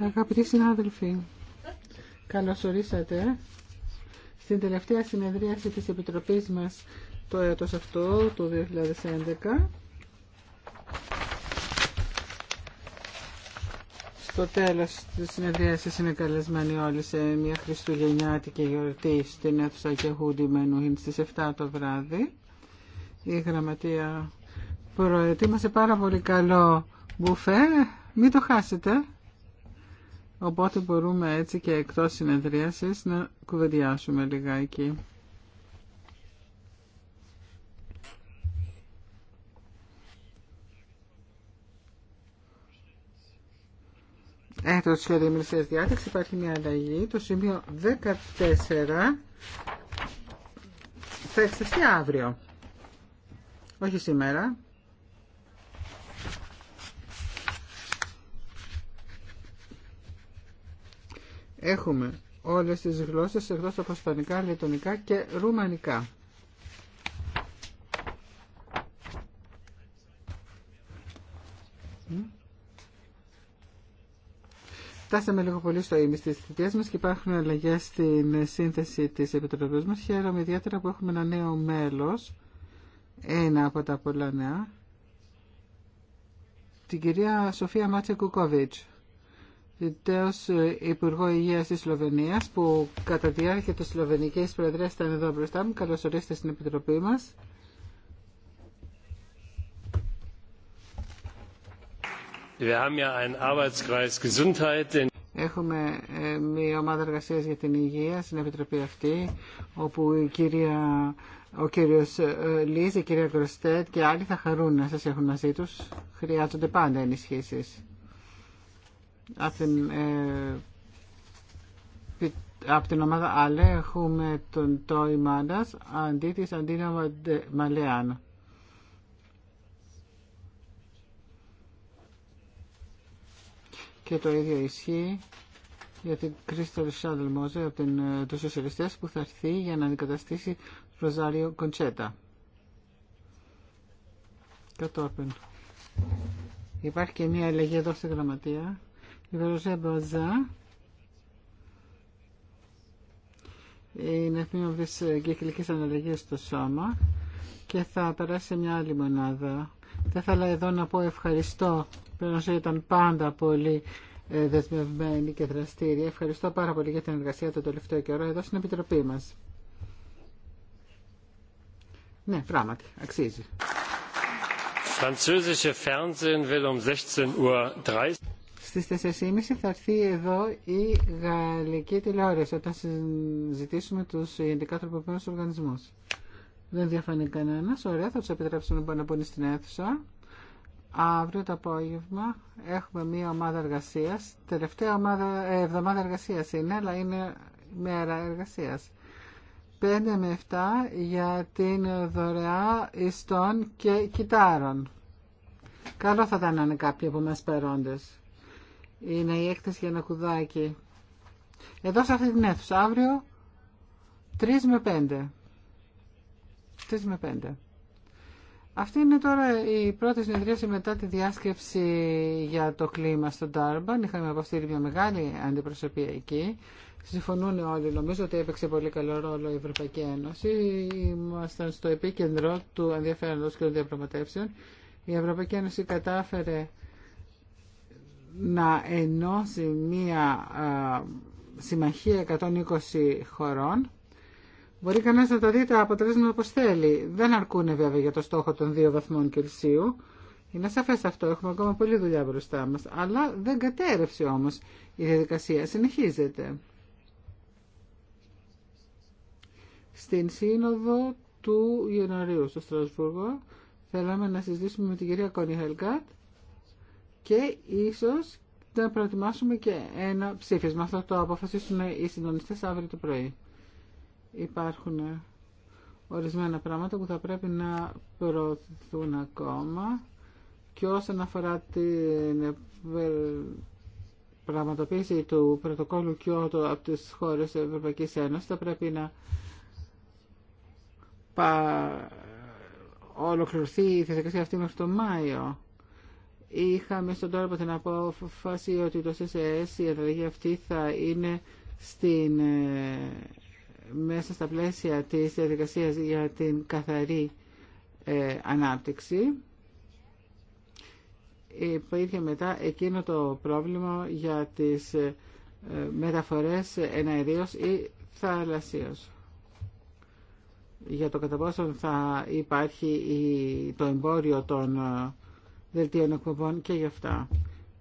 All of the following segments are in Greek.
Αγαπητοί συνάδελφοι, καλώς ορίσατε στην τελευταία συνεδρίαση της Επιτροπής μας το έτος αυτό, το 2011. Στο τέλος της συνεδρίασης είναι καλεσμένοι όλοι σε μια χριστουγεννιάτικη γιορτή στην αίθουσα και Μενούιν στις 7 το βράδυ. Η γραμματεία προετοίμασε πάρα πολύ καλό μπουφέ μην το χάσετε. Οπότε μπορούμε έτσι και εκτός συνεδρίασης να κουβεντιάσουμε λιγάκι. Ε, το σχέδιο διάταξη υπάρχει μια αλλαγή. Το σημείο 14 θα εξεταστεί αύριο. Όχι σήμερα. Έχουμε όλες τις γλώσσες εκτός από Ισπανικά, Λετωνικά και Ρουμανικά. Φτάσαμε λίγο πολύ στο ίμι τη θητεία μα και υπάρχουν αλλαγέ στην σύνθεση τη Επιτροπή μα. Χαίρομαι ιδιαίτερα που έχουμε ένα νέο μέλο, ένα από τα πολλά νέα, την κυρία Σοφία Μάτσε Κουκόβιτς τέος Υπουργό Υγείας της Σλοβενίας που κατά τη διάρκεια της Σλοβενικής Προεδρίας ήταν εδώ μπροστά μου. Καλώς ορίστε στην Επιτροπή μας. Έχουμε ε, μια ομάδα εργασίας για την υγεία στην Επιτροπή αυτή, όπου κυρία, ο κύριος ε, Λίζ, η κυρία Γκροστέτ και άλλοι θα χαρούν να σας έχουν μαζί τους. Χρειάζονται πάντα ενισχύσεις. Ε, από την, την ομάδα ΑΛΕ έχουμε τον Τόι Μάντας αντί της Αντίνα Μαλεάν. Και το ίδιο ισχύει για την Κρίστα Σάντελ Μόζε από την, ε, τους σοσιαλιστές που θα έρθει για να αντικαταστήσει Ροζάριο Κοντσέτα. Κατόπιν. Υπάρχει και μία αλλαγή εδώ στη γραμματεία. Βεροζέ Μποζά Είναι τμήμα της κυκλικής αναλλαγής στο σώμα και θα περάσει μια άλλη μονάδα. Θα ήθελα εδώ να πω ευχαριστώ. Βεροζέ ήταν πάντα πολύ ε, δεσμευμένη και δραστήρια. Ευχαριστώ πάρα πολύ για την εργασία το τελευταίο καιρό εδώ στην Επιτροπή μας. Ναι, πράγματι, αξίζει. Französische Fernsehen will um 16.30 στις 4.30 θα έρθει εδώ η γαλλική τηλεόραση όταν συζητήσουμε τους ειδικά τροποποιημένους οργανισμούς. Δεν διαφανεί κανένα. Ωραία, θα του επιτρέψουμε να πούνε στην αίθουσα. Αύριο το απόγευμα έχουμε μία ομάδα εργασία. Τελευταία ομάδα, ε, εβδομάδα εργασία είναι, αλλά είναι μέρα εργασία. 5 με 7 για την δωρεά ιστών και κιτάρων. Καλό θα ήταν να είναι κάποιοι από εμά παρόντε είναι η έκθεση για ένα κουδάκι. Εδώ σε αυτή την αίθουσα, αύριο 3 με 5. 3 με 5. Αυτή είναι τώρα η πρώτη συνεδρίαση μετά τη διάσκεψη για το κλίμα στον Τάρμπαν. Είχαμε αποστείλει μια μεγάλη αντιπροσωπεία εκεί. Συμφωνούν όλοι. Νομίζω ότι έπαιξε πολύ καλό ρόλο η Ευρωπαϊκή Ένωση. Ήμασταν στο επίκεντρο του ενδιαφέροντος και των διαπραγματεύσεων. Η Ευρωπαϊκή Ένωση κατάφερε να ενώσει μία συμμαχία 120 χωρών. Μπορεί κανένα να τα δει τα αποτελέσματα όπως θέλει. Δεν αρκούν βέβαια για το στόχο των δύο βαθμών Κελσίου. Είναι σαφές αυτό, έχουμε ακόμα πολλή δουλειά μπροστά μας. Αλλά δεν κατέρευσε όμως η διαδικασία, συνεχίζεται. Στην σύνοδο του Ιανουαρίου στο Στρασβούργο θέλαμε να συζητήσουμε με την κυρία Κόνι και ίσως να προετοιμάσουμε και ένα ψήφισμα. Αυτό το αποφασίσουμε οι συντονιστές αύριο το πρωί. Υπάρχουν ορισμένα πράγματα που θα πρέπει να προωθηθούν ακόμα και όσον αφορά την πραγματοποίηση του πρωτοκόλλου Κιώτο από τις χώρες της Ευρωπαϊκής Ένωσης θα πρέπει να ολοκληρωθεί η διαδικασία αυτή μέχρι τον Μάιο είχαμε στον τόπο την απόφαση ότι το CCS, η ανταλλαγή αυτή θα είναι στην, ε, μέσα στα πλαίσια της διαδικασίας για την καθαρή ε, ανάπτυξη. Υπήρχε μετά εκείνο το πρόβλημα για τις ε, μεταφορές εναερίως ή θαλασσίως. Για το κατά πόσο θα υπάρχει το εμπόριο των ε, δελτίων εκπομπών και γι' αυτά.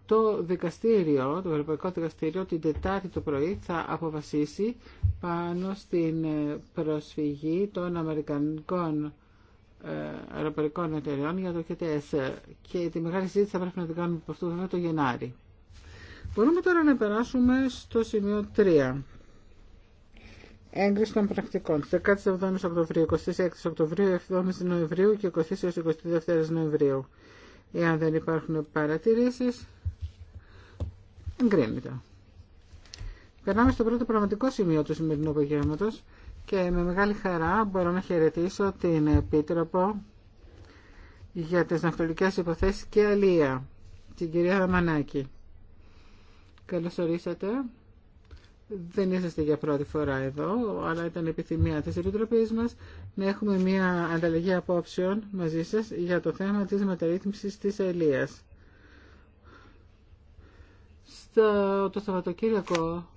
Το δικαστήριο, το Ευρωπαϊκό Δικαστήριο, την Τετάρτη το πρωί θα αποφασίσει πάνω στην ε, προσφυγή των Αμερικανικών ε, αεροπορικών εταιρεών για το ΚΤΕΣ και τη μεγάλη συζήτηση θα πρέπει να την κάνουμε από αυτό βέβαια το Γενάρη. Μπορούμε τώρα να περάσουμε στο σημείο 3. Έγκριση των πρακτικών. 17 Οκτωβρίου, 26 Οκτωβρίου, 7 Νοεμβρίου και 20 22 Νοεμβρίου. Εάν δεν υπάρχουν παρατηρήσεις, εγκρίνεται. Περνάμε στο πρώτο πραγματικό σημείο του σημερινού απογεύματο και με μεγάλη χαρά μπορώ να χαιρετήσω την Επίτροπο για τι ναυτολικές υποθέσεις και αλία, την κυρία Δαμανάκη. Καλώς ορίσατε δεν είσαστε για πρώτη φορά εδώ, αλλά ήταν επιθυμία της Επιτροπής μας να έχουμε μια ανταλλαγή απόψεων μαζί σας για το θέμα της μεταρρύθμισης της Ελίας. Στο, το Σαββατοκύριακο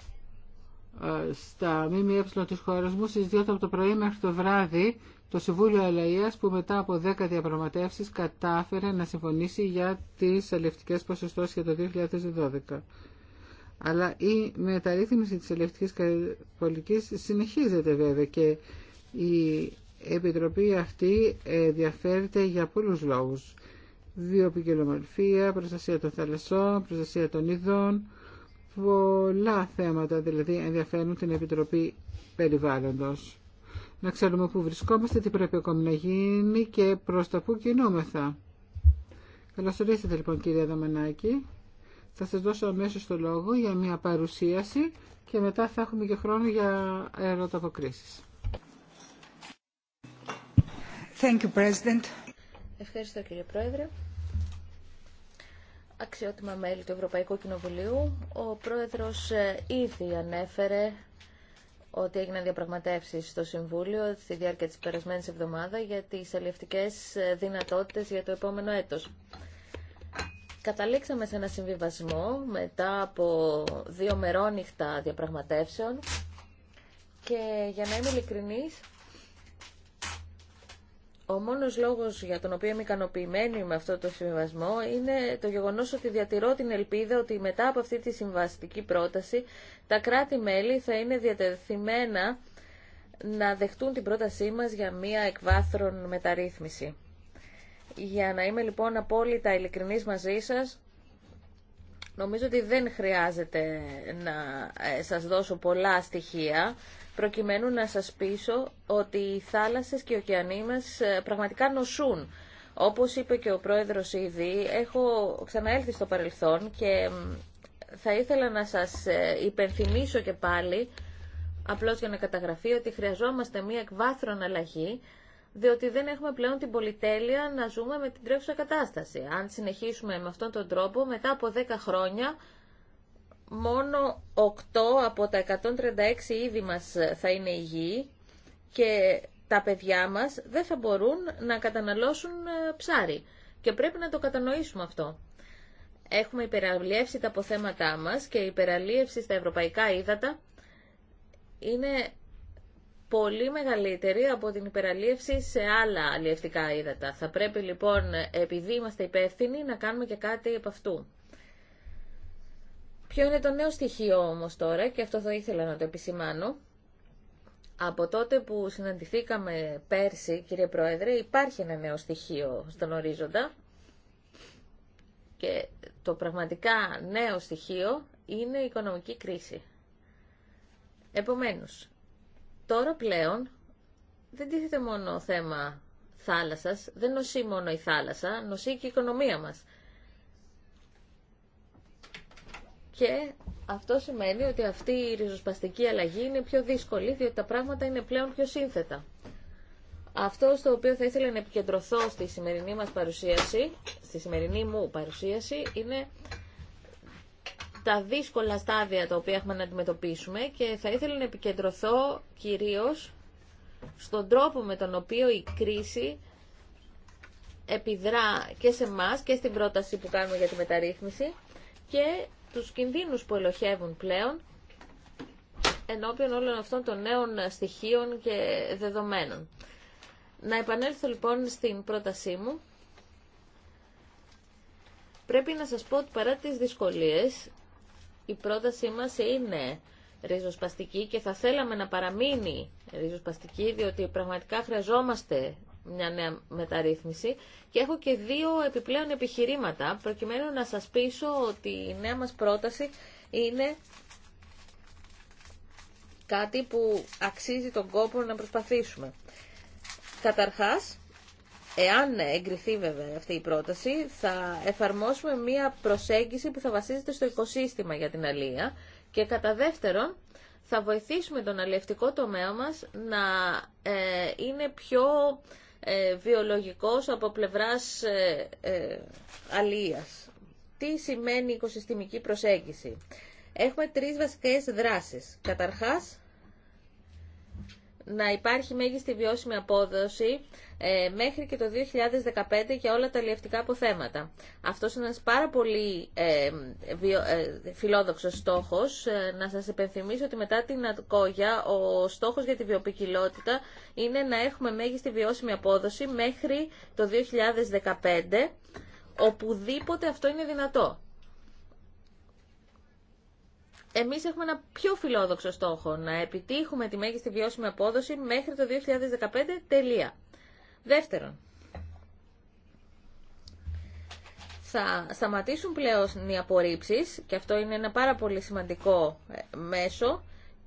ε, στα ΜΜΕ της χώρας μου συζητιόταν από το πρωί μέχρι το βράδυ το Συμβούλιο Αλλαγίας που μετά από 10 διαπραγματεύσεις κατάφερε να συμφωνήσει για τις αλληλευτικές ποσοστώσεις για το 2012. Αλλά η μεταρρύθμιση της ελευτικής πολιτικής συνεχίζεται βέβαια και η Επιτροπή αυτή ενδιαφέρεται για πολλούς λόγους. Βιοπικιλομορφία, προστασία των θαλασσών, προστασία των ειδών, πολλά θέματα δηλαδή ενδιαφέρουν την Επιτροπή Περιβάλλοντος. Να ξέρουμε πού βρισκόμαστε, τι πρέπει ακόμη να γίνει και προς τα πού κινούμεθα. Καλώς ορίσατε λοιπόν κυρία Δαμανάκη. Θα σας δώσω αμέσως το λόγο για μια παρουσίαση και μετά θα έχουμε και χρόνο για ερωταποκρίσεις. Thank you, President. Ευχαριστώ κύριε Πρόεδρε. Αξιότιμα μέλη του Ευρωπαϊκού Κοινοβουλίου, ο Πρόεδρος ε, ήδη ανέφερε ότι έγιναν διαπραγματεύσεις στο Συμβούλιο στη διάρκεια της περασμένης εβδομάδας για τις αλληλευτικές ε, δυνατότητες για το επόμενο έτος. Καταλήξαμε σε ένα συμβιβασμό μετά από δύο μερόνυχτα διαπραγματεύσεων και για να είμαι ειλικρινής, ο μόνος λόγος για τον οποίο είμαι ικανοποιημένη με αυτό το συμβιβασμό είναι το γεγονός ότι διατηρώ την ελπίδα ότι μετά από αυτή τη συμβαστική πρόταση τα κράτη-μέλη θα είναι διατεθειμένα να δεχτούν την πρότασή μας για μία εκβάθρον μεταρρύθμιση. Για να είμαι λοιπόν απόλυτα ειλικρινής μαζί σας, νομίζω ότι δεν χρειάζεται να ε, σας δώσω πολλά στοιχεία προκειμένου να σας πείσω ότι οι θάλασσες και οι ωκεανοί μας ε, πραγματικά νοσούν. Όπως είπε και ο πρόεδρος ήδη, έχω ξαναέλθει στο παρελθόν και θα ήθελα να σας ε, υπενθυμίσω και πάλι, απλώς για να καταγραφεί, ότι χρειαζόμαστε μία εκβάθρον αλλαγή διότι δεν έχουμε πλέον την πολυτέλεια να ζούμε με την τρέχουσα κατάσταση. Αν συνεχίσουμε με αυτόν τον τρόπο, μετά από 10 χρόνια, μόνο 8 από τα 136 είδη μας θα είναι υγιή και τα παιδιά μας δεν θα μπορούν να καταναλώσουν ε, ψάρι. Και πρέπει να το κατανοήσουμε αυτό. Έχουμε υπεραλίευση τα αποθέματά μας και η υπεραλίευση στα ευρωπαϊκά ύδατα είναι πολύ μεγαλύτερη από την υπεραλίευση σε άλλα αλλιευτικά ύδατα. Θα πρέπει λοιπόν, επειδή είμαστε υπεύθυνοι, να κάνουμε και κάτι από αυτού. Ποιο είναι το νέο στοιχείο όμως τώρα, και αυτό θα ήθελα να το επισημάνω. Από τότε που συναντηθήκαμε πέρσι, κύριε Πρόεδρε, υπάρχει ένα νέο στοιχείο στον ορίζοντα. Και το πραγματικά νέο στοιχείο είναι η οικονομική κρίση. Επομένως, Τώρα πλέον δεν τίθεται μόνο θέμα θάλασσας, δεν νοσεί μόνο η θάλασσα, νοσεί και η οικονομία μας. Και αυτό σημαίνει ότι αυτή η ριζοσπαστική αλλαγή είναι πιο δύσκολη, διότι τα πράγματα είναι πλέον πιο σύνθετα. Αυτό στο οποίο θα ήθελα να επικεντρωθώ στη σημερινή μας παρουσίαση, στη σημερινή μου παρουσίαση, είναι τα δύσκολα στάδια τα οποία έχουμε να αντιμετωπίσουμε και θα ήθελα να επικεντρωθώ κυρίως στον τρόπο με τον οποίο η κρίση επιδρά και σε εμά και στην πρόταση που κάνουμε για τη μεταρρύθμιση και τους κινδύνους που ελοχεύουν πλέον ενώπιον όλων αυτών των νέων στοιχείων και δεδομένων. Να επανέλθω λοιπόν στην πρότασή μου. Πρέπει να σας πω ότι παρά τις δυσκολίες η πρότασή μας είναι ριζοσπαστική και θα θέλαμε να παραμείνει ριζοσπαστική διότι πραγματικά χρειαζόμαστε μια νέα μεταρρύθμιση και έχω και δύο επιπλέον επιχειρήματα προκειμένου να σας πείσω ότι η νέα μας πρόταση είναι κάτι που αξίζει τον κόπο να προσπαθήσουμε. Καταρχάς, Εάν εγκριθεί βέβαια αυτή η πρόταση, θα εφαρμόσουμε μία προσέγγιση που θα βασίζεται στο οικοσύστημα για την αλία και κατά δεύτερον θα βοηθήσουμε τον αλλιευτικό τομέα μας να ε, είναι πιο ε, βιολογικός από πλευράς ε, ε Τι σημαίνει οικοσυστημική προσέγγιση. Έχουμε τρεις βασικές δράσεις. Καταρχάς, να υπάρχει μέγιστη βιώσιμη απόδοση ε, μέχρι και το 2015 για όλα τα αλλιευτικά αποθέματα. Αυτό είναι ένας πάρα πολύ ε, βιο, ε, φιλόδοξος στόχος. Ε, να σας επενθυμίσω ότι μετά την ΑΚΟΓΙΑ ο στόχος για τη βιοπικιλότητα είναι να έχουμε μέγιστη βιώσιμη απόδοση μέχρι το 2015 οπουδήποτε αυτό είναι δυνατό εμείς έχουμε ένα πιο φιλόδοξο στόχο, να επιτύχουμε τη μέγιστη βιώσιμη απόδοση μέχρι το 2015, τελεία. Δεύτερον, θα σταματήσουν πλέον οι απορρίψεις και αυτό είναι ένα πάρα πολύ σημαντικό ε, μέσο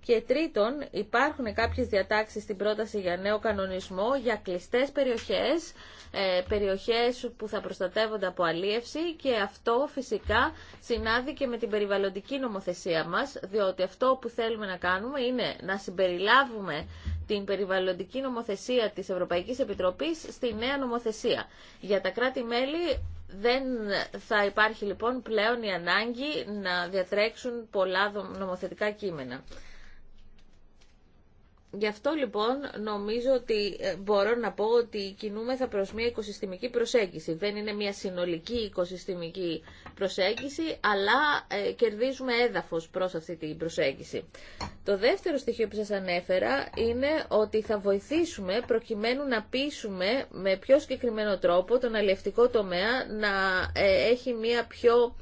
και τρίτον, υπάρχουν κάποιες διατάξεις στην πρόταση για νέο κανονισμό για κλειστές περιοχές, ε, περιοχές που θα προστατεύονται από αλίευση και αυτό φυσικά συνάδει και με την περιβαλλοντική νομοθεσία μας, διότι αυτό που θέλουμε να κάνουμε είναι να συμπεριλάβουμε την περιβαλλοντική νομοθεσία της Ευρωπαϊκής Επιτροπής στη νέα νομοθεσία. Για τα κράτη-μέλη δεν θα υπάρχει λοιπόν πλέον η ανάγκη να διατρέξουν πολλά νομοθετικά κείμενα. Γι' αυτό λοιπόν νομίζω ότι ε, μπορώ να πω ότι κινούμεθα προς μια οικοσυστημική προσέγγιση. Δεν είναι μια συνολική οικοσυστημική προσέγγιση, αλλά ε, κερδίζουμε έδαφος προς αυτή την προσέγγιση. Το δεύτερο στοιχείο που σας ανέφερα είναι ότι θα βοηθήσουμε προκειμένου να πείσουμε με πιο συγκεκριμένο τρόπο τον αλληλευτικό τομέα να ε, έχει μια πιο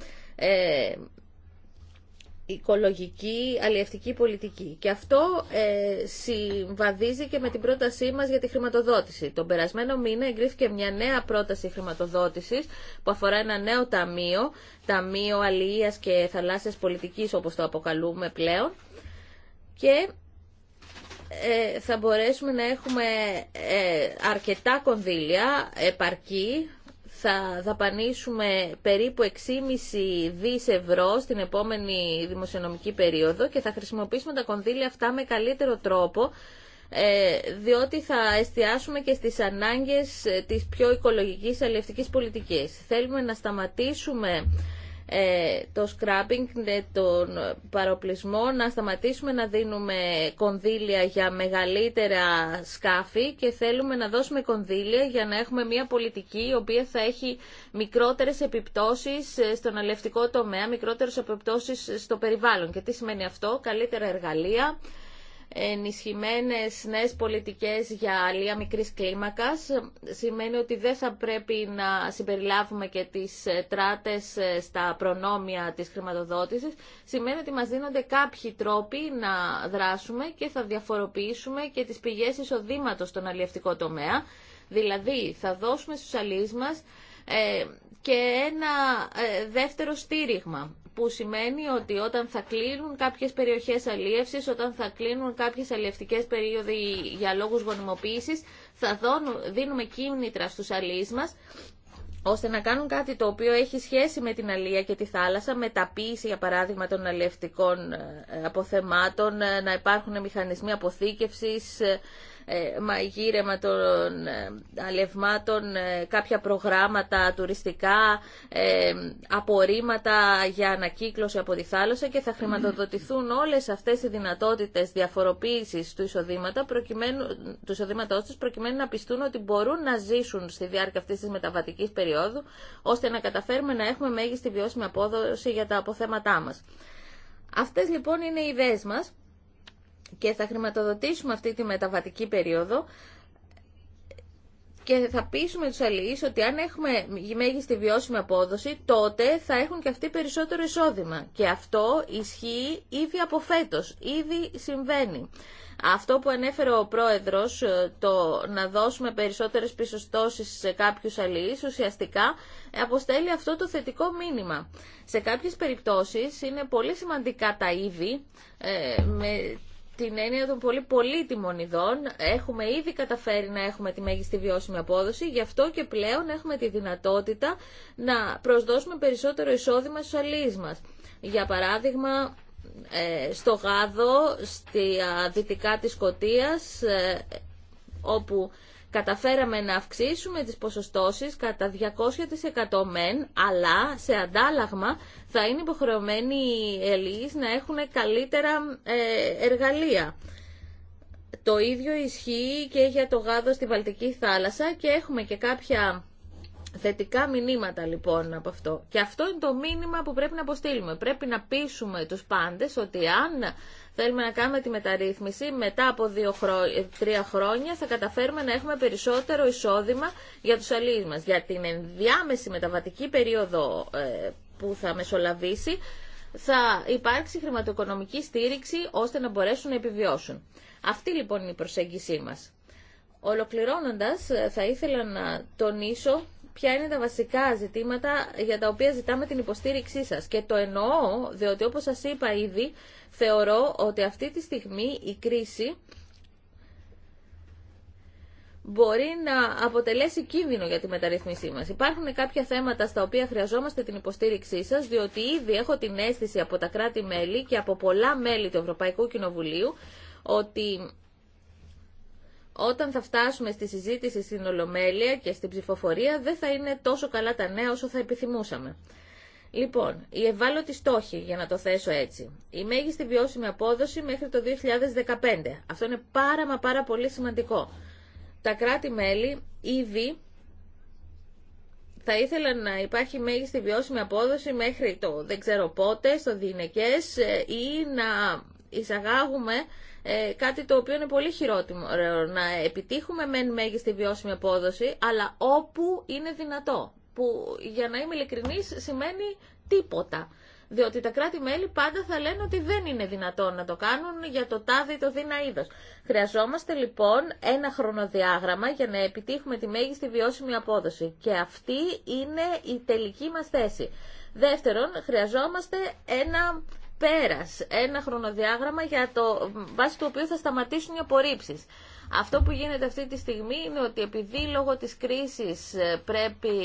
οικολογική, αλλιευτική πολιτική. Και αυτό ε, συμβαδίζει και με την πρότασή μας για τη χρηματοδότηση. Τον περασμένο μήνα εγκρίθηκε μια νέα πρόταση χρηματοδότησης που αφορά ένα νέο ταμείο, Ταμείο Αλληλείας και Θαλάσσιας Πολιτικής όπως το αποκαλούμε πλέον και ε, θα μπορέσουμε να έχουμε ε, αρκετά κονδύλια επαρκή θα δαπανίσουμε περίπου 6,5 δις ευρώ στην επόμενη δημοσιονομική περίοδο και θα χρησιμοποιήσουμε τα κονδύλια αυτά με καλύτερο τρόπο ε, διότι θα εστιάσουμε και στις ανάγκες ε, της πιο οικολογικής αλληλευτικής πολιτικής. Θέλουμε να σταματήσουμε ε, το scrapping, τον παροπλισμό, να σταματήσουμε να δίνουμε κονδύλια για μεγαλύτερα σκάφη και θέλουμε να δώσουμε κονδύλια για να έχουμε μια πολιτική η οποία θα έχει μικρότερες επιπτώσεις στον αλευτικό τομέα, μικρότερες επιπτώσεις στο περιβάλλον. Και τι σημαίνει αυτό, καλύτερα εργαλεία, Ενισχυμένε νέες πολιτικές για αλία μικρής κλίμακας. Σημαίνει ότι δεν θα πρέπει να συμπεριλάβουμε και τις ε, τράτες ε, στα προνόμια της χρηματοδότησης. Σημαίνει ότι μας δίνονται κάποιοι τρόποι να δράσουμε και θα διαφοροποιήσουμε και τις πηγές εισοδήματο στον αλλιευτικό τομέα. Δηλαδή θα δώσουμε στους μα μας ε, και ένα δεύτερο στήριγμα που σημαίνει ότι όταν θα κλείνουν κάποιες περιοχές αλίευσης, όταν θα κλείνουν κάποιες αλιευτικές περίοδοι για λόγους γονιμοποίησης, θα δίνουμε κίνητρα στους αλίες μας ώστε να κάνουν κάτι το οποίο έχει σχέση με την αλία και τη θάλασσα, με τα μεταποίηση για παράδειγμα των αλιευτικών ε, αποθεμάτων, ε, να υπάρχουν μηχανισμοί αποθήκευσης, ε, ε, μαγείρεμα των ε, αλευμάτων, ε, κάποια προγράμματα τουριστικά, απορρίμματα για ανακύκλωση από τη θάλασσα και θα χρηματοδοτηθούν όλες αυτές οι δυνατότητες διαφοροποίησης του εισοδήματος προκειμένου, του εισοδήματός τους προκειμένου να πιστούν ότι μπορούν να ζήσουν στη διάρκεια αυτής της μεταβατικής περίοδου, ώστε να καταφέρουμε να έχουμε μέγιστη βιώσιμη απόδοση για τα αποθέματά μας. Αυτές λοιπόν είναι οι ιδέες μας και θα χρηματοδοτήσουμε αυτή τη μεταβατική περίοδο και θα πείσουμε τους αλληλείς ότι αν έχουμε μέγιστη βιώσιμη απόδοση, τότε θα έχουν και αυτοί περισσότερο εισόδημα. Και αυτό ισχύει ήδη από φέτος, ήδη συμβαίνει. Αυτό που ανέφερε ο πρόεδρος, ε, το να δώσουμε περισσότερες πισωστώσεις σε κάποιους αλληλείς, ουσιαστικά αποστέλει αυτό το θετικό μήνυμα. Σε κάποιες περιπτώσεις είναι πολύ σημαντικά τα είδη, ε, την έννοια των πολύ πολύτιμων ειδών. Έχουμε ήδη καταφέρει να έχουμε τη μέγιστη βιώσιμη απόδοση, γι' αυτό και πλέον έχουμε τη δυνατότητα να προσδώσουμε περισσότερο εισόδημα στους αλληλείς μας. Για παράδειγμα, ε, στο Γάδο, στη δυτικά της Σκοτίας, ε, όπου καταφέραμε να αυξήσουμε τις ποσοστώσεις κατά 200% μεν, αλλά σε αντάλλαγμα θα είναι υποχρεωμένοι οι Ελλήνες να έχουν καλύτερα ε, εργαλεία. Το ίδιο ισχύει και για το γάδο στη Βαλτική θάλασσα και έχουμε και κάποια Θετικά μηνύματα λοιπόν από αυτό. Και αυτό είναι το μήνυμα που πρέπει να αποστείλουμε. Πρέπει να πείσουμε τους πάντες ότι αν θέλουμε να κάνουμε τη μεταρρύθμιση, μετά από δύο τρία χρόνια θα καταφέρουμε να έχουμε περισσότερο εισόδημα για τους αλλήλους μας. Για την ενδιάμεση μεταβατική περίοδο ε, που θα μεσολαβήσει, θα υπάρξει χρηματοοικονομική στήριξη ώστε να μπορέσουν να επιβιώσουν. Αυτή λοιπόν είναι η προσέγγισή μας. Ολοκληρώνοντας, ε, θα ήθελα να τονίσω ποια είναι τα βασικά ζητήματα για τα οποία ζητάμε την υποστήριξή σας. Και το εννοώ, διότι όπως σας είπα ήδη, θεωρώ ότι αυτή τη στιγμή η κρίση μπορεί να αποτελέσει κίνδυνο για τη μεταρρύθμισή μας. Υπάρχουν κάποια θέματα στα οποία χρειαζόμαστε την υποστήριξή σας, διότι ήδη έχω την αίσθηση από τα κράτη-μέλη και από πολλά μέλη του Ευρωπαϊκού Κοινοβουλίου ότι όταν θα φτάσουμε στη συζήτηση στην Ολομέλεια και στην ψηφοφορία δεν θα είναι τόσο καλά τα νέα όσο θα επιθυμούσαμε. Λοιπόν, η ευάλωτη στόχη, για να το θέσω έτσι. Η μέγιστη βιώσιμη απόδοση μέχρι το 2015. Αυτό είναι πάρα μα πάρα πολύ σημαντικό. Τα κράτη-μέλη ήδη θα ήθελαν να υπάρχει μέγιστη βιώσιμη απόδοση μέχρι το δεν ξέρω πότε, στο διηνεκές ε, ή να εισαγάγουμε ε, κάτι το οποίο είναι πολύ χειρότερο να επιτύχουμε μεν μέγιστη βιώσιμη απόδοση, αλλά όπου είναι δυνατό, που για να είμαι ειλικρινή, σημαίνει τίποτα. Διότι τα κράτη-μέλη πάντα θα λένε ότι δεν είναι δυνατό να το κάνουν για το τάδε ή το δίνα είδος. Χρειαζόμαστε λοιπόν ένα χρονοδιάγραμμα για να επιτύχουμε τη μέγιστη βιώσιμη απόδοση. Και αυτή είναι η τελική μας θέση. Δεύτερον, χρειαζόμαστε ένα Πέρα, ένα χρονοδιάγραμμα για το βάση του οποίου θα σταματήσουν οι απορρίψει. Αυτό που γίνεται αυτή τη στιγμή είναι ότι επειδή λόγω της κρίσης ε, πρέπει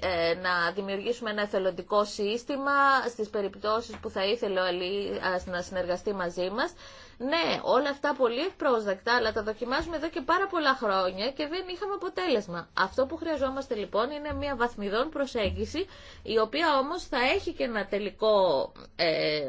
ε, να δημιουργήσουμε ένα εθελοντικό σύστημα στις περιπτώσεις που θα ήθελε ο Αλή να συνεργαστεί μαζί μας, ναι, όλα αυτά πολύ ευπρόσδεκτα, αλλά τα δοκιμάζουμε εδώ και πάρα πολλά χρόνια και δεν είχαμε αποτέλεσμα. Αυτό που χρειαζόμαστε λοιπόν είναι μια βαθμιδόν προσέγγιση, η οποία όμως θα έχει και ένα τελικό ε,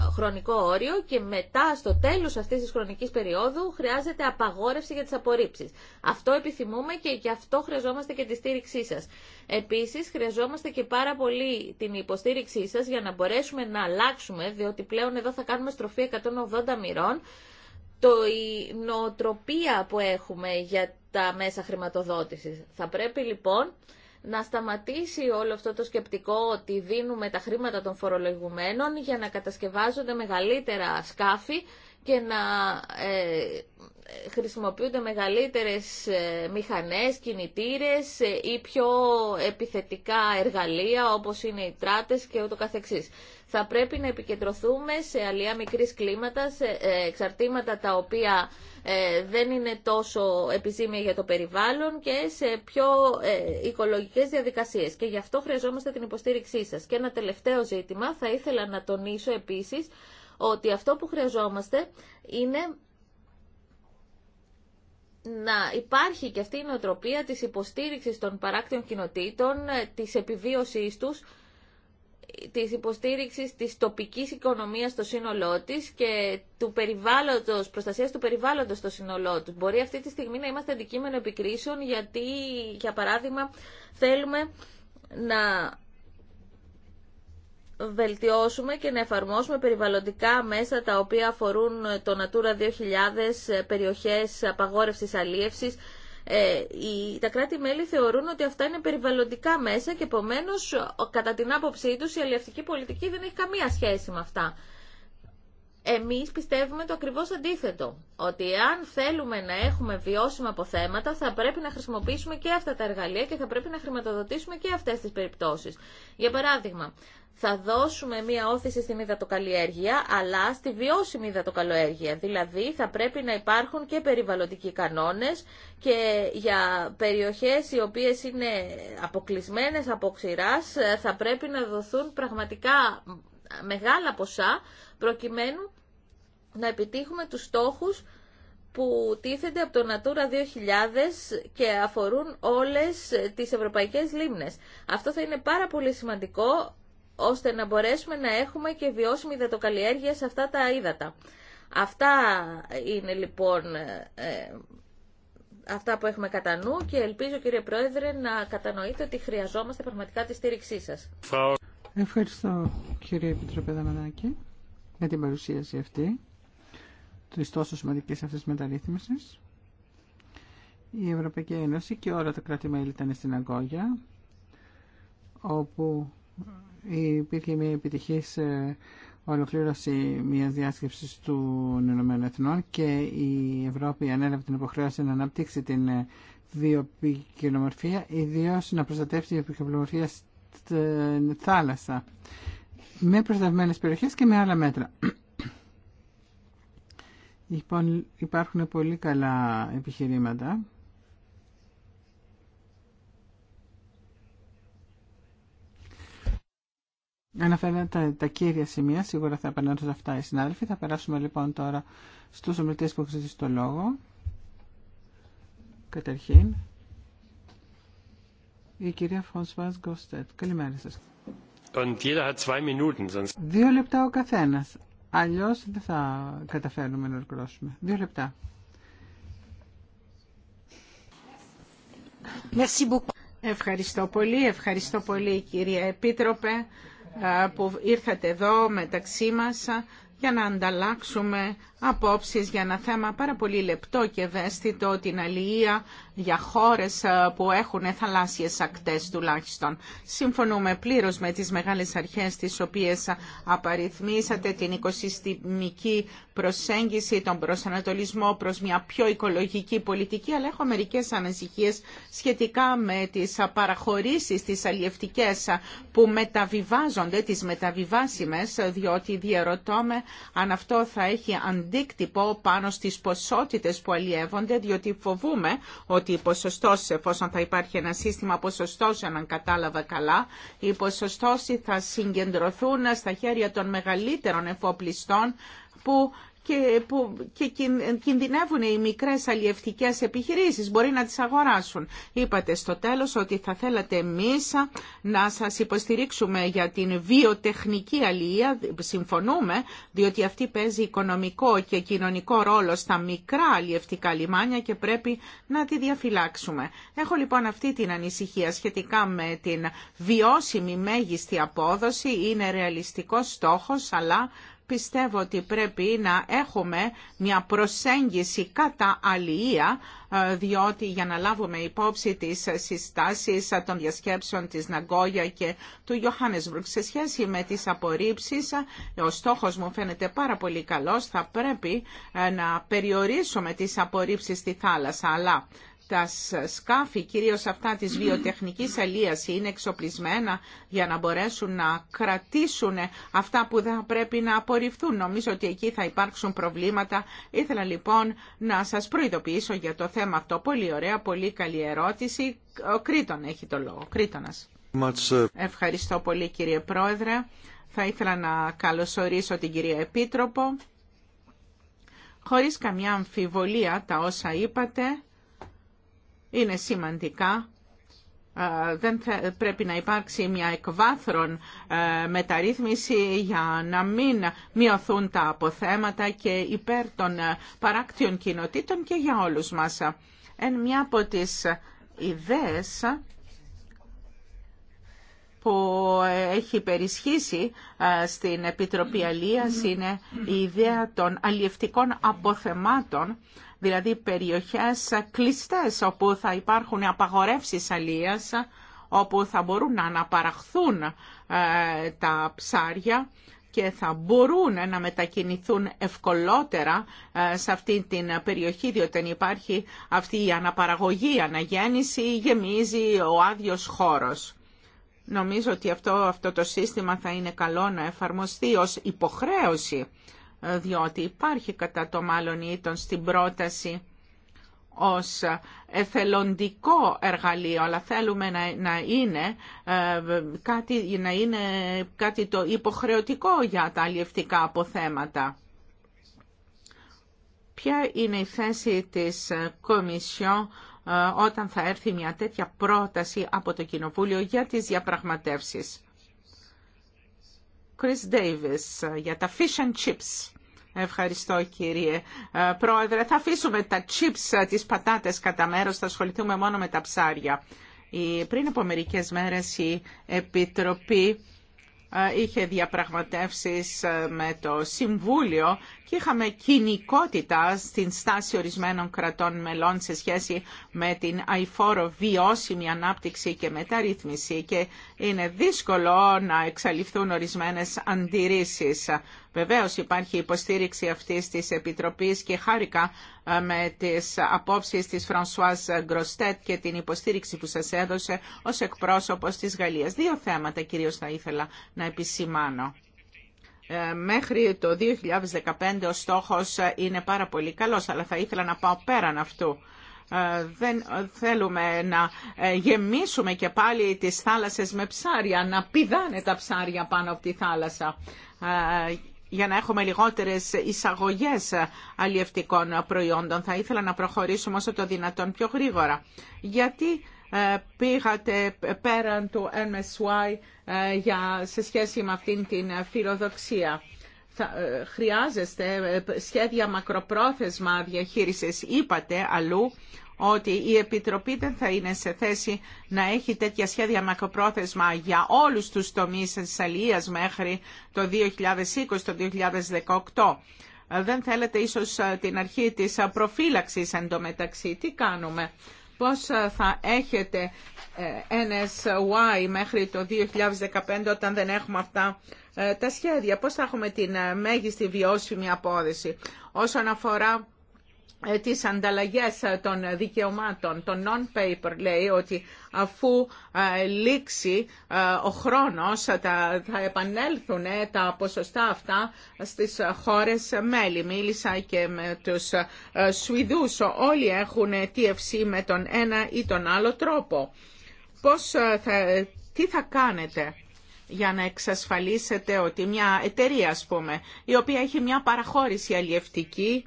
χρονικό όριο και μετά στο τέλος αυτής της χρονικής περίοδου χρειάζεται απαγόρευση για τις απορρίψεις. Αυτό επιθυμούμε και γι' αυτό χρειαζόμαστε και τη στήριξή σας. Επίσης χρειαζόμαστε και πάρα πολύ την υποστήριξή σας για να μπορέσουμε να αλλάξουμε, διότι πλέον εδώ θα κάνουμε στροφή 180 μοιρών, το, η νοοτροπία που έχουμε για τα μέσα χρηματοδότησης. Θα πρέπει λοιπόν να σταματήσει όλο αυτό το σκεπτικό ότι δίνουμε τα χρήματα των φορολογουμένων για να κατασκευάζονται μεγαλύτερα σκάφη και να ε, χρησιμοποιούνται μεγαλύτερες ε, μηχανές, κινητήρες ε, ή πιο επιθετικά εργαλεία όπως είναι οι τράτες και ούτω καθεξής θα πρέπει να επικεντρωθούμε σε αλλιά μικρής κλίματα, σε ε, εξαρτήματα τα οποία ε, δεν είναι τόσο επιζήμια για το περιβάλλον και σε πιο ε, οικολογικές διαδικασίες. Και γι' αυτό χρειαζόμαστε την υποστήριξή σας. Και ένα τελευταίο ζήτημα θα ήθελα να τονίσω επίσης ότι αυτό που χρειαζόμαστε είναι να υπάρχει και αυτή η νοοτροπία της υποστήριξης των παράκτιων κοινοτήτων, της επιβίωσής τους της υποστήριξης της τοπικής οικονομίας στο σύνολό της και του περιβάλλοντος, προστασίας του περιβάλλοντος στο σύνολό του. Μπορεί αυτή τη στιγμή να είμαστε αντικείμενο επικρίσεων γιατί, για παράδειγμα, θέλουμε να βελτιώσουμε και να εφαρμόσουμε περιβαλλοντικά μέσα τα οποία αφορούν το Natura 2000, περιοχές απαγόρευσης αλίευσης ε, τα κράτη-μέλη θεωρούν ότι αυτά είναι περιβαλλοντικά μέσα και επομένω κατά την άποψή του, η αλληλευτική πολιτική δεν έχει καμία σχέση με αυτά. Εμείς πιστεύουμε το ακριβώς αντίθετο, ότι αν θέλουμε να έχουμε βιώσιμα αποθέματα θα πρέπει να χρησιμοποιήσουμε και αυτά τα εργαλεία και θα πρέπει να χρηματοδοτήσουμε και αυτές τις περιπτώσεις. Για παράδειγμα, θα δώσουμε μία όθηση στην υδατοκαλλιέργεια, αλλά στη βιώσιμη υδατοκαλλιέργεια. Δηλαδή, θα πρέπει να υπάρχουν και περιβαλλοντικοί κανόνες και για περιοχές οι οποίες είναι αποκλεισμένες από ξηράς, θα πρέπει να δοθούν πραγματικά μεγάλα ποσά, προκειμένου να επιτύχουμε τους στόχους που τίθενται από το Natura 2000 και αφορούν όλες τις ευρωπαϊκές λίμνες. Αυτό θα είναι πάρα πολύ σημαντικό ώστε να μπορέσουμε να έχουμε και βιώσιμη υδατοκαλλιέργεια σε αυτά τα ύδατα. Αυτά είναι λοιπόν ε, αυτά που έχουμε κατά νου και ελπίζω κύριε Πρόεδρε να κατανοείτε ότι χρειαζόμαστε πραγματικά τη στήριξή σας. Ευχαριστώ κύριε Επιτροπέδα Μανάκη για την παρουσίαση αυτή τη τόσο σημαντική αυτή μεταρρύθμιση. Η Ευρωπαϊκή Ένωση και όλα τα κράτη-μέλη ήταν στην Αγκόγια, όπου υπήρχε μια επιτυχής ε, ολοκλήρωση μια διάσκεψης των Ηνωμένων Εθνών και η Ευρώπη ανέλαβε την υποχρέωση να αναπτύξει την ε, βιοπικιλομορφία, ιδίω να προστατεύσει την βιοπικιλομορφία στην θάλασσα, με προστατευμένες περιοχές και με άλλα μέτρα. Λοιπόν, υπάρχουν πολύ καλά επιχειρήματα. Αναφέρατε τα, τα κύρια σημεία, σίγουρα θα επανέλθω σε αυτά οι συνάδελφοι. Θα περάσουμε λοιπόν τώρα στους ομιλητές που έχουν το λόγο. Καταρχήν, η κυρία Φωνσβάς Γκοστέτ. Καλημέρα σας. Δύο λεπτά ο καθένας. Αλλιώς δεν θα καταφέρουμε να ολοκληρώσουμε. Δύο λεπτά. Ευχαριστώ πολύ, ευχαριστώ πολύ κυρία Επίτροπε που ήρθατε εδώ μεταξύ μας για να ανταλλάξουμε απόψεις για ένα θέμα πάρα πολύ λεπτό και ευαίσθητο, την αλληλεία για χώρες ε, που έχουν θαλάσσιες ακτές τουλάχιστον. Συμφωνούμε πλήρως με τις μεγάλες αρχές τις οποίες απαριθμίσατε την οικοσυστημική προσέγγιση, τον προσανατολισμό προς μια πιο οικολογική πολιτική, αλλά έχω μερικές ανησυχίες σχετικά με τις παραχωρήσεις, τις αλλιευτικές που μεταβιβάζονται, τις μεταβιβάσιμες, διότι διαρωτώ με αν αυτό θα έχει αντίθεση αντίκτυπο πάνω στις ποσότητες που αλλιεύονται, διότι φοβούμε ότι οι ποσοστώσεις, εφόσον θα υπάρχει ένα σύστημα ποσοστώσεων, αν κατάλαβα καλά, οι ποσοστώσεις θα συγκεντρωθούν στα χέρια των μεγαλύτερων εφοπλιστών που και, που, κινδυνεύουν οι μικρές αλλιευτικές επιχειρήσεις, μπορεί να τις αγοράσουν. Είπατε στο τέλος ότι θα θέλατε εμείς να σας υποστηρίξουμε για την βιοτεχνική αλληλεία, συμφωνούμε, διότι αυτή παίζει οικονομικό και κοινωνικό ρόλο στα μικρά αλλιευτικά λιμάνια και πρέπει να τη διαφυλάξουμε. Έχω λοιπόν αυτή την ανησυχία σχετικά με την βιώσιμη μέγιστη απόδοση, είναι ρεαλιστικός στόχος, αλλά πιστεύω ότι πρέπει να έχουμε μια προσέγγιση κατά αλληλεία, ε, διότι για να λάβουμε υπόψη τις συστάσεις των διασκέψεων της Ναγκόγια και του Johannesburg σε σχέση με τις απορρίψεις, ε, ο στόχος μου φαίνεται πάρα πολύ καλός, θα πρέπει ε, να περιορίσουμε τις απορρίψεις στη θάλασσα, αλλά τα σκάφη, κυρίως αυτά της βιοτεχνικής αλίας, είναι εξοπλισμένα για να μπορέσουν να κρατήσουν αυτά που θα πρέπει να απορριφθούν. Νομίζω ότι εκεί θα υπάρξουν προβλήματα. Ήθελα λοιπόν να σας προειδοποιήσω για το θέμα αυτό. Πολύ ωραία, πολύ καλή ερώτηση. Ο Κρήτον έχει το λόγο. Uh, Ευχαριστώ πολύ κύριε Πρόεδρε. Θα ήθελα να καλωσορίσω την κυρία Επίτροπο. Χωρίς καμιά αμφιβολία τα όσα είπατε, είναι σημαντικά. Ε, δεν πρέπει να υπάρξει μια εκβάθρον ε, μεταρρύθμιση για να μην μειωθούν τα αποθέματα και υπέρ των ε, παράκτιων κοινοτήτων και για όλους μας. Εν μια από τις ιδέες που έχει περισχύσει στην Επιτροπή Αλίας είναι η ιδέα των αλλιευτικών αποθεμάτων δηλαδή περιοχές κλειστές όπου θα υπάρχουν απαγορεύσεις αλίας, όπου θα μπορούν να αναπαραχθούν ε, τα ψάρια και θα μπορούν να μετακινηθούν ευκολότερα ε, σε αυτή την περιοχή, διότι υπάρχει αυτή η αναπαραγωγή, η αναγέννηση, γεμίζει ο άδειος χώρος. Νομίζω ότι αυτό, αυτό το σύστημα θα είναι καλό να εφαρμοστεί ως υποχρέωση διότι υπάρχει κατά το μάλλον ήτον στην πρόταση ως εθελοντικό εργαλείο, αλλά θέλουμε να, είναι, ε, κάτι, να είναι κάτι το υποχρεωτικό για τα αλλιευτικά αποθέματα. Ποια είναι η θέση της Κομισιόν ε, όταν θα έρθει μια τέτοια πρόταση από το Κοινοβούλιο για τις διαπραγματεύσεις. Chris Davis ε, για τα fish and chips. Ευχαριστώ κύριε ε, Πρόεδρε. Θα αφήσουμε τα chips, ε, τις πατάτες κατά μέρος, θα ασχοληθούμε μόνο με τα ψάρια. πριν από μερικές μέρες η Επιτροπή είχε διαπραγματεύσεις με το Συμβούλιο και είχαμε κοινικότητα στην στάση ορισμένων κρατών μελών σε σχέση με την αηφόρο βιώσιμη ανάπτυξη και μεταρρύθμιση και είναι δύσκολο να εξαλειφθούν ορισμένες αντιρρήσεις. Βεβαίως υπάρχει υποστήριξη αυτής της Επιτροπής και χάρηκα ε, με τις απόψεις της Φρανσουάς Γκροστέτ και την υποστήριξη που σας έδωσε ως εκπρόσωπος της Γαλλίας. Δύο θέματα κυρίως θα ήθελα να επισημάνω ε, μέχρι το 2015 ο στόχος είναι πάρα πολύ καλός, αλλά θα ήθελα να πάω πέραν αυτού. Ε, δεν θέλουμε να ε, γεμίσουμε και πάλι τις θάλασσες με ψάρια, να πηδάνε τα ψάρια πάνω από τη θάλασσα ε, για να έχουμε λιγότερες εισαγωγές αλλιευτικών προϊόντων. Θα ήθελα να προχωρήσουμε όσο το δυνατόν πιο γρήγορα. Γιατί πήγατε πέραν του MSY για, σε σχέση με αυτήν την φιλοδοξία. Ε, χρειάζεστε ε, σχέδια μακροπρόθεσμα διαχείρισης. Είπατε αλλού ότι η Επιτροπή δεν θα είναι σε θέση να έχει τέτοια σχέδια μακροπρόθεσμα για όλους τους τομείς της Αλληλίας μέχρι το 2020, το 2018. Ε, δεν θέλετε ίσως την αρχή της προφύλαξης εντωμεταξύ. Τι κάνουμε πώς ε, θα έχετε ε, NSY μέχρι το 2015 όταν δεν έχουμε αυτά ε, τα σχέδια, πώς θα έχουμε την μέγιστη βιώσιμη απόδοση. Όσον αφορά ε, τις ανταλλαγές ε, των δικαιωμάτων. Το non-paper λέει ότι αφού ε, λήξει ο χρόνος θα επανέλθουν τα ποσοστά αυτά στις χώρες μέλη. Μίλησα και με τους Σουηδούς. Όλοι έχουν TFC με τον ένα ή τον άλλο τρόπο. Πώς θα, τι θα κάνετε για να εξασφαλίσετε ότι μια εταιρεία, ας πούμε, η οποία έχει μια παραχώρηση αλλιευτική,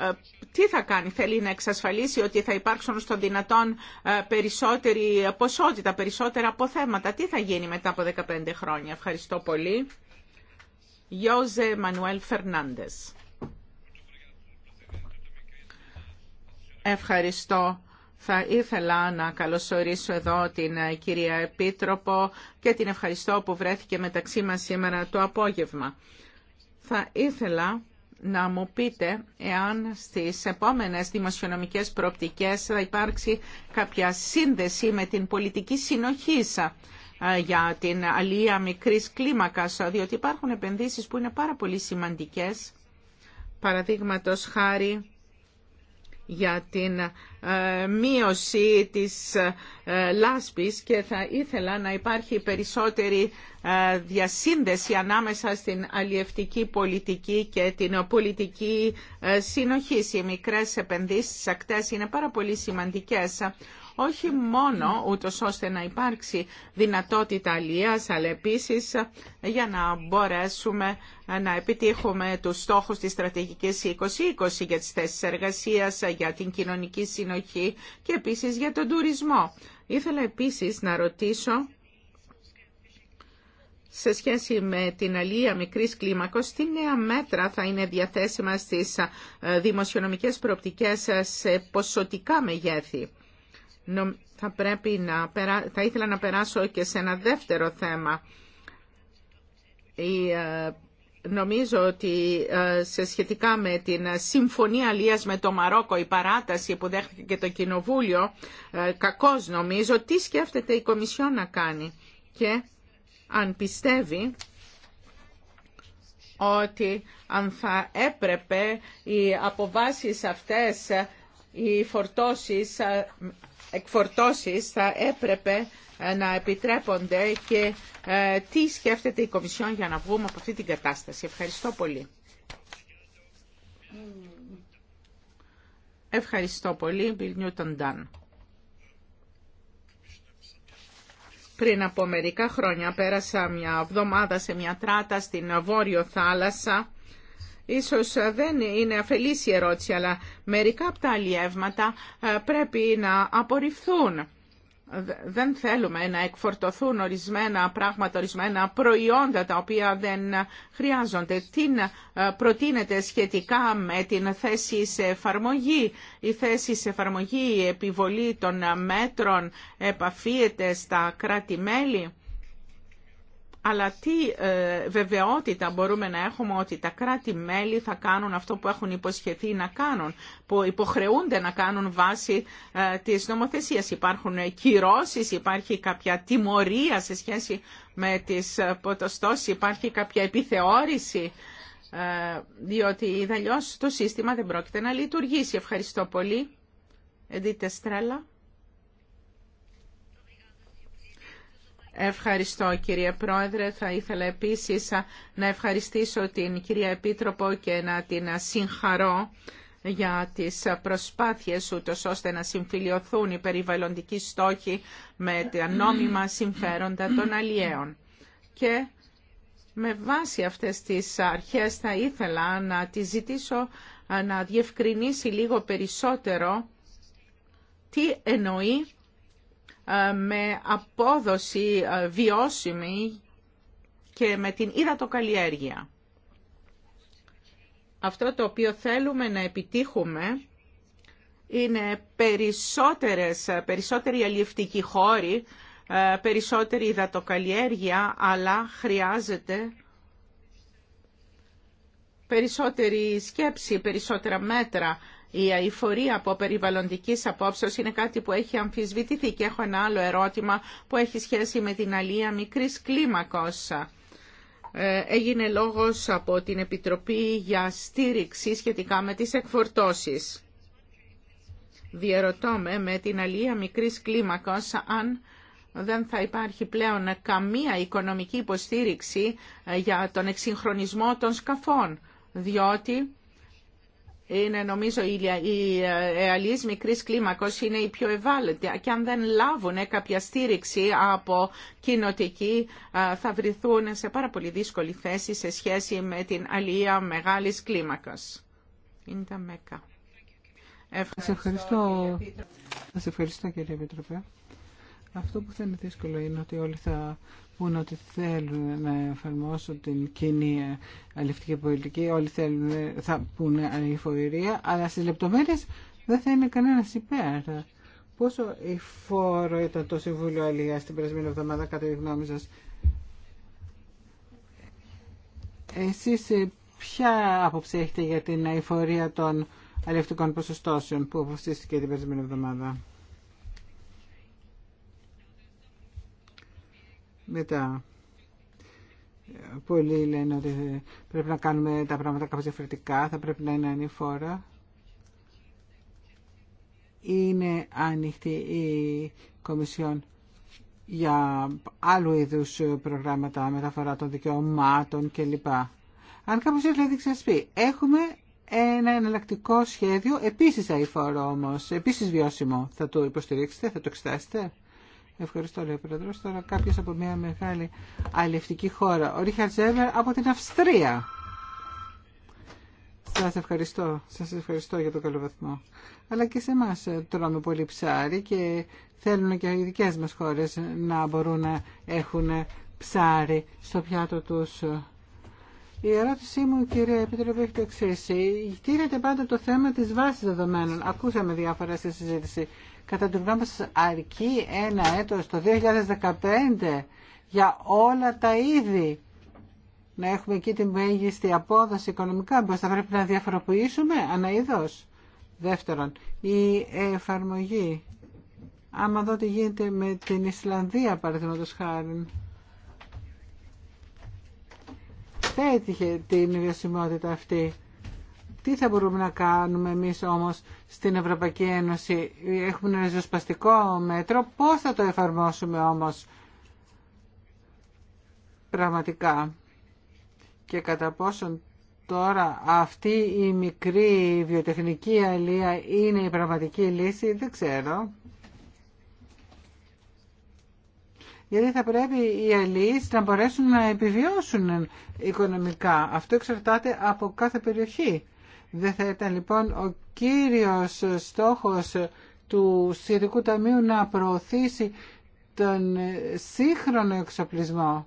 ε, τι θα κάνει, θέλει να εξασφαλίσει ότι θα υπάρξουν στο δυνατόν ε, περισσότερη ποσότητα, περισσότερα αποθέματα. Τι θα γίνει μετά από 15 χρόνια. Ευχαριστώ πολύ. Γιώζε Μανουέλ Φερνάντες. Ευχαριστώ. Θα ήθελα να καλωσορίσω εδώ την ε, κυρία Επίτροπο και την ευχαριστώ που βρέθηκε μεταξύ μας σήμερα το απόγευμα. Θα ήθελα να μου πείτε εάν στις επόμενες δημοσιονομικές προοπτικές θα υπάρξει κάποια σύνδεση με την πολιτική συνοχή για την αλία μικρής κλίμακας, διότι υπάρχουν επενδύσεις που είναι πάρα πολύ σημαντικές, παραδείγματος χάρη για την μείωση της λάσπης και θα ήθελα να υπάρχει περισσότερη ε, διασύνδεση ανάμεσα στην αλλιευτική πολιτική και την πολιτική ε, συνοχή. Οι μικρές επενδύσεις στις ακτές είναι πάρα πολύ σημαντικές όχι μόνο ούτω ώστε να υπάρξει δυνατότητα αλλίας, αλλά επίσης για να μπορέσουμε ε, να επιτύχουμε τους στόχους της στρατηγικής 2020 για τις θέσεις εργασίας, για την κοινωνική συνοχή και επίσης για τον τουρισμό. Ήθελα επίσης να ρωτήσω σε σχέση με την αλληλεία μικρής κλίμακος, τι νέα μέτρα θα είναι διαθέσιμα στις ε, δημοσιονομικές προοπτικές ε, σε ποσοτικά μεγέθη. Θα, πρέπει να θα ήθελα να περάσω και σε ένα δεύτερο θέμα. Ε, νομίζω ότι σε σχετικά με την συμφωνία αλίας με το Μαρόκο, η παράταση που δέχθηκε και το Κοινοβούλιο, κακώς νομίζω, τι σκέφτεται η Κομισιόν να κάνει. Και αν πιστεύει ότι αν θα έπρεπε οι αποβάσεις αυτές, οι φορτώσεις, εκφορτώσεις θα έπρεπε ε, να επιτρέπονται και ε, τι σκέφτεται η Κομισιόν για να βγούμε από αυτή την κατάσταση. Ευχαριστώ πολύ. Ευχαριστώ πολύ, Bill Newton Πριν από μερικά χρόνια πέρασα μια εβδομάδα σε μια τράτα στην Βόρειο Θάλασσα. Ίσως δεν είναι αφελής η ερώτηση, αλλά μερικά από τα αλλιεύματα ε, πρέπει να απορριφθούν δεν θέλουμε να εκφορτωθούν ορισμένα πράγματα, ορισμένα προϊόντα τα οποία δεν χρειάζονται. Τι ε, προτείνεται σχετικά με την θέση σε εφαρμογή. Η θέση σε εφαρμογή, η επιβολή των μέτρων επαφίεται στα κράτη-μέλη αλλά τι ε, βεβαιότητα μπορούμε να έχουμε ότι τα κράτη-μέλη θα κάνουν αυτό που έχουν υποσχεθεί να κάνουν, που υποχρεούνται να κάνουν βάσει ε, της νομοθεσίας. Υπάρχουν κυρώσεις, υπάρχει κάποια τιμωρία σε σχέση με τις ε, ποτοστώσεις, υπάρχει κάποια επιθεώρηση, διότι είδα το σύστημα δεν πρόκειται να λειτουργήσει. Ευχαριστώ πολύ. Εντίτε Στρέλα. Ευχαριστώ κύριε Πρόεδρε. Θα ήθελα επίσης να ευχαριστήσω την κυρία Επίτροπο και να την συγχαρώ για τις προσπάθειες ούτως ώστε να συμφιλειωθούν οι περιβαλλοντικοί στόχοι με τα νόμιμα συμφέροντα των αλλιέων. Και με βάση αυτές τις αρχές θα ήθελα να τη ζητήσω να διευκρινίσει λίγο περισσότερο τι εννοεί ε, με απόδοση ε, βιώσιμη και με την υδατοκαλλιέργεια. Αυτό το οποίο θέλουμε να επιτύχουμε είναι περισσότερες, ε, περισσότεροι αλλιευτικοί χώροι, περισσότερη υδατοκαλλιέργεια, αλλά χρειάζεται περισσότερη σκέψη, περισσότερα μέτρα. Η αηφορία από περιβαλλοντική απόψεως είναι κάτι που έχει αμφισβητηθεί και έχω ένα άλλο ερώτημα που έχει σχέση με την αλία μικρής Ε, Έγινε λόγος από την Επιτροπή για στήριξη σχετικά με τις εκφορτώσεις. Διερωτώ με, την αλία μικρής κλίμακος αν δεν θα υπάρχει πλέον καμία οικονομική υποστήριξη ε, για τον εξυγχρονισμό των σκαφών, διότι είναι νομίζω η, η μικρή μικρής κλίμακος είναι η πιο ευάλωτη και αν δεν λάβουν κάποια στήριξη από κοινοτική θα βρεθούν σε πάρα πολύ δύσκολη θέση σε σχέση με την αλληλεία μεγάλη κλίμακας. Ευχαριστώ. Αυτό που θα είναι δύσκολο είναι ότι όλοι θα πούνε ότι θέλουν να εφαρμόσουν την κοινή ε, αληφτική πολιτική, όλοι θέλουν, ε, θα πούνε αληφορία, αλλά στις λεπτομέρειες δεν θα είναι κανένας υπέρ. Πόσο η φόρο ήταν το Συμβούλιο αλληλιά την περασμένη εβδομάδα κατά τη γνώμη σας. Εσείς ε, ποια άποψη έχετε για την αηφορία των αληφτικών ποσοστώσεων που αποφασίστηκε την περασμένη εβδομάδα. Μετά, πολλοί λένε ότι πρέπει να κάνουμε τα πράγματα κάπως διαφορετικά, θα πρέπει να είναι ανηφόρα. Είναι άνοιχτη η Κομισιόν για άλλου είδους προγράμματα, μεταφορά των δικαιωμάτων κλπ. Αν κάποιος δηλαδή πει, έχουμε ένα εναλλακτικό σχέδιο, επίσης αηφόρο όμως, επίσης βιώσιμο. Θα το υποστηρίξετε, θα το εξετάσετε. Ευχαριστώ, λέει ο Πρόεδρος. Τώρα κάποιος από μια μεγάλη αλληλευτική χώρα. Ο Ρίχαρτ Ζέμερ από την Αυστρία. Σας ευχαριστώ. Σας ευχαριστώ για το καλό βαθμό. Αλλά και σε εμά τρώμε πολύ ψάρι και θέλουν και οι δικές μας χώρες να μπορούν να έχουν ψάρι στο πιάτο τους. Η ερώτησή μου, κύριε Επίτροπε, έχει το εξή. Τήρεται πάντα το θέμα της βάσης δεδομένων. Ακούσαμε διάφορα στη συζήτηση. Κατά την γνώμη αρκεί ένα έτος το 2015 για όλα τα είδη να έχουμε εκεί την μέγιστη απόδοση οικονομικά. που θα πρέπει να διαφοροποιήσουμε αναείδος. Δεύτερον, η εφαρμογή. Άμα δω τι γίνεται με την Ισλανδία, παραδείγματος χάρη. Πέτυχε την βιωσιμότητα αυτή. Τι θα μπορούμε να κάνουμε εμείς όμως στην Ευρωπαϊκή Ένωση. Έχουμε ένα ριζοσπαστικό μέτρο. Πώς θα το εφαρμόσουμε όμως πραγματικά. Και κατά πόσον τώρα αυτή η μικρή βιοτεχνική αλία είναι η πραγματική λύση, δεν ξέρω. γιατί θα πρέπει οι αλληλείς να μπορέσουν να επιβιώσουν οικονομικά. Αυτό εξαρτάται από κάθε περιοχή. Δεν θα ήταν λοιπόν ο κύριος στόχος του Συρικού Ταμείου να προωθήσει τον σύγχρονο εξοπλισμό.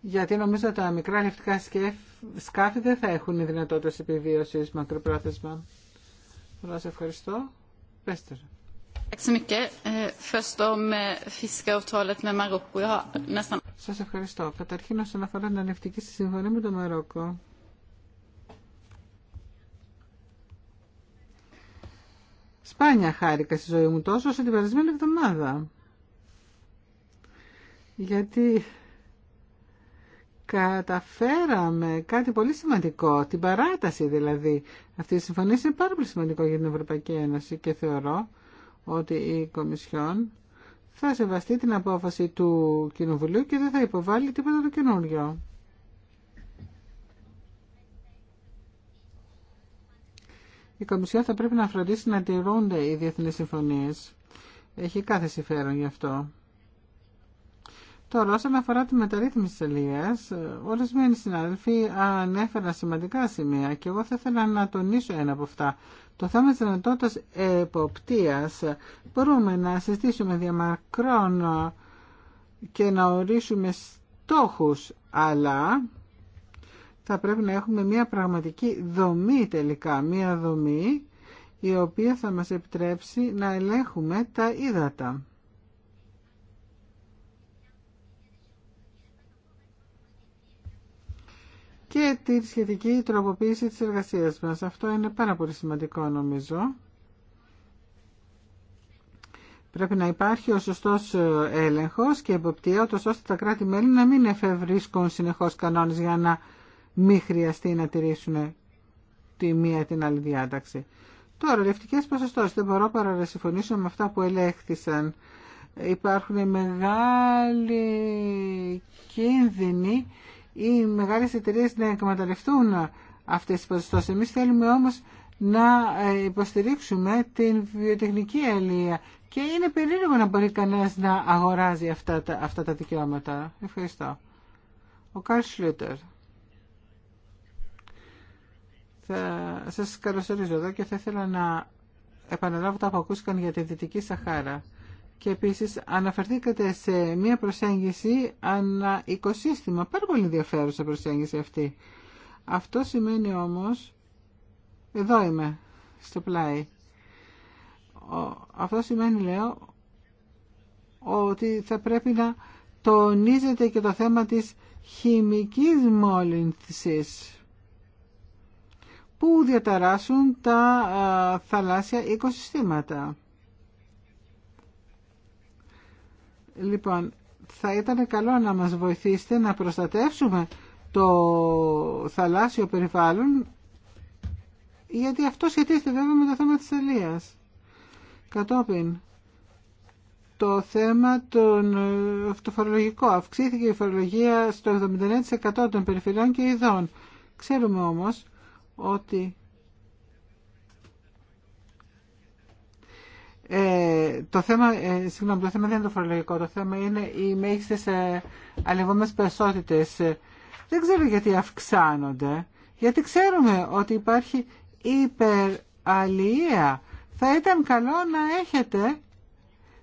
Γιατί νομίζω τα μικρά λεφτικά σκάφη δεν θα έχουν δυνατότητες επιβίωσης μακροπρόθεσμα. Σας ευχαριστώ. Πέστε. Σας ευχαριστώ. Καταρχήν όσον αφορά την ανευτική στη συμφωνία με το Μαρόκο. Σπάνια χάρηκα στη ζωή μου τόσο όσο την περασμένη εβδομάδα. Γιατί καταφέραμε κάτι πολύ σημαντικό, την παράταση δηλαδή. Αυτή η συμφωνία είναι πάρα πολύ σημαντικό για την Ευρωπαϊκή Ένωση και θεωρώ ότι η Κομισιόν θα σεβαστεί την απόφαση του Κοινοβουλίου και δεν θα υποβάλει τίποτα το καινούριο. Η Κομισιόν θα πρέπει να φροντίσει να τηρούνται οι διεθνείς συμφωνίες. Έχει κάθε συμφέρον γι' αυτό. Τώρα, όσον αφορά τη μεταρρύθμιση της Ελίας, ορισμένοι συνάδελφοι ανέφεραν σημαντικά σημεία και εγώ θα ήθελα να τονίσω ένα από αυτά το θέμα της δυνατότητας εποπτείας μπορούμε να συστήσουμε διαμακρών και να ορίσουμε στόχους, αλλά θα πρέπει να έχουμε μια πραγματική δομή τελικά, μια δομή η οποία θα μας επιτρέψει να ελέγχουμε τα ύδατα. και τη σχετική τροποποίηση της εργασίας μας. Αυτό είναι πάρα πολύ σημαντικό νομίζω. Πρέπει να υπάρχει ο σωστός ε, έλεγχος και εποπτεία, ώστε τα κράτη-μέλη να μην εφευρίσκουν συνεχώς κανόνες για να μην χρειαστεί να τηρήσουν τη μία την άλλη διάταξη. Τώρα, ρευτικές ποσοστώσεις. Δεν μπορώ παρά να συμφωνήσω με αυτά που ελέγχθησαν. Υπάρχουν μεγάλοι κίνδυνοι οι μεγάλες εταιρείες να εκμεταλλευτούν αυτές τις ποσοστώσεις. Εμείς θέλουμε όμως να ε, υποστηρίξουμε την βιοτεχνική αλληλεία και είναι περίεργο να μπορεί κανένας να αγοράζει αυτά τα, αυτά τα δικαιώματα. Ευχαριστώ. Ο Καρλ Σλούτερ. Θα σας καλωσορίζω εδώ και θα ήθελα να επαναλάβω τα που ακούστηκαν για τη Δυτική Σαχάρα. Και επίσης αναφερθήκατε σε μια προσέγγιση ανά οικοσύστημα. Πάρα πολύ ενδιαφέρουσα προσέγγιση αυτή. Αυτό σημαίνει όμως, εδώ είμαι, στο πλάι. Αυτό σημαίνει, λέω, ότι θα πρέπει να τονίζεται και το θέμα της χημικής μόλυνσης που διαταράσσουν τα θαλάσσια οικοσυστήματα. Λοιπόν, θα ήταν καλό να μας βοηθήσετε να προστατεύσουμε το θαλάσσιο περιβάλλον γιατί αυτό σχετίζεται βέβαια με το θέμα της Ελίας. Κατόπιν, το θέμα των αυτοφορολογικό. Ε, Αυξήθηκε η φορολογία στο 79% των περιφερειών και ειδών. Ξέρουμε όμως ότι Ε, το θέμα, ε, συγγνώμη, το θέμα δεν είναι το φορολογικό, το θέμα είναι οι μέγιστε ε, αλευόμενες ε, Δεν ξέρω γιατί αυξάνονται, γιατί ξέρουμε ότι υπάρχει υπεραλλήλεια. Θα ήταν καλό να έχετε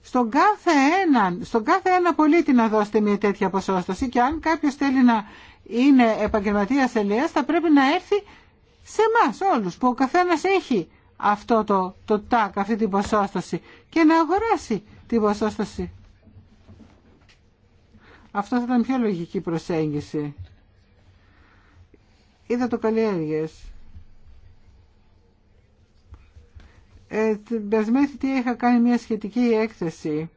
στον κάθε έναν, στον κάθε ένα πολίτη να δώσετε μια τέτοια ποσόστοση και αν κάποιος θέλει να είναι επαγγελματίας ελαιάς θα πρέπει να έρθει σε εμά όλους που ο καθένας έχει αυτό το, το τάκ, αυτή την ποσόσταση και να αγοράσει την ποσόστοση. Αυτό θα ήταν πιο λογική προσέγγιση. Είδα το καλλιέργειες. Ε, την περσμένη θητεία είχα κάνει μια σχετική έκθεση.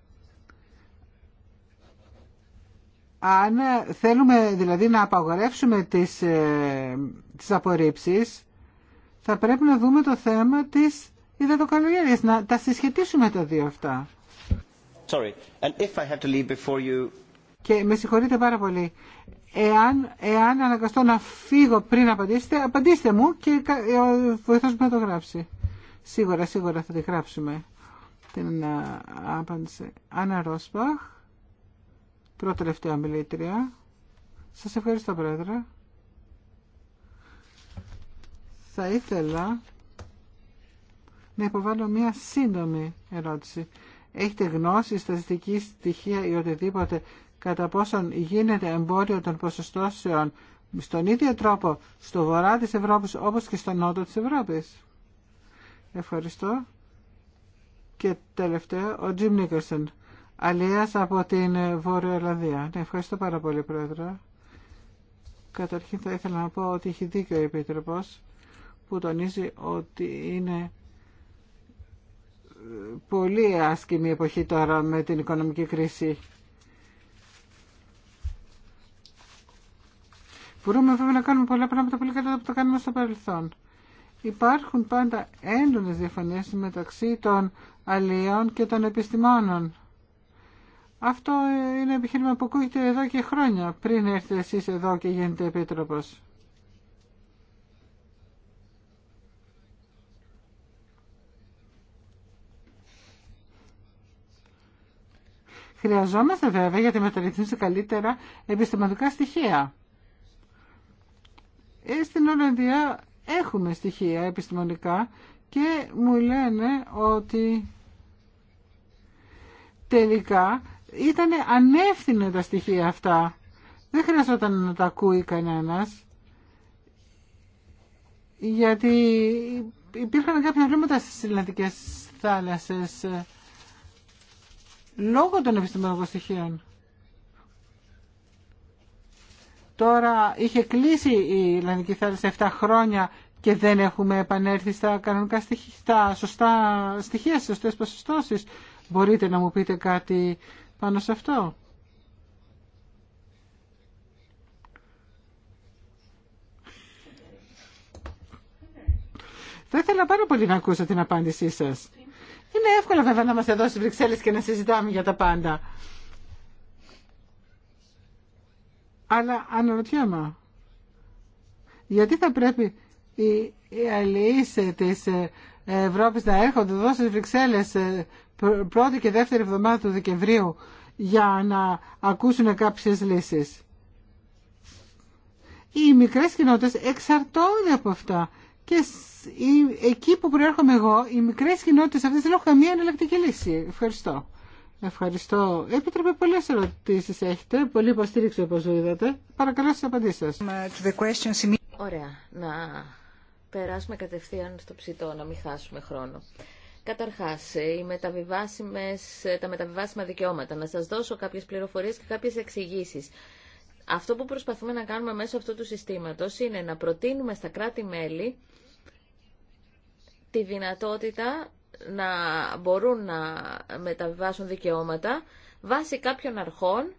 Αν θέλουμε δηλαδή να απαγορεύσουμε τις, ε, τις απορρίψεις, θα πρέπει να δούμε το θέμα της υδατοκαλλιέργειας, να τα συσχετίσουμε τα δύο αυτά. Sorry. And if I have to leave before you... Και με συγχωρείτε πάρα πολύ. Εάν, εάν αναγκαστώ να φύγω πριν απαντήσετε, απαντήστε μου και ε, ο βοηθός μου να το γράψει. Σίγουρα, σίγουρα θα τη γράψουμε την ε, απάντηση. Άννα Ρόσπαχ, πρώτη τελευταία μιλήτρια. Σας ευχαριστώ, Πρόεδρε. Θα ήθελα να υποβάλω μία σύντομη ερώτηση. Έχετε γνώση, στατιστική στοιχεία ή οτιδήποτε κατά πόσον γίνεται εμπόριο των ποσοστώσεων στον ίδιο τρόπο στο βορρά της Ευρώπης όπως και στο νότο της Ευρώπης. Ευχαριστώ. Και τελευταίο, ο Τζιμ Νίκερσον, αλλιέας από την Βόρεια Ελλαδία. Ναι, ευχαριστώ πάρα πολύ, Πρόεδρε. Καταρχήν θα ήθελα να πω ότι έχει δίκιο ο Επίτροπος που τονίζει ότι είναι ε, πολύ άσκημη εποχή τώρα με την οικονομική κρίση. Μπορούμε βέβαια να κάνουμε πολλά πράγματα πολύ καλύτερα από το κάνουμε στο παρελθόν. Υπάρχουν πάντα έντονες διαφωνίες μεταξύ των αλλιών και των επιστημόνων. Αυτό είναι επιχείρημα που ακούγεται εδώ και χρόνια πριν έρθετε εσείς εδώ και γίνετε επίτροπος. Χρειαζόμαστε βέβαια για τη μεταρρυθμίση καλύτερα επιστημονικά στοιχεία. Ε, στην Ολλανδία έχουμε στοιχεία επιστημονικά και μου λένε ότι τελικά ήταν ανεύθυνα τα στοιχεία αυτά. Δεν χρειαζόταν να τα ακούει κανένας γιατί υπήρχαν κάποια βλέμματα στις Ιλλανδικές θάλασσες λόγω των επιστημονικών στοιχείων. Τώρα είχε κλείσει η Ιρλανδική θάλασσα 7 χρόνια και δεν έχουμε επανέλθει στα κανονικά στοιχεία, στα σωστά στοιχεία, στις σωστές ποσοστώσεις. Μπορείτε να μου πείτε κάτι πάνω σε αυτό. Θα ήθελα πάρα πολύ να ακούσω την απάντησή σας. Είναι εύκολο βέβαια να είμαστε εδώ στις Βρυξέλλες και να συζητάμε για τα πάντα. Αλλά αναρωτιέμαι, γιατί θα πρέπει οι, οι αλληλείς της Ευρώπης να έρχονται εδώ στις Βρυξέλλες ε, πρώτη και δεύτερη εβδομάδα του Δεκεμβρίου για να ακούσουν κάποιες λύσεις. Οι μικρές κοινότητες εξαρτώνται από αυτά και εκεί που προέρχομαι εγώ, οι μικρέ κοινότητε αυτέ δεν έχουν καμία εναλλακτική λύση. Ευχαριστώ. Ευχαριστώ. Επίτροπε, πολλέ ερωτήσει έχετε. Πολύ υποστήριξη όπω είδατε. Παρακαλώ στι απαντήσει σα. Ωραία. Να περάσουμε κατευθείαν στο ψητό, να μην χάσουμε χρόνο. Καταρχά, τα μεταβιβάσιμα δικαιώματα. Να σα δώσω κάποιε πληροφορίε και κάποιε εξηγήσει. Αυτό που προσπαθούμε να κάνουμε μέσω αυτού του συστήματο είναι να προτείνουμε στα κράτη-μέλη τη δυνατότητα να μπορούν να μεταβιβάσουν δικαιώματα βάσει κάποιων αρχών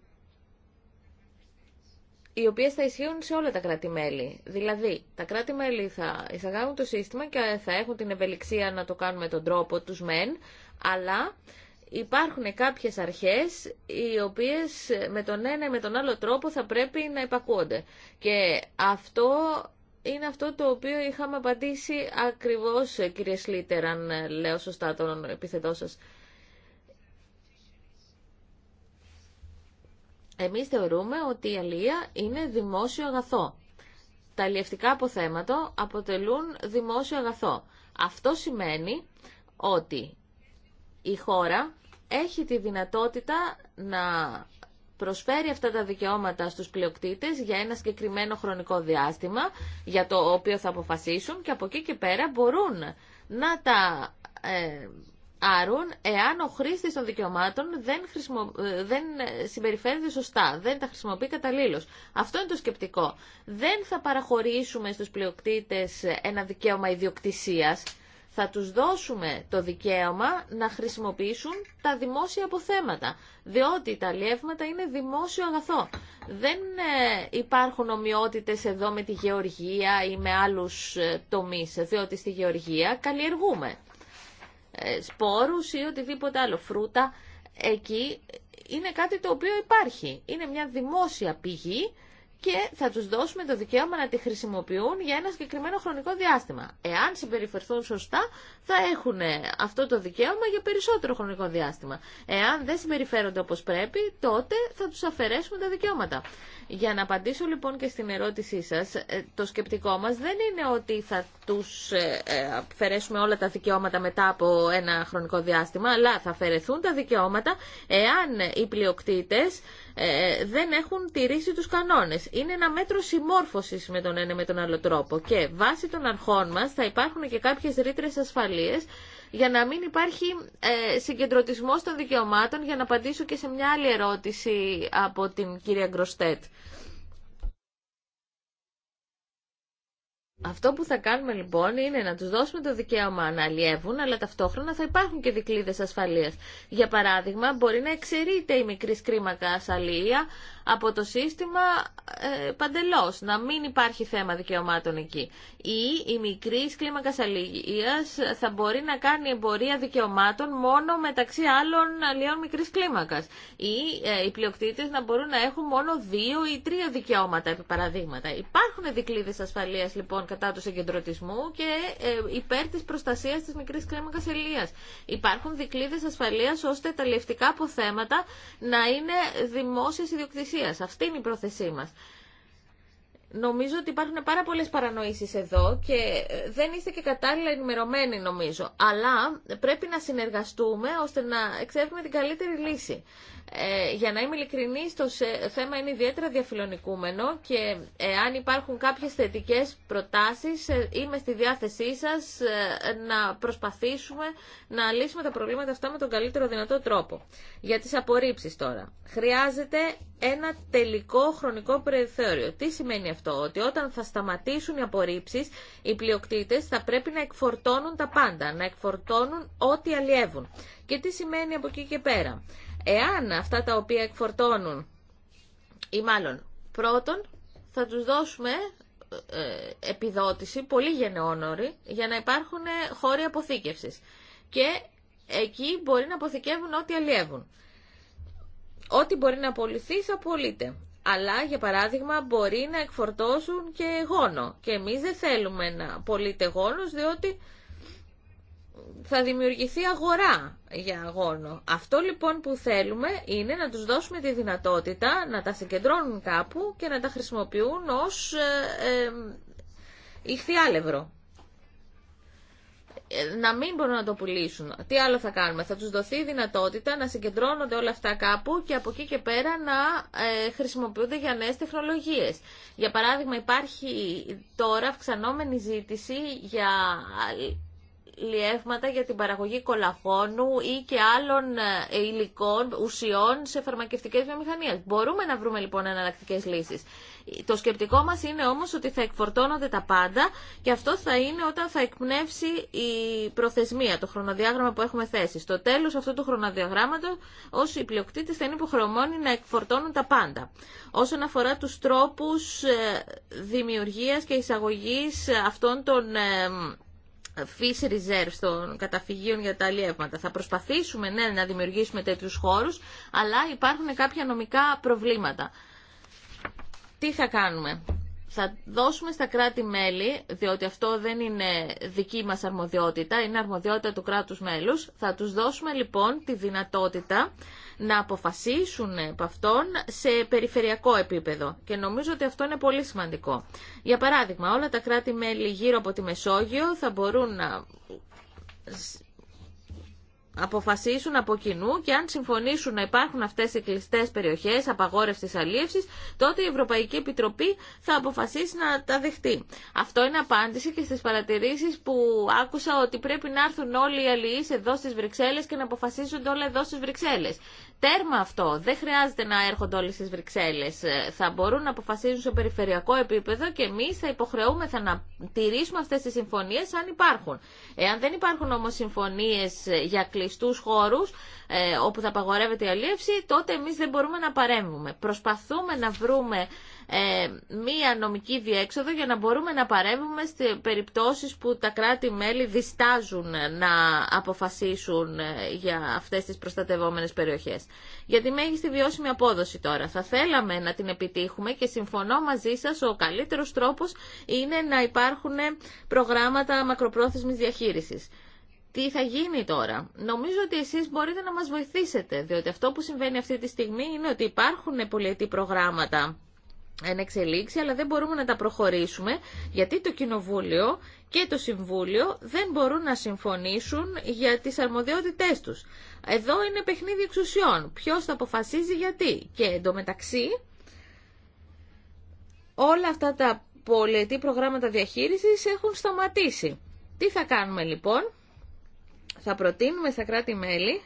οι οποίε θα ισχύουν σε όλα τα κράτη-μέλη. Δηλαδή, τα κράτη-μέλη θα εισαγάγουν το σύστημα και θα έχουν την ευελιξία να το κάνουν με τον τρόπο τους μεν, αλλά υπάρχουν κάποιες αρχές οι οποίες με τον ένα ή με τον άλλο τρόπο θα πρέπει να υπακούονται. Και αυτό είναι αυτό το οποίο είχαμε απαντήσει ακριβώς, κύριε Σλίτερ, αν ε, λέω σωστά τον επιθετό σας. Εμείς θεωρούμε ότι η αλία είναι δημόσιο αγαθό. Τα αλλιευτικά αποθέματα αποτελούν δημόσιο αγαθό. Αυτό σημαίνει ότι η χώρα έχει τη δυνατότητα να προσφέρει αυτά τα δικαιώματα στους πλειοκτήτες για ένα συγκεκριμένο χρονικό διάστημα για το οποίο θα αποφασίσουν και από εκεί και πέρα μπορούν να τα ε, άρουν εάν ο χρήστης των δικαιωμάτων δεν, χρησιμο... Ε, δεν συμπεριφέρεται σωστά, δεν τα χρησιμοποιεί καταλήλως. Αυτό είναι το σκεπτικό. Δεν θα παραχωρήσουμε στους πλειοκτήτες ένα δικαίωμα ιδιοκτησίας θα τους δώσουμε το δικαίωμα να χρησιμοποιήσουν τα δημόσια αποθέματα, διότι τα αλλιεύματα είναι δημόσιο αγαθό. Δεν ε, υπάρχουν ομοιότητες εδώ με τη γεωργία ή με άλλους ε, τομείς, διότι στη γεωργία καλλιεργούμε ε, σπόρους ή οτιδήποτε άλλο, φρούτα, εκεί είναι κάτι το οποίο υπάρχει. Είναι μια δημόσια πηγή και θα τους δώσουμε το δικαίωμα να τη χρησιμοποιούν για ένα συγκεκριμένο χρονικό διάστημα. Εάν συμπεριφερθούν σωστά, θα έχουν αυτό το δικαίωμα για περισσότερο χρονικό διάστημα. Εάν δεν συμπεριφέρονται όπως πρέπει, τότε θα τους αφαιρέσουμε τα δικαιώματα. Για να απαντήσω λοιπόν και στην ερώτησή σας, ε, το σκεπτικό μας δεν είναι ότι θα τους ε, ε, αφαιρέσουμε όλα τα δικαιώματα μετά από ένα χρονικό διάστημα, αλλά θα αφαιρεθούν τα δικαιώματα εάν οι πλειοκτήτες δεν έχουν τηρήσει τους κανόνες. Είναι ένα μέτρο συμμόρφωσης με τον ένα με τον άλλο τρόπο και βάσει των αρχών μας θα υπάρχουν και κάποιες ρήτρες ασφαλείες για να μην υπάρχει ε, συγκεντρωτισμός των δικαιωμάτων για να απαντήσω και σε μια άλλη ερώτηση από την κυρία Γκροστέτ. Αυτό που θα κάνουμε λοιπόν είναι να τους δώσουμε το δικαίωμα να αλλιεύουν, αλλά ταυτόχρονα θα υπάρχουν και δικλείδες ασφαλείας. Για παράδειγμα, μπορεί να εξαιρείται η μικρή κρίμακα ασφαλεία από το σύστημα ε, παντελώς, να μην υπάρχει θέμα δικαιωμάτων εκεί. Ή η μικρή κλίμακα ασφαλείας θα μπορεί να κάνει εμπορία δικαιωμάτων μόνο μεταξύ άλλων αλλιών μικρή κλίμακα. Ή ε, οι πλειοκτήτες να μπορούν να έχουν μόνο δύο ή τρία δικαιώματα, επί παραδείγματα. Υπάρχουν δικλείδες ασφαλείας λοιπόν κατά του συγκεντρωτισμού και ε, υπέρ τη προστασία τη μικρή κλίμακα ηλία. Υπάρχουν δικλείδε ασφαλείας ώστε τα λευτικά αποθέματα να είναι δημόσια ιδιοκτησία. Αυτή είναι η πρόθεσή μα. Νομίζω ότι υπάρχουν πάρα πολλές παρανοήσεις εδώ και ε, δεν είστε και κατάλληλα ενημερωμένοι νομίζω. Αλλά πρέπει να συνεργαστούμε ώστε να εξεύρουμε την καλύτερη λύση. Ε, για να είμαι ειλικρινή, το θέμα είναι ιδιαίτερα διαφιλονικούμενο και ε, αν υπάρχουν κάποιες θετικές προτάσεις ε, είμαι στη διάθεσή σας να προσπαθήσουμε να λύσουμε τα προβλήματα αυτά με τον καλύτερο δυνατό τρόπο. Για τις απορρίψεις τώρα. Χρειάζεται ένα τελικό χρονικό περιθώριο. Τι σημαίνει αυτό ότι όταν θα σταματήσουν οι απορρίψεις, οι πλειοκτήτες θα πρέπει να εκφορτώνουν τα πάντα, να εκφορτώνουν ό,τι αλλιεύουν. Και τι σημαίνει από εκεί και πέρα. Εάν αυτά τα οποία εκφορτώνουν, ή μάλλον πρώτον, θα τους δώσουμε ε, επιδότηση, πολύ γενναιόνορη, για να υπάρχουν ε, χώροι αποθήκευσης. Και εκεί μπορεί να αποθηκεύουν ό,τι αλλιεύουν. Ό,τι μπορεί να απολυθεί, απολύτε αλλά για παράδειγμα μπορεί να εκφορτώσουν και γόνο. Και εμείς δεν θέλουμε να πωλείται γόνος διότι θα δημιουργηθεί αγορά για γόνο. Αυτό λοιπόν που θέλουμε είναι να τους δώσουμε τη δυνατότητα να τα συγκεντρώνουν κάπου και να τα χρησιμοποιούν ως ε, ε ηχθιάλευρο να μην μπορούν να το πουλήσουν. Τι άλλο θα κάνουμε, θα τους δοθεί η δυνατότητα να συγκεντρώνονται όλα αυτά κάπου και από εκεί και πέρα να ε, χρησιμοποιούνται για νέες τεχνολογίες. Για παράδειγμα υπάρχει τώρα αυξανόμενη ζήτηση για λιεύματα για την παραγωγή κολαφώνου ή και άλλων ε, υλικών, ουσιών σε φαρμακευτικές βιομηχανίες. Μπορούμε να βρούμε λοιπόν εναλλακτικέ λύσεις. Το σκεπτικό μα είναι όμω ότι θα εκφορτώνονται τα πάντα και αυτό θα είναι όταν θα εκπνεύσει η προθεσμία, το χρονοδιάγραμμα που έχουμε θέσει. Στο τέλο αυτού του χρονοδιαγράμματο όσοι πλειοκτήτε θα είναι υποχρεωμένοι να εκφορτώνουν τα πάντα. Όσον αφορά του τρόπου ε, δημιουργία και εισαγωγή αυτών των ε, fish reserves, των καταφυγίων για τα αλλιεύματα. Θα προσπαθήσουμε ναι, να δημιουργήσουμε τέτοιους χώρους, αλλά υπάρχουν κάποια νομικά προβλήματα τι θα κάνουμε. Θα δώσουμε στα κράτη-μέλη, διότι αυτό δεν είναι δική μας αρμοδιότητα, είναι αρμοδιότητα του κράτους μέλους, θα τους δώσουμε λοιπόν τη δυνατότητα να αποφασίσουν από αυτόν σε περιφερειακό επίπεδο. Και νομίζω ότι αυτό είναι πολύ σημαντικό. Για παράδειγμα, όλα τα κράτη-μέλη γύρω από τη Μεσόγειο θα μπορούν να αποφασίσουν από κοινού και αν συμφωνήσουν να υπάρχουν αυτές οι κλειστές περιοχές απαγόρευσης αλίευσης, τότε η Ευρωπαϊκή Επιτροπή θα αποφασίσει να τα δεχτεί. Αυτό είναι απάντηση και στις παρατηρήσεις που άκουσα ότι πρέπει να έρθουν όλοι οι αλληλεί εδώ στις Βρυξέλλες και να αποφασίσουν όλα εδώ στι Βρυξέλλες τέρμα αυτό. Δεν χρειάζεται να έρχονται όλοι στις Βρυξέλλες. Ε, θα μπορούν να αποφασίζουν σε περιφερειακό επίπεδο και εμείς θα υποχρεούμε να τηρήσουμε αυτές τις συμφωνίες αν υπάρχουν. Εάν δεν υπάρχουν όμως συμφωνίες ε, για κλειστούς χώρους ε, όπου θα απαγορεύεται η αλίευση, τότε εμείς δεν μπορούμε να παρέμβουμε. Προσπαθούμε να βρούμε ε, μία νομική διέξοδο για να μπορούμε να παρεύουμε στις περιπτώσεις που τα κράτη-μέλη διστάζουν να αποφασίσουν ε, για αυτές τις προστατευόμενες περιοχές. Για τη μέγιστη βιώσιμη απόδοση τώρα. Θα θέλαμε να την επιτύχουμε και συμφωνώ μαζί σας ο καλύτερος τρόπος είναι να υπάρχουν προγράμματα μακροπρόθεσμης διαχείρισης. Τι θα γίνει τώρα. Νομίζω ότι εσείς μπορείτε να μας βοηθήσετε, διότι αυτό που συμβαίνει αυτή τη στιγμή είναι ότι υπάρχουν πολιτικά προγράμματα εν αλλά δεν μπορούμε να τα προχωρήσουμε, γιατί το Κοινοβούλιο και το Συμβούλιο δεν μπορούν να συμφωνήσουν για τις αρμοδιότητές τους. Εδώ είναι παιχνίδι εξουσιών. Ποιος θα αποφασίζει γιατί. Και εντωμεταξύ, όλα αυτά τα πολιετή προγράμματα διαχείρισης έχουν σταματήσει. Τι θα κάνουμε λοιπόν, θα προτείνουμε στα κράτη-μέλη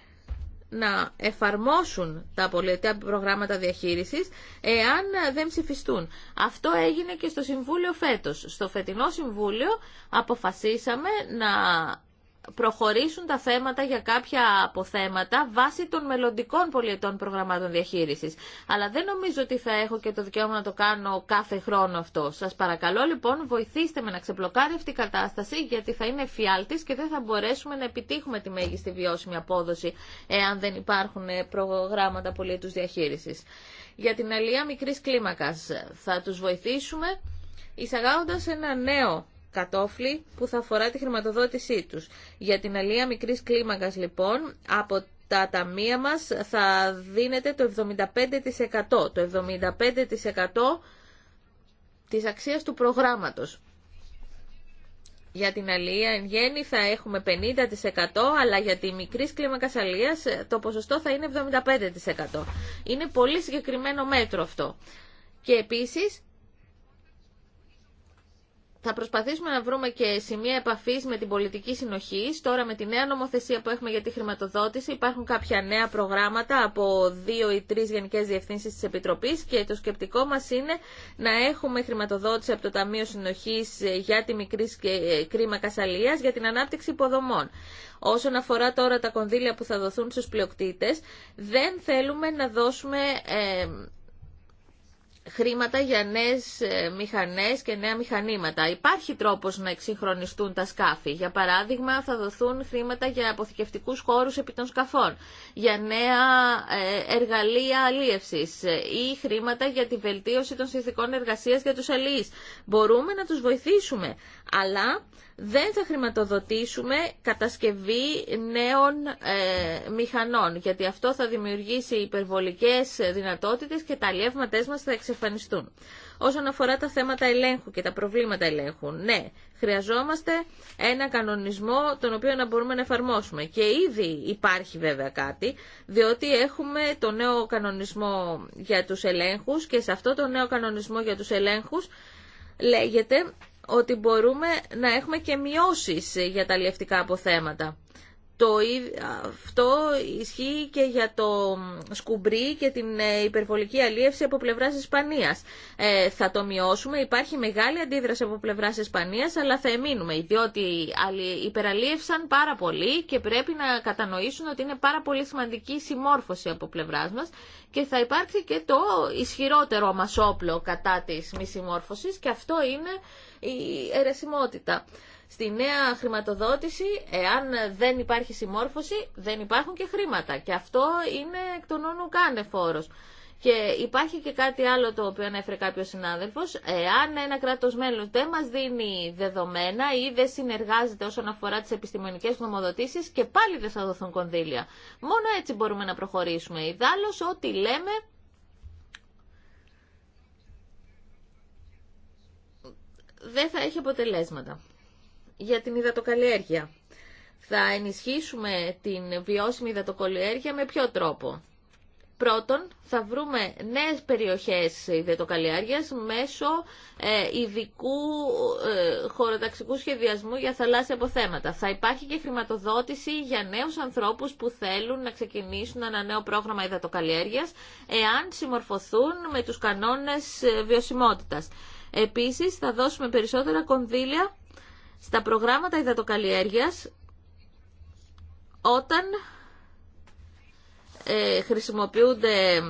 να εφαρμόσουν τα πολιτικά προγράμματα διαχείρισης εάν δεν ψηφιστούν. Αυτό έγινε και στο Συμβούλιο φέτος. Στο φετινό Συμβούλιο αποφασίσαμε να προχωρήσουν τα θέματα για κάποια αποθέματα βάσει των μελλοντικών πολιετών προγραμμάτων διαχείριση. Αλλά δεν νομίζω ότι θα έχω και το δικαίωμα να το κάνω κάθε χρόνο αυτό. Σα παρακαλώ λοιπόν βοηθήστε με να ξεπλοκάρει αυτή η κατάσταση γιατί θα είναι φιάλτης και δεν θα μπορέσουμε να επιτύχουμε τη μέγιστη βιώσιμη απόδοση εάν δεν υπάρχουν ε, προγράμματα πολιετού διαχείριση. Για την αλληλεία μικρή κλίμακα. θα του βοηθήσουμε εισαγάγοντα ένα νέο κατόφλι που θα αφορά τη χρηματοδότησή τους. Για την αλία μικρής κλίμακας λοιπόν, από τα ταμεία μας θα δίνεται το 75%. Το 75% της αξίας του προγράμματος. Για την αλληλεία εν γέννη θα έχουμε 50%, αλλά για τη μικρή κλίμακα αλληλεία το ποσοστό θα είναι 75%. Είναι πολύ συγκεκριμένο μέτρο αυτό. Και επίσης θα προσπαθήσουμε να βρούμε και σημεία επαφή με την πολιτική συνοχή. Τώρα με τη νέα νομοθεσία που έχουμε για τη χρηματοδότηση υπάρχουν κάποια νέα προγράμματα από δύο ή τρει γενικές διευθύνσεις τη Επιτροπή και το σκεπτικό μα είναι να έχουμε χρηματοδότηση από το Ταμείο Συνοχής για τη μικρή κρίμα κασαλία για την ανάπτυξη υποδομών. Όσον αφορά τώρα τα κονδύλια που θα δοθούν στου πλειοκτήτε, δεν θέλουμε να δώσουμε... Ε, χρήματα για νέες ε, μηχανές και νέα μηχανήματα. Υπάρχει τρόπος να εξυγχρονιστούν τα σκάφη. Για παράδειγμα, θα δοθούν χρήματα για αποθηκευτικούς χώρους επί των σκαφών, για νέα ε, εργαλεία αλίευσης ε, ή χρήματα για τη βελτίωση των συνθηκών εργασίας για τους αλληλείς. Μπορούμε να τους βοηθήσουμε, αλλά δεν θα χρηματοδοτήσουμε κατασκευή νέων ε, μηχανών, γιατί αυτό θα δημιουργήσει υπερβολικές δυνατότητες και τα αλλιεύματές μας θα εξαφανιστούν. Όσον αφορά τα θέματα ελέγχου και τα προβλήματα ελέγχου, ναι, χρειαζόμαστε ένα κανονισμό τον οποίο να μπορούμε να εφαρμόσουμε. Και ήδη υπάρχει βέβαια κάτι, διότι έχουμε το νέο κανονισμό για τους ελέγχους και σε αυτό το νέο κανονισμό για τους ελέγχους λέγεται ότι μπορούμε να έχουμε και μειώσεις για τα αλλιευτικά αποθέματα. Το, αυτό ισχύει και για το σκουμπρί και την ε, υπερβολική αλίευση από πλευράς Ισπανίας. Ε, θα το μειώσουμε, υπάρχει μεγάλη αντίδραση από πλευράς Ισπανίας, αλλά θα εμείνουμε, διότι υπεραλίευσαν πάρα πολύ και πρέπει να κατανοήσουν ότι είναι πάρα πολύ σημαντική συμμόρφωση από πλευράς μας και θα υπάρξει και το ισχυρότερο μας όπλο κατά της μη και αυτό είναι η αιρεσιμότητα. Στη νέα χρηματοδότηση, εάν δεν υπάρχει συμμόρφωση, δεν υπάρχουν και χρήματα. Και αυτό είναι εκ των όνων κάνε φόρος. Και υπάρχει και κάτι άλλο το οποίο ανέφερε κάποιο συνάδελφο. Εάν ένα κράτο μέλο δεν μα δίνει δεδομένα ή δεν συνεργάζεται όσον αφορά τι επιστημονικέ νομοδοτήσει και πάλι δεν θα δοθούν κονδύλια. Μόνο έτσι μπορούμε να προχωρήσουμε. Ιδάλω, ό,τι λέμε δεν θα έχει αποτελέσματα. Για την υδατοκαλλιέργεια. Θα ενισχύσουμε την βιώσιμη υδατοκαλλιέργεια με ποιο τρόπο. Πρώτον, θα βρούμε νέες περιοχές υδατοκαλλιέργειας μέσω ε, ειδικού ε, χωροταξικού σχεδιασμού για θαλάσσια αποθέματα. Θα υπάρχει και χρηματοδότηση για νέους ανθρώπους που θέλουν να ξεκινήσουν ένα νέο πρόγραμμα υδατοκαλλιέργειας εάν συμμορφωθούν με τους κανόνες ε, βιωσιμότητας. Επίσης θα δώσουμε περισσότερα κονδύλια στα προγράμματα υδατοκαλλιέργειας όταν ε, χρησιμοποιούνται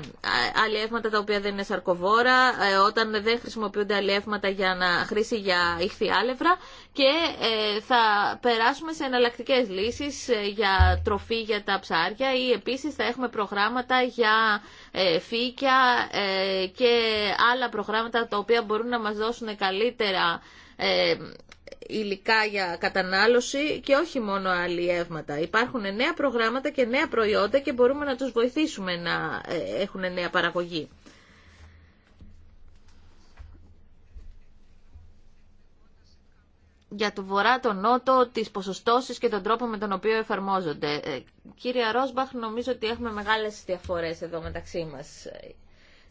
αλλιεύματα ε, τα οποία δεν είναι σαρκοβόρα, ε, όταν δεν χρησιμοποιούνται αλλιεύματα για να χρήσει για ηχθιάλευρα και θα περάσουμε σε εναλλακτικέ λύσεις για τροφή για τα ψάρια ή επίσης θα έχουμε προγράμματα για φύκια και άλλα προγράμματα τα οποία μπορούν να μας δώσουν καλύτερα υλικά για κατανάλωση και όχι μόνο αλλιεύματα. Υπάρχουν νέα προγράμματα και νέα προϊόντα και μπορούμε να τους βοηθήσουμε να ε, έχουν νέα παραγωγή. για το βορρά, το νότο, τις ποσοστώσεις και τον τρόπο με τον οποίο εφαρμόζονται. Ε, κύριε Ρόσμπαχ, νομίζω ότι έχουμε μεγάλες διαφορές εδώ μεταξύ μας.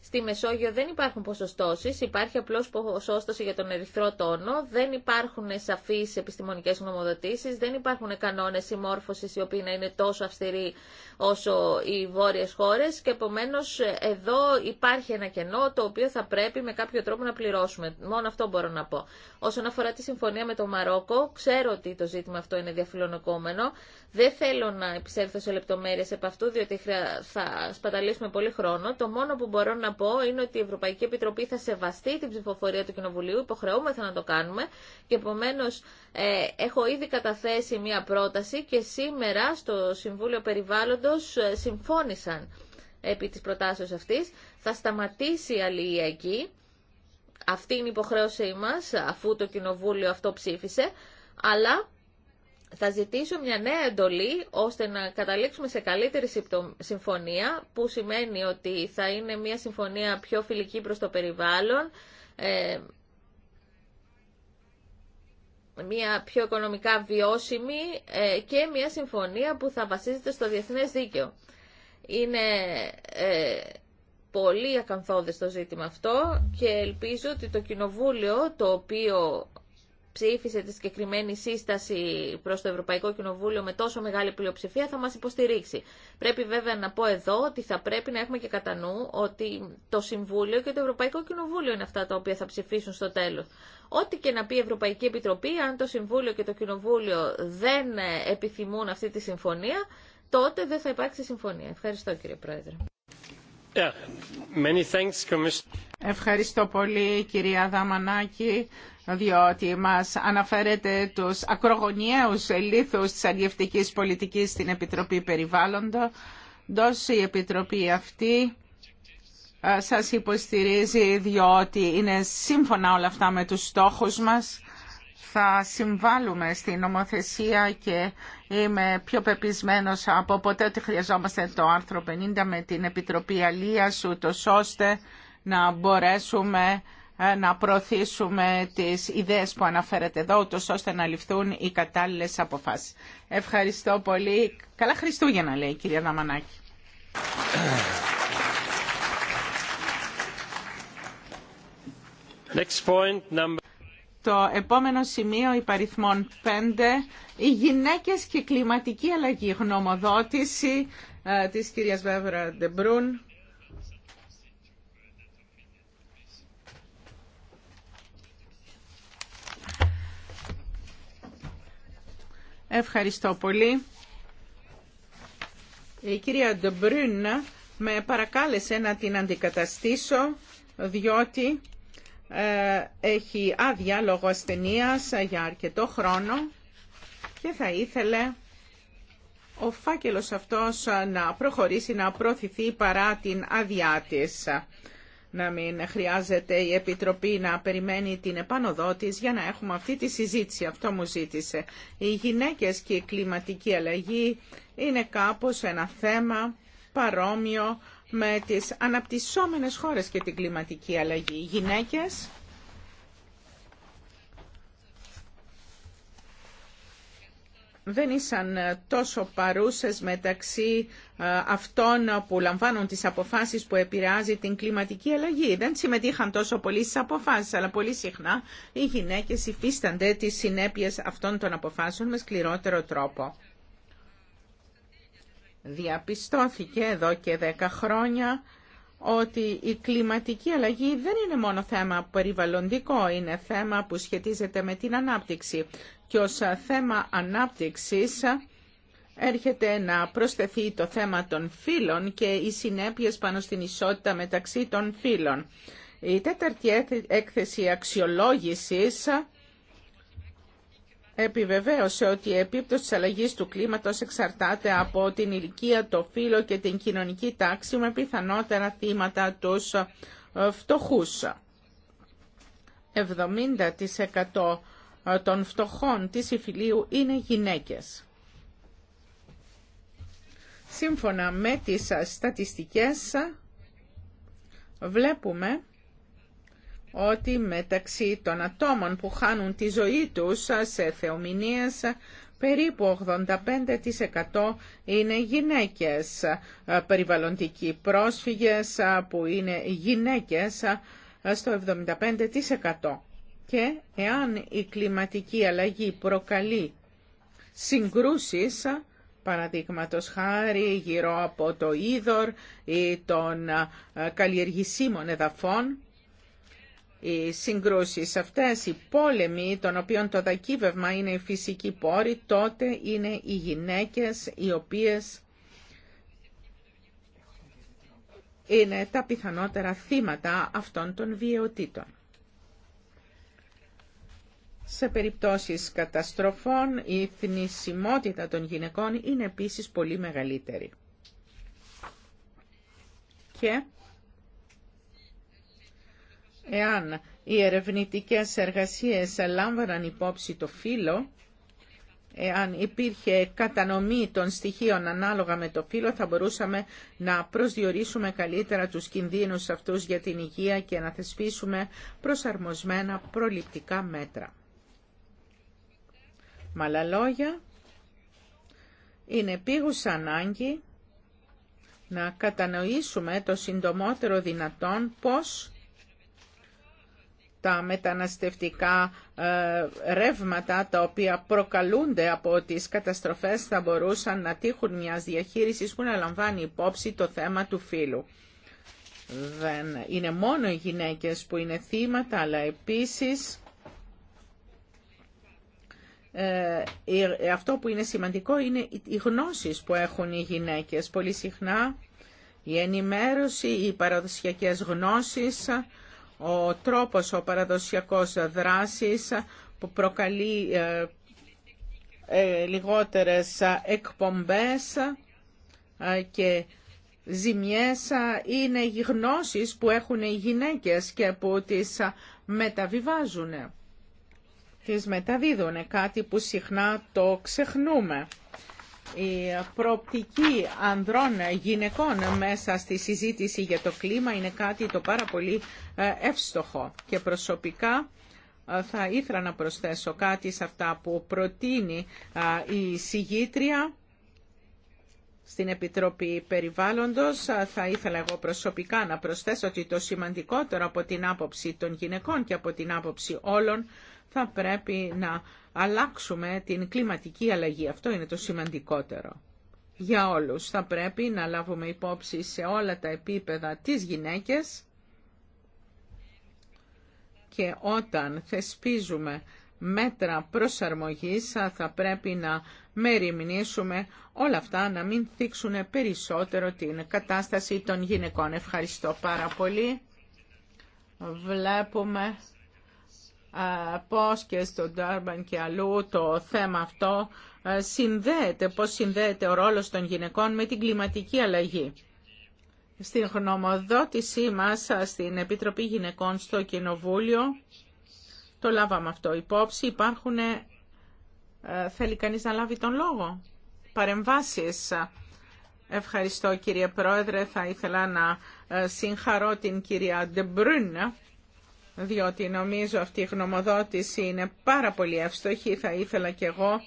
Στη Μεσόγειο δεν υπάρχουν ποσοστώσεις, υπάρχει απλώ ποσόστοση για τον ερυθρό τόνο, δεν υπάρχουν σαφεί επιστημονικέ γνωμοδοτήσει, δεν υπάρχουν κανόνες συμμόρφωση οι οποίοι να είναι τόσο αυστηροί όσο οι βόρειε χώρε και επομένως εδώ υπάρχει ένα κενό το οποίο θα πρέπει με κάποιο τρόπο να πληρώσουμε. Μόνο αυτό μπορώ να πω. Όσον αφορά τη συμφωνία με το Μαρόκο, ξέρω ότι το ζήτημα αυτό είναι διαφιλονοκόμενο. Δεν θέλω να επισέλθω σε λεπτομέρειε επ' αυτού διότι θα σπαταλήσουμε πολύ χρόνο. Το μόνο που μπορώ να πω είναι ότι η Ευρωπαϊκή Επιτροπή θα σεβαστεί την ψηφοφορία του Κοινοβουλίου, υποχρεούμεθα να το κάνουμε και επομένω ε, έχω ήδη καταθέσει μία πρόταση και σήμερα στο Συμβούλιο Περιβάλλοντος ε, συμφώνησαν επί της προτάσεως αυτής. Θα σταματήσει η αλληλεία εκεί. Αυτή είναι η υποχρέωσή μας, αφού το Κοινοβούλιο αυτό ψήφισε. Αλλά θα ζητήσω μια νέα εντολή ώστε να καταλήξουμε σε καλύτερη συμφωνία που σημαίνει ότι θα είναι μια συμφωνία πιο φιλική προς το περιβάλλον, ε, μια πιο οικονομικά βιώσιμη ε, και μια συμφωνία που θα βασίζεται στο διεθνές δίκαιο. Είναι ε, πολύ ακαθόδες το ζήτημα αυτό και ελπίζω ότι το Κοινοβούλιο το οποίο ψήφισε τη συγκεκριμένη σύσταση προς το Ευρωπαϊκό Κοινοβούλιο με τόσο μεγάλη πλειοψηφία θα μας υποστηρίξει. Πρέπει βέβαια να πω εδώ ότι θα πρέπει να έχουμε και κατά νου ότι το Συμβούλιο και το Ευρωπαϊκό Κοινοβούλιο είναι αυτά τα οποία θα ψηφίσουν στο τέλος. Ό,τι και να πει η Ευρωπαϊκή Επιτροπή, αν το Συμβούλιο και το Κοινοβούλιο δεν επιθυμούν αυτή τη συμφωνία, τότε δεν θα υπάρξει συμφωνία. Ευχαριστώ κύριε Πρόεδρε. Ευχαριστώ πολύ κυρία Δαμανάκη διότι μας αναφέρετε τους ακρογωνιαίους λήθους της αλλιευτικής πολιτικής στην Επιτροπή Περιβάλλοντο. Δώσει η Επιτροπή αυτή ε, σας υποστηρίζει διότι είναι σύμφωνα όλα αυτά με τους στόχους μας θα συμβάλλουμε στην νομοθεσία και είμαι πιο πεπισμένος από ποτέ ότι χρειαζόμαστε το άρθρο 50 με την Επιτροπή Αλίας ούτως ώστε να μπορέσουμε ε, να προωθήσουμε τις ιδέες που αναφέρετε εδώ, ούτω ώστε να ληφθούν οι κατάλληλες αποφάσεις. Ευχαριστώ πολύ. Καλά Χριστούγεννα, λέει η κυρία Ναμανάκη. Next point, number... Το επόμενο σημείο υπαριθμών 5, οι γυναίκες και κλιματική αλλαγή, γνωμοδότηση ε, της κυρίας Βέβρα Ντεμπρούν. Ευχαριστώ πολύ. Η κυρία Ντεμπρούν με παρακάλεσε να την αντικαταστήσω διότι ε, έχει άδεια λόγω ασθενείας για αρκετό χρόνο και θα ήθελε ο φάκελος αυτός να προχωρήσει, να προωθηθεί παρά την άδειά Να μην χρειάζεται η Επιτροπή να περιμένει την επάνωδό για να έχουμε αυτή τη συζήτηση. Αυτό μου ζήτησε. Οι γυναίκες και η κλιματική αλλαγή είναι κάπως ένα θέμα παρόμοιο με τις αναπτυσσόμενες χώρες και την κλιματική αλλαγή. Οι Γυναίκες, δεν ήσαν ε, τόσο παρούσες μεταξύ ε, αυτών που λαμβάνουν τις αποφάσεις που επηρεάζει την κλιματική αλλαγή. Δεν συμμετείχαν τόσο πολύ στις αποφάσεις, αλλά πολύ συχνά οι γυναίκες υφίστανται τις συνέπειες αυτών των αποφάσεων με σκληρότερο τρόπο. Διαπιστώθηκε εδώ και δέκα χρόνια ότι η κλιματική αλλαγή δεν είναι μόνο θέμα περιβαλλοντικό, είναι θέμα που σχετίζεται με την ανάπτυξη. Και ως θέμα ανάπτυξης έρχεται να προσθεθεί το θέμα των φύλων και οι συνέπειες πάνω στην ισότητα μεταξύ των φύλων. Η τέταρτη έκθεση αξιολόγησης επιβεβαίωσε ότι η επίπτωση της αλλαγής του κλίματος εξαρτάται από την ηλικία, το φύλλο και την κοινωνική τάξη με πιθανότερα θύματα τους φτωχούς. 70% των φτωχών της Ιφιλίου είναι γυναίκες. Σύμφωνα με τις στατιστικές βλέπουμε ότι μεταξύ των ατόμων που χάνουν τη ζωή τους σε θεομηνίες περίπου 85% είναι γυναίκες, περιβαλλοντικοί πρόσφυγες που είναι γυναίκες στο 75%. Και εάν η κλιματική αλλαγή προκαλεί συγκρούσεις, παραδείγματος χάρη γύρω από το είδωρ ή των ε, καλλιεργησίμων εδαφών, οι συγκρούσεις αυτές, οι πόλεμοι των οποίων το δακύβευμα είναι η φυσική πόρη, τότε είναι οι γυναίκες οι οποίες είναι τα πιθανότερα θύματα αυτών των βιαιοτήτων. Σε περιπτώσεις καταστροφών η θνησιμότητα των γυναικών είναι επίσης πολύ μεγαλύτερη. Και Εάν οι ερευνητικές εργασίες λάμβαναν υπόψη το φύλλο, εάν υπήρχε κατανομή των στοιχείων ανάλογα με το φύλλο, θα μπορούσαμε να προσδιορίσουμε καλύτερα τους κινδύνους αυτούς για την υγεία και να θεσπίσουμε προσαρμοσμένα προληπτικά μέτρα. Με άλλα λόγια, είναι επίγουσα ανάγκη να κατανοήσουμε το συντομότερο δυνατόν πώς τα μεταναστευτικά ε, ρεύματα τα οποία προκαλούνται από τις καταστροφές θα μπορούσαν να τύχουν μιας διαχείρισης που να λαμβάνει υπόψη το θέμα του φύλου. Δεν είναι μόνο οι γυναίκες που είναι θύματα, αλλά επίσης ε, αυτό που είναι σημαντικό είναι οι γνώσεις που έχουν οι γυναίκες. Πολύ συχνά η ενημέρωση, οι παραδοσιακές γνώσεις ο τρόπος ο παραδοσιακός δράσης που προκαλεί ε, ε, λιγότερες εκπομπές ε, και ζημιές είναι οι γνώσεις που έχουν οι γυναίκες και που τις μεταβιβάζουν. Τις μεταδίδουν κάτι που συχνά το ξεχνούμε η προοπτική ανδρών γυναικών μέσα στη συζήτηση για το κλίμα είναι κάτι το πάρα πολύ ε, εύστοχο και προσωπικά ε, θα ήθελα να προσθέσω κάτι σε αυτά που προτείνει ε, η συγγήτρια στην Επιτροπή Περιβάλλοντος. Θα ήθελα εγώ προσωπικά να προσθέσω ότι το σημαντικότερο από την άποψη των γυναικών και από την άποψη όλων θα πρέπει να αλλάξουμε την κλιματική αλλαγή. Αυτό είναι το σημαντικότερο για όλους. Θα πρέπει να λάβουμε υπόψη σε όλα τα επίπεδα τις γυναίκες και όταν θεσπίζουμε μέτρα προσαρμογής θα πρέπει να μεριμνήσουμε όλα αυτά να μην θίξουν περισσότερο την κατάσταση των γυναικών. Ευχαριστώ πάρα πολύ. Βλέπουμε πώς και στον Ντάρμπαν και αλλού το θέμα αυτό ε, συνδέεται, πώς συνδέεται ο ρόλος των γυναικών με την κλιματική αλλαγή. Στην γνωμοδότησή μας ε, στην Επιτροπή Γυναικών στο Κοινοβούλιο, το λάβαμε αυτό υπόψη, υπάρχουν, ε, θέλει κανείς να λάβει τον λόγο, παρεμβάσεις. Ευχαριστώ κύριε Πρόεδρε, θα ήθελα να συγχαρώ την κυρία Ντεμπρούν διότι νομίζω αυτή η γνωμοδότηση είναι πάρα πολύ εύστοχη. Θα ήθελα και εγώ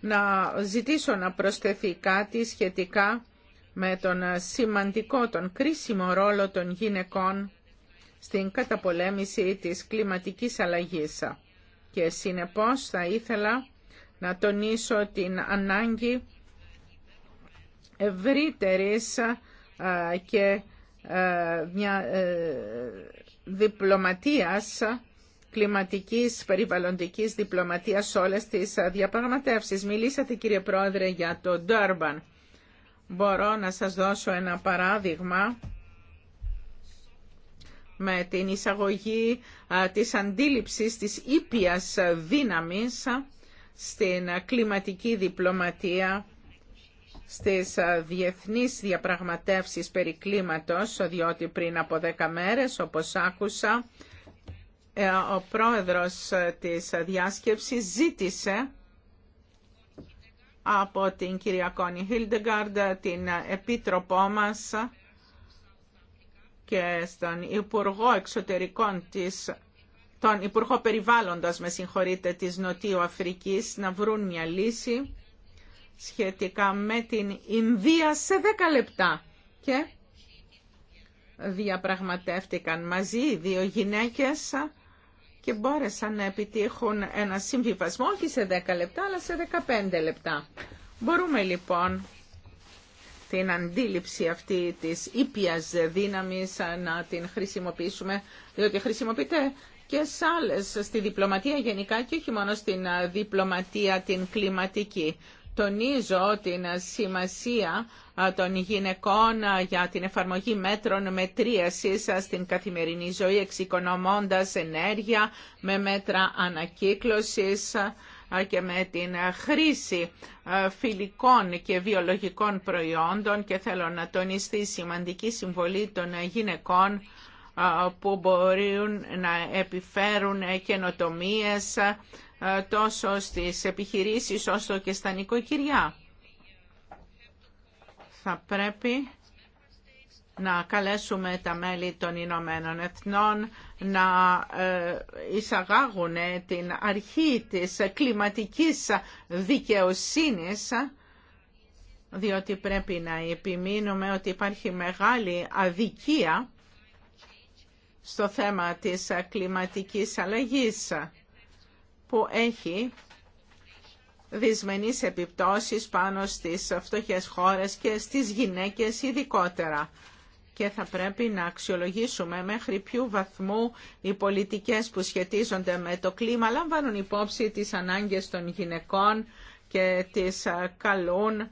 να ζητήσω να προσθεθεί κάτι σχετικά με τον σημαντικό, τον κρίσιμο ρόλο των γυναικών στην καταπολέμηση της κλιματικής αλλαγής. Και συνεπώς θα ήθελα να τονίσω την ανάγκη ευρύτερης και μια ε, διπλωματίας, κλιματικής περιβαλλοντικής διπλωματίας σε όλες τις διαπραγματεύσεις. Μιλήσατε κύριε Πρόεδρε για το Durban. Μπορώ να σας δώσω ένα παράδειγμα με την εισαγωγή της αντίληψης της ήπιας δύναμης στην κλιματική διπλωματία στις ε, διεθνείς διαπραγματεύσεις περί κλίματος, διότι πριν από δέκα μέρες, όπως άκουσα, ε, ο πρόεδρος ε, της διάσκεψης ζήτησε από την κυρία Κόνι Χίλντεγκαρντ, την επίτροπό μας και στον Υπουργό Εξωτερικών της τον Υπουργό Περιβάλλοντας, με συγχωρείτε, της Νοτιού Αφρικής να βρουν μια λύση σχετικά με την Ινδία σε 10 λεπτά και διαπραγματεύτηκαν μαζί οι δύο γυναίκες και μπόρεσαν να επιτύχουν ένα συμβιβασμό όχι σε 10 λεπτά αλλά σε 15 λεπτά. Μπορούμε λοιπόν την αντίληψη αυτή της ήπιας δύναμης να την χρησιμοποιήσουμε, διότι χρησιμοποιείται και σε άλλες, στη διπλωματία γενικά και όχι μόνο στην διπλωματία την κλιματική. Τονίζω την σημασία των γυναικών για την εφαρμογή μέτρων μετρίασης στην καθημερινή ζωή, εξοικονομώντας ενέργεια με μέτρα ανακύκλωσης και με την χρήση φιλικών και βιολογικών προϊόντων και θέλω να τονιστεί η σημαντική συμβολή των γυναικών που μπορούν να επιφέρουν καινοτομίες ε, τόσο στις επιχειρήσεις όσο και στα νοικοκυριά. Θα πρέπει να καλέσουμε τα μέλη των Ηνωμένων Εθνών να ε, εισαγάγουν την αρχή της κλιματικής δικαιοσύνης διότι πρέπει να επιμείνουμε ότι υπάρχει μεγάλη αδικία στο θέμα της κλιματικής αλλαγής που έχει δυσμενείς επιπτώσεις πάνω στις φτωχές χώρες και στις γυναίκες ειδικότερα. Και θα πρέπει να αξιολογήσουμε μέχρι ποιου βαθμού οι πολιτικές που σχετίζονται με το κλίμα λαμβάνουν υπόψη τις ανάγκες των γυναικών και, τις καλούν,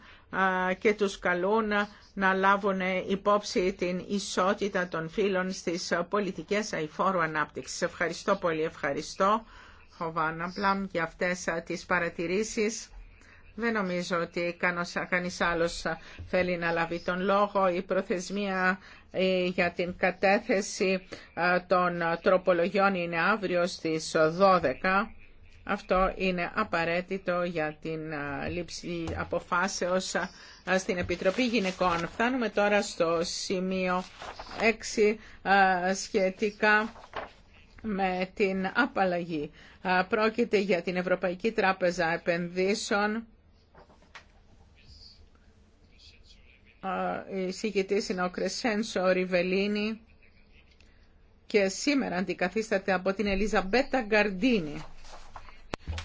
και τους καλούν να λάβουν υπόψη την ισότητα των φύλων στις πολιτικές αηφόρου ανάπτυξης. Ευχαριστώ πολύ, ευχαριστώ. Πλάμ για αυτές τις παρατηρήσεις. Δεν νομίζω ότι κανείς άλλος θέλει να λάβει τον λόγο. Η προθεσμία ε, για την κατέθεση των τροπολογιών είναι αύριο στις 12. Αυτό είναι απαραίτητο για την λήψη αποφάσεως στην Επιτροπή Γυναικών. Φτάνουμε τώρα στο σημείο 6 σχετικά με την απαλλαγή. Πρόκειται για την Ευρωπαϊκή Τράπεζα Επενδύσεων. Η συγκητής είναι ο Κρεσένσο Ριβελίνη και σήμερα αντικαθίσταται από την Ελίζαμπέτα Γκαρντίνη.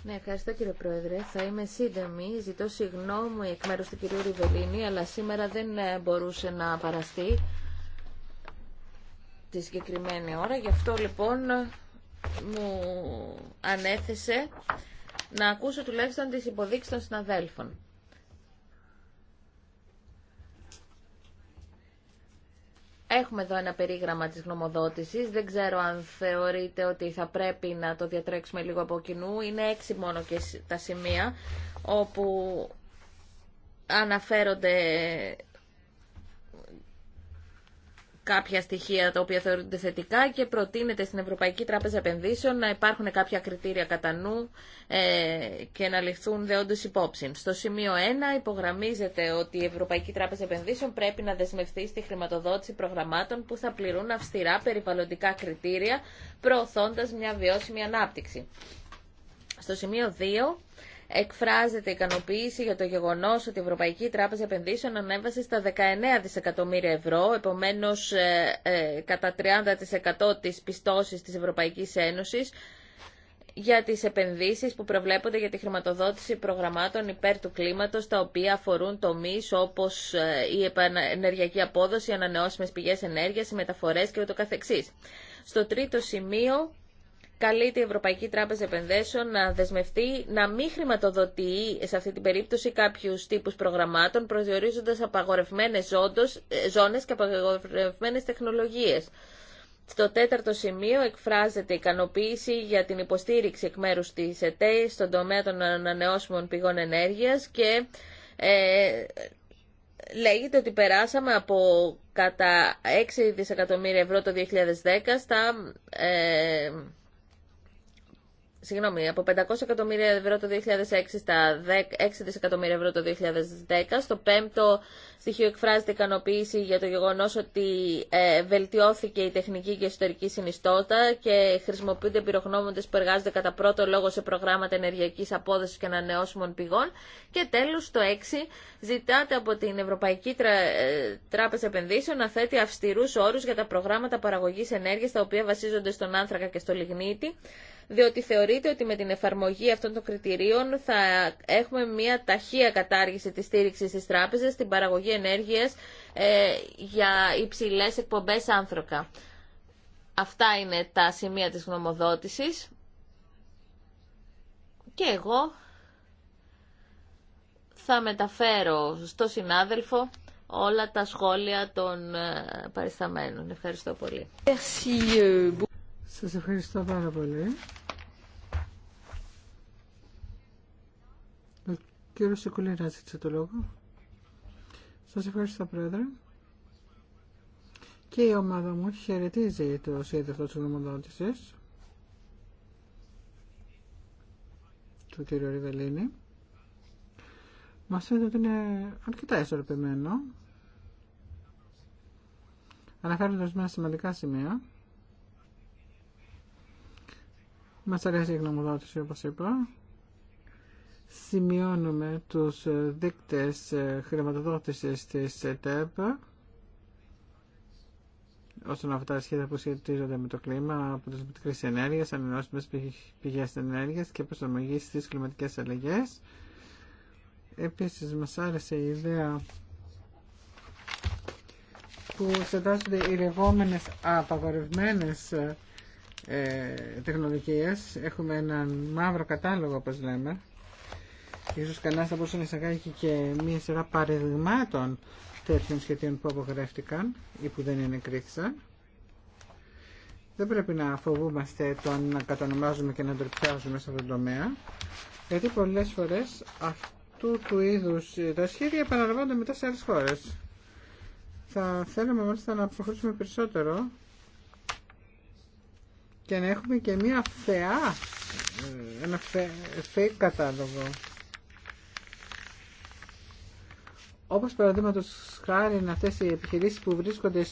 Ναι, ευχαριστώ κύριε Πρόεδρε. Θα είμαι σύντομη. Ζητώ συγγνώμη εκ μέρου του κυρίου Ριβελίνη, αλλά σήμερα δεν ε, μπορούσε να παραστεί τη συγκεκριμένη ώρα. Γι' αυτό λοιπόν μου ανέθεσε να ακούσω τουλάχιστον τις υποδείξεις των συναδέλφων. Έχουμε εδώ ένα περίγραμμα της γνωμοδότησης. Δεν ξέρω αν θεωρείτε ότι θα πρέπει να το διατρέξουμε λίγο από κοινού. Είναι έξι μόνο και τα σημεία όπου αναφέρονται κάποια στοιχεία τα οποία θεωρούνται θετικά και προτείνεται στην Ευρωπαϊκή Τράπεζα Επενδύσεων να υπάρχουν κάποια κριτήρια κατά νου ε, και να ληφθούν δεόντω υπόψη. Στο σημείο 1 υπογραμμίζεται ότι η Ευρωπαϊκή Τράπεζα Επενδύσεων πρέπει να δεσμευτεί στη χρηματοδότηση προγραμμάτων που θα πληρούν αυστηρά περιβαλλοντικά κριτήρια προωθώντα μια βιώσιμη ανάπτυξη. Στο σημείο 2 εκφράζεται ικανοποίηση για το γεγονός ότι η Ευρωπαϊκή Τράπεζα Επενδύσεων ανέβασε στα 19 δισεκατομμύρια ευρώ, επομένως ε, ε, κατά 30% τη πιστώση της Ευρωπαϊκής Ένωσης, για τις επενδύσεις που προβλέπονται για τη χρηματοδότηση προγραμμάτων υπέρ του κλίματος, τα οποία αφορούν τομείς όπως ε, η ενεργειακή απόδοση, οι ανανεώσιμες πηγές ενέργειας, οι μεταφορές και Στο τρίτο σημείο καλείται η Ευρωπαϊκή Τράπεζα Επενδύσεων να δεσμευτεί να μην χρηματοδοτεί σε αυτή την περίπτωση κάποιου τύπου προγραμμάτων, προσδιορίζοντα απαγορευμένε ε, ζώνε και απαγορευμένε τεχνολογίε. Στο τέταρτο σημείο εκφράζεται ικανοποίηση για την υποστήριξη εκ μέρου τη ΕΤΕΗ στον τομέα των ανανεώσιμων πηγών ενέργεια και ε, λέγεται ότι περάσαμε από κατά 6 δισεκατομμύρια ευρώ το 2010 στα ε, συγγνώμη, από 500 εκατομμύρια ευρώ το 2006 στα 6 δισεκατομμύρια ευρώ το 2010, στο πέμπτο στοιχείο εκφράζεται ικανοποίηση για το γεγονός ότι ε, βελτιώθηκε η τεχνική και εσωτερική συνιστότητα και χρησιμοποιούνται πυροχνόμοντες που εργάζονται κατά πρώτο λόγο σε προγράμματα ενεργειακής απόδοσης και ανανεώσιμων πηγών. Και τέλος, το 6, ζητάτε από την Ευρωπαϊκή ε, Τράπεζα Επενδύσεων να θέτει αυστηρούς όρους για τα προγράμματα παραγωγής ενέργειας τα οποία βασίζονται στον άνθρακα και στο λιγνίτη διότι θεωρείται ότι με την εφαρμογή αυτών των κριτηρίων θα έχουμε μια ταχεία κατάργηση της στήριξης της τράπεζες, στην παραγωγή παραγωγή ε, για υψηλές εκπομπές άνθρωπα. Αυτά είναι τα σημεία της γνωμοδότησης. Και εγώ θα μεταφέρω στο συνάδελφο όλα τα σχόλια των ε, παρισταμένων. Ευχαριστώ πολύ. Ε, Σας ευχαριστώ πάρα πολύ. Ο κύριος το λόγο. Σας ευχαριστώ Πρόεδρε. Και η ομάδα μου χαιρετίζει το σχέδιο αυτό της γνωμοδότησης του κ. Ριβελίνη. Μας φαίνεται ότι είναι αρκετά ισορροπημένο. Αναφέρονται μια σημαντικά σημεία. Μας αρέσει η γνωμοδότηση όπως είπα σημειώνουμε τους ε, δείκτες ε, χρηματοδότησης της ΕΤΕΠ όσον αφορά τα σχέδια που σχετίζονται με το κλίμα, από αποτελεσματικέ ενέργεια, ανενώσιμες πηγές ενέργειας και προσαρμογή στις κλιματικές αλλαγές. Επίσης, μας άρεσε η ιδέα που εξετάζονται οι λεγόμενες απαγορευμένες ε, τεχνολογίε. Έχουμε έναν μαύρο κατάλογο, όπω λέμε. Ίσως κανένα θα μπορούσε να εισαγάγει και μία σειρά παραδειγμάτων τέτοιων σχεδίων που απογραφτήκαν ή που δεν ενεκρίθησαν. Δεν πρέπει να φοβούμαστε τον να κατανομάζουμε και να ντροπιάζουμε σε αυτόν τον τομέα, γιατί πολλές φορές αυτού του είδους τα σχέδια επαναλαμβάνονται μετά σε άλλες χώρες. Θα θέλαμε μάλιστα να προχωρήσουμε περισσότερο και να έχουμε και μια σειρα παρεδειγμάτων τετοιων σχετίων που απογραφτηκαν η που δεν ενεκριθησαν δεν πρεπει να φοβουμαστε το να κατανομαζουμε και να ντροπιαζουμε σε αυτον τον τομεα γιατι πολλέ φορες αυτου του είδου τα σχεδια επαναλαμβανονται μετα σε άλλε χώρε. θα θελαμε μαλιστα να προχωρησουμε περισσοτερο και να εχουμε και μια θεα ενα φε, κατάλογο. Όπως παραδείγματο χάρη είναι αυτές οι επιχειρήσεις που βρίσκονται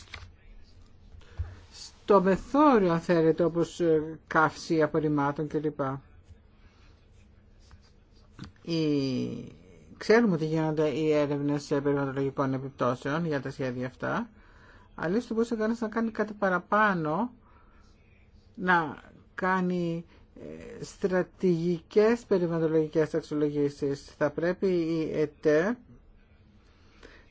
στο μεθόριο αν θέλετε όπως ε, καύση απορριμμάτων κλπ. Η... Ξέρουμε ότι γίνονται οι έρευνες περιβαλλοντολογικών επιπτώσεων για τα σχέδια αυτά. Αλλά ίσως μπορούσε κανένας να κάνει κάτι παραπάνω, να κάνει ε, στρατηγικές περιβαλλοντολογικές αξιολογήσεις. Θα πρέπει η ΕΤΕ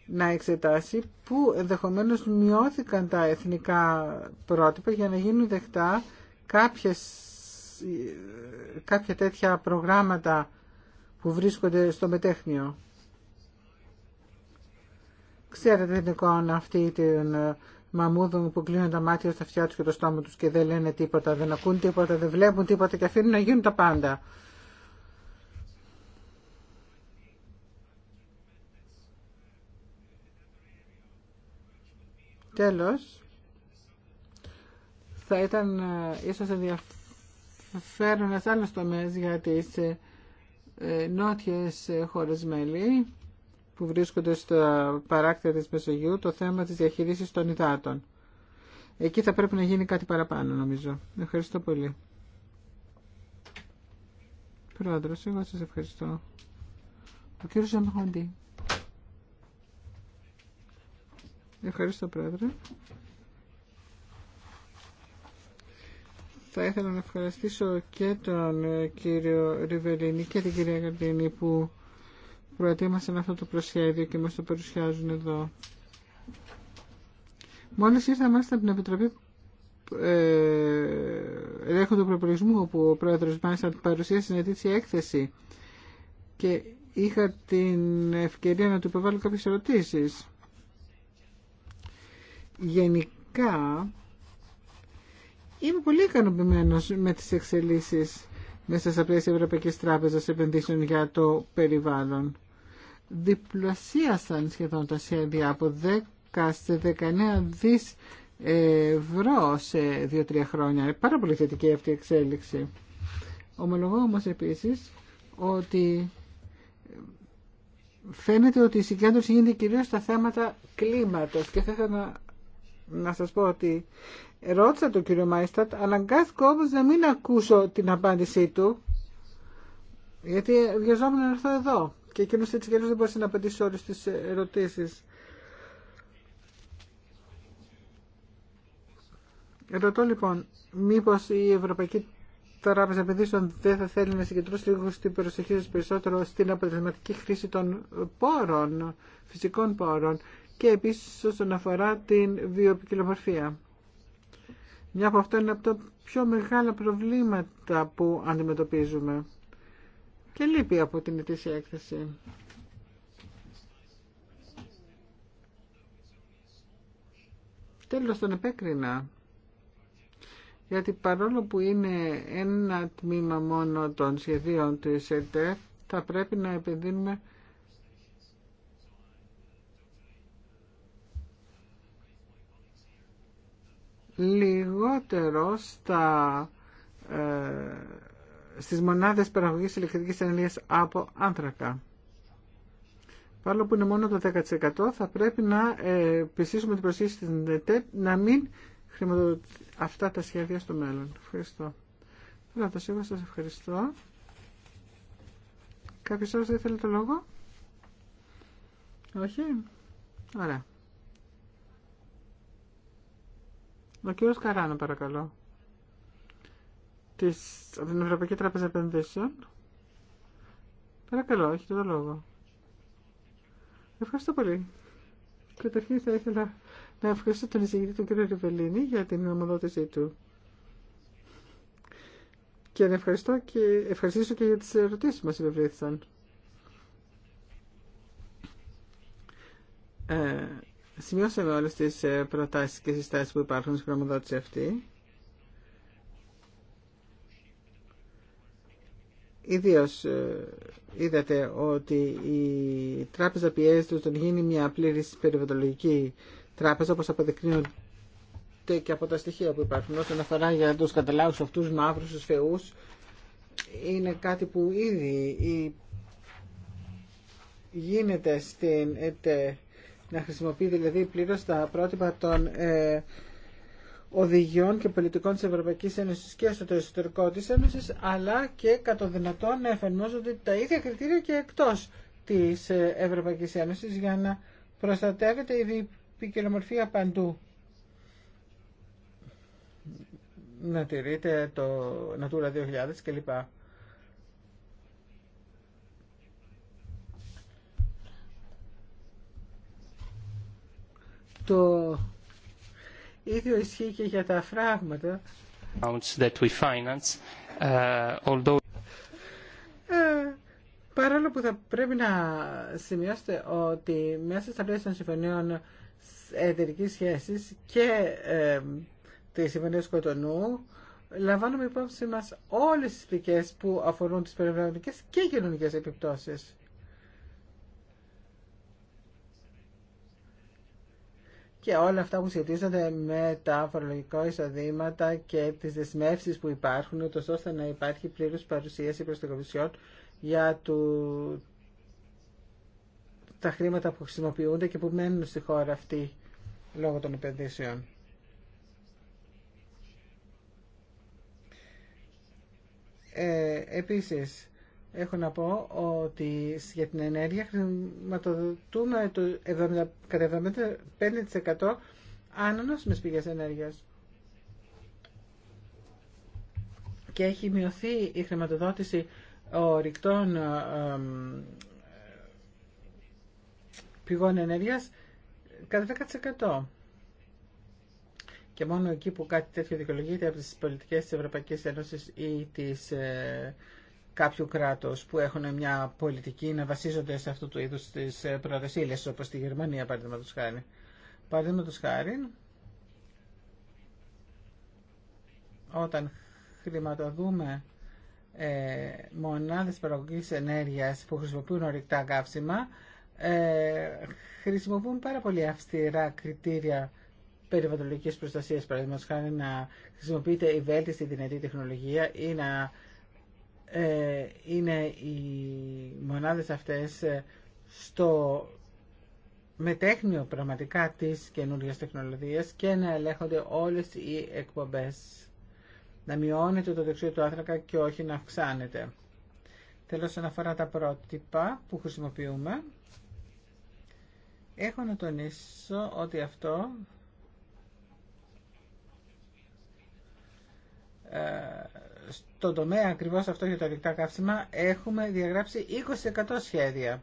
να εξετάσει που ενδεχομένως μειώθηκαν τα εθνικά πρότυπα για να γίνουν δεκτά κάποιες, κάποια τέτοια προγράμματα που βρίσκονται στο μετέχνιο. Ξέρετε την εικόνα αυτή την ε, μαμούδων που κλείνουν τα μάτια στα αυτιά τους και το στόμα τους και δεν λένε τίποτα, δεν ακούν τίποτα, δεν βλέπουν τίποτα και αφήνουν να γίνουν τα πάντα. Τέλος, θα ήταν ε, ίσως ενδιαφέρον ένας άλλος τομέας για τις ε, ε, νότιες χώρες μέλη που βρίσκονται στα παράκτια της Μεσογείου το θέμα της διαχείρισης των υδάτων. Εκεί θα πρέπει να γίνει κάτι παραπάνω νομίζω. Ευχαριστώ πολύ. Πρόεδρος, εγώ σας ευχαριστώ. Ο κύριος Ζαμχοντή. Ευχαριστώ, Πρόεδρε. Θα ήθελα να ευχαριστήσω και τον ε, κύριο Ριβελίνη και την κυρία Γαρδίνη που προετοίμασαν αυτό το προσχέδιο και μας το παρουσιάζουν εδώ. Μόλις ήρθα μάλιστα από την Επιτροπή ε, Ελέγχου του Προπολογισμού που ο πρόεδρος μάλιστα παρουσίασε την ετήσια έκθεση και είχα την ευκαιρία να του υποβάλω κάποιες ερωτήσεις γενικά είμαι πολύ ικανοποιημένο με τις εξελίσεις μέσα στα πλαίσια Ευρωπαϊκής Τράπεζας Επενδύσεων για το περιβάλλον. Διπλασίασαν σχεδόν τα σχέδια από 10 σε 19 δις ευρώ σε 2-3 χρόνια. Είναι πάρα πολύ θετική αυτή η εξέλιξη. Ομολογώ όμως επίσης ότι φαίνεται ότι η συγκέντρωση γίνεται κυρίως στα θέματα κλίματος και θα ήθελα να να σας πω ότι ρώτησα τον κύριο Μάιστατ, αναγκάστηκα όμως να μην ακούσω την απάντησή του, γιατί βιαζόμουν να έρθω εδώ και εκείνος έτσι και δεν μπορούσε να απαντήσει όλες τις ερωτήσεις. Ρωτώ λοιπόν, μήπως η Ευρωπαϊκή Τράπεζα Επενδύσεων δεν θα θέλει να συγκεντρώσει λίγο στην προσοχή σας περισσότερο στην αποτελεσματική χρήση των πόρων, φυσικών πόρων και επίσης όσον αφορά την βιοποικιλομορφία. Μια από αυτά είναι από τα πιο μεγάλα προβλήματα που αντιμετωπίζουμε και λείπει από την ετήσια έκθεση. Τέλος τον επέκρινα, γιατί παρόλο που είναι ένα τμήμα μόνο των σχεδίων του ΕΣΕΤΕ, θα πρέπει να επενδύνουμε λιγότερο στα, ε, στις μονάδες παραγωγής ηλεκτρικής ενέργειας από άνθρακα. Παρόλο που είναι μόνο το 10% θα πρέπει να ε, πιστήσουμε την προσοχή στην ΕΤΕΠ να μην χρηματοδοτεί αυτά τα σχέδια στο μέλλον. Ευχαριστώ. Τώρα το σας ευχαριστώ. Κάποιος άλλος δεν θέλει το λόγο. Όχι. Ωραία. Ο κύριο Καράνο, παρακαλώ. Της, από την Ευρωπαϊκή Τράπεζα Επενδύσεων. Παρακαλώ, έχει το λόγο. Ευχαριστώ πολύ. Καταρχήν θα ήθελα να ευχαριστώ τον εισηγητή του κύριο Ριβελίνη για την ομοδότησή του. Και να ευχαριστώ και, ευχαριστήσω και για τις ερωτήσεις που μας υπευρύθησαν. Ε, Σημειώσαμε όλες τις ε, προτάσεις και συστάσεις που υπάρχουν στην χρωμοδότηση αυτή. Ιδίως ε, είδατε ότι η τράπεζα πιέζεται ώστε να γίνει μια πλήρη περιβαλλοντική τράπεζα όπως αποδεικνύονται και από τα στοιχεία που υπάρχουν όσον αφορά για τους καταλάβους, αυτούς μαύρους, τους θεούς, είναι κάτι που ήδη γίνεται στην ΕΤΕ να χρησιμοποιεί δηλαδή πλήρως τα πρότυπα των ε, οδηγιών και πολιτικών της Ευρωπαϊκής Ένωσης και στο εσωτερικό της Ένωσης, αλλά και κατά δυνατόν να εφαρμόζονται τα ίδια κριτήρια και εκτός της ε, Ευρωπαϊκής Ένωσης για να προστατεύεται η ποικιλομορφία παντού. Να τηρείται το Natura 2000 κλπ. Το ίδιο ισχύει και για τα φράγματα. That we finance, uh, although... ε, παρόλο που θα πρέπει να σημειώσετε ότι μέσα στα πλαίσια των συμφωνίων εταιρικής σχέσης και ε, τη συμφωνία Κοτονού λαμβάνουμε υπόψη μας όλες τις πηγές που αφορούν τις περιβαλλοντικές και κοινωνικές επιπτώσεις. και όλα αυτά που σχετίζονται με τα φορολογικά εισοδήματα και τις δεσμεύσεις που υπάρχουν, ούτως ώστε να υπάρχει πλήρους παρουσίαση προς την Κομισιόν για του τα χρήματα που χρησιμοποιούνται και που μένουν στη χώρα αυτή λόγω των επενδύσεων. Ε, επίσης, έχω να πω ότι για την ενέργεια χρηματοδοτούμε το κατά 75% ανανόσιμες πηγές ενέργειας. Και έχει μειωθεί η χρηματοδότηση ορυκτών ε, πηγών ενέργειας κατά 10%. Και μόνο εκεί που κάτι τέτοιο δικαιολογείται από τις πολιτικές της Ευρωπαϊκής Ένωσης ή της ε, κάποιου κράτου που έχουν μια πολιτική να βασίζονται σε αυτού του είδου τις ε, προοδεσίλες, όπως στη Γερμανία, παραδείγματος χάρη. Παραδείγματο χάρη, όταν χρηματοδούμε ε, μονάδες παραγωγής ενέργειας που χρησιμοποιούν ορυκτά καύσιμα, ε, χρησιμοποιούν πάρα πολύ αυστηρά κριτήρια περιβαλλοντικής προστασία, Παραδείγματο χάρη να χρησιμοποιείται η βέλτιστη δυνατή τεχνολογία ή να ε, είναι οι μονάδες αυτές ε, στο μετέχνιο πραγματικά της καινούργια τεχνολογίας και να ελέγχονται όλες οι εκπομπές. Να μειώνεται το δεξιό του άθρακα και όχι να αυξάνεται. Τέλος, αναφορά τα πρότυπα που χρησιμοποιούμε, έχω να τονίσω ότι αυτό ε, στον τομέα ακριβώς αυτό για τα δικτά καύσιμα έχουμε διαγράψει 20% σχέδια.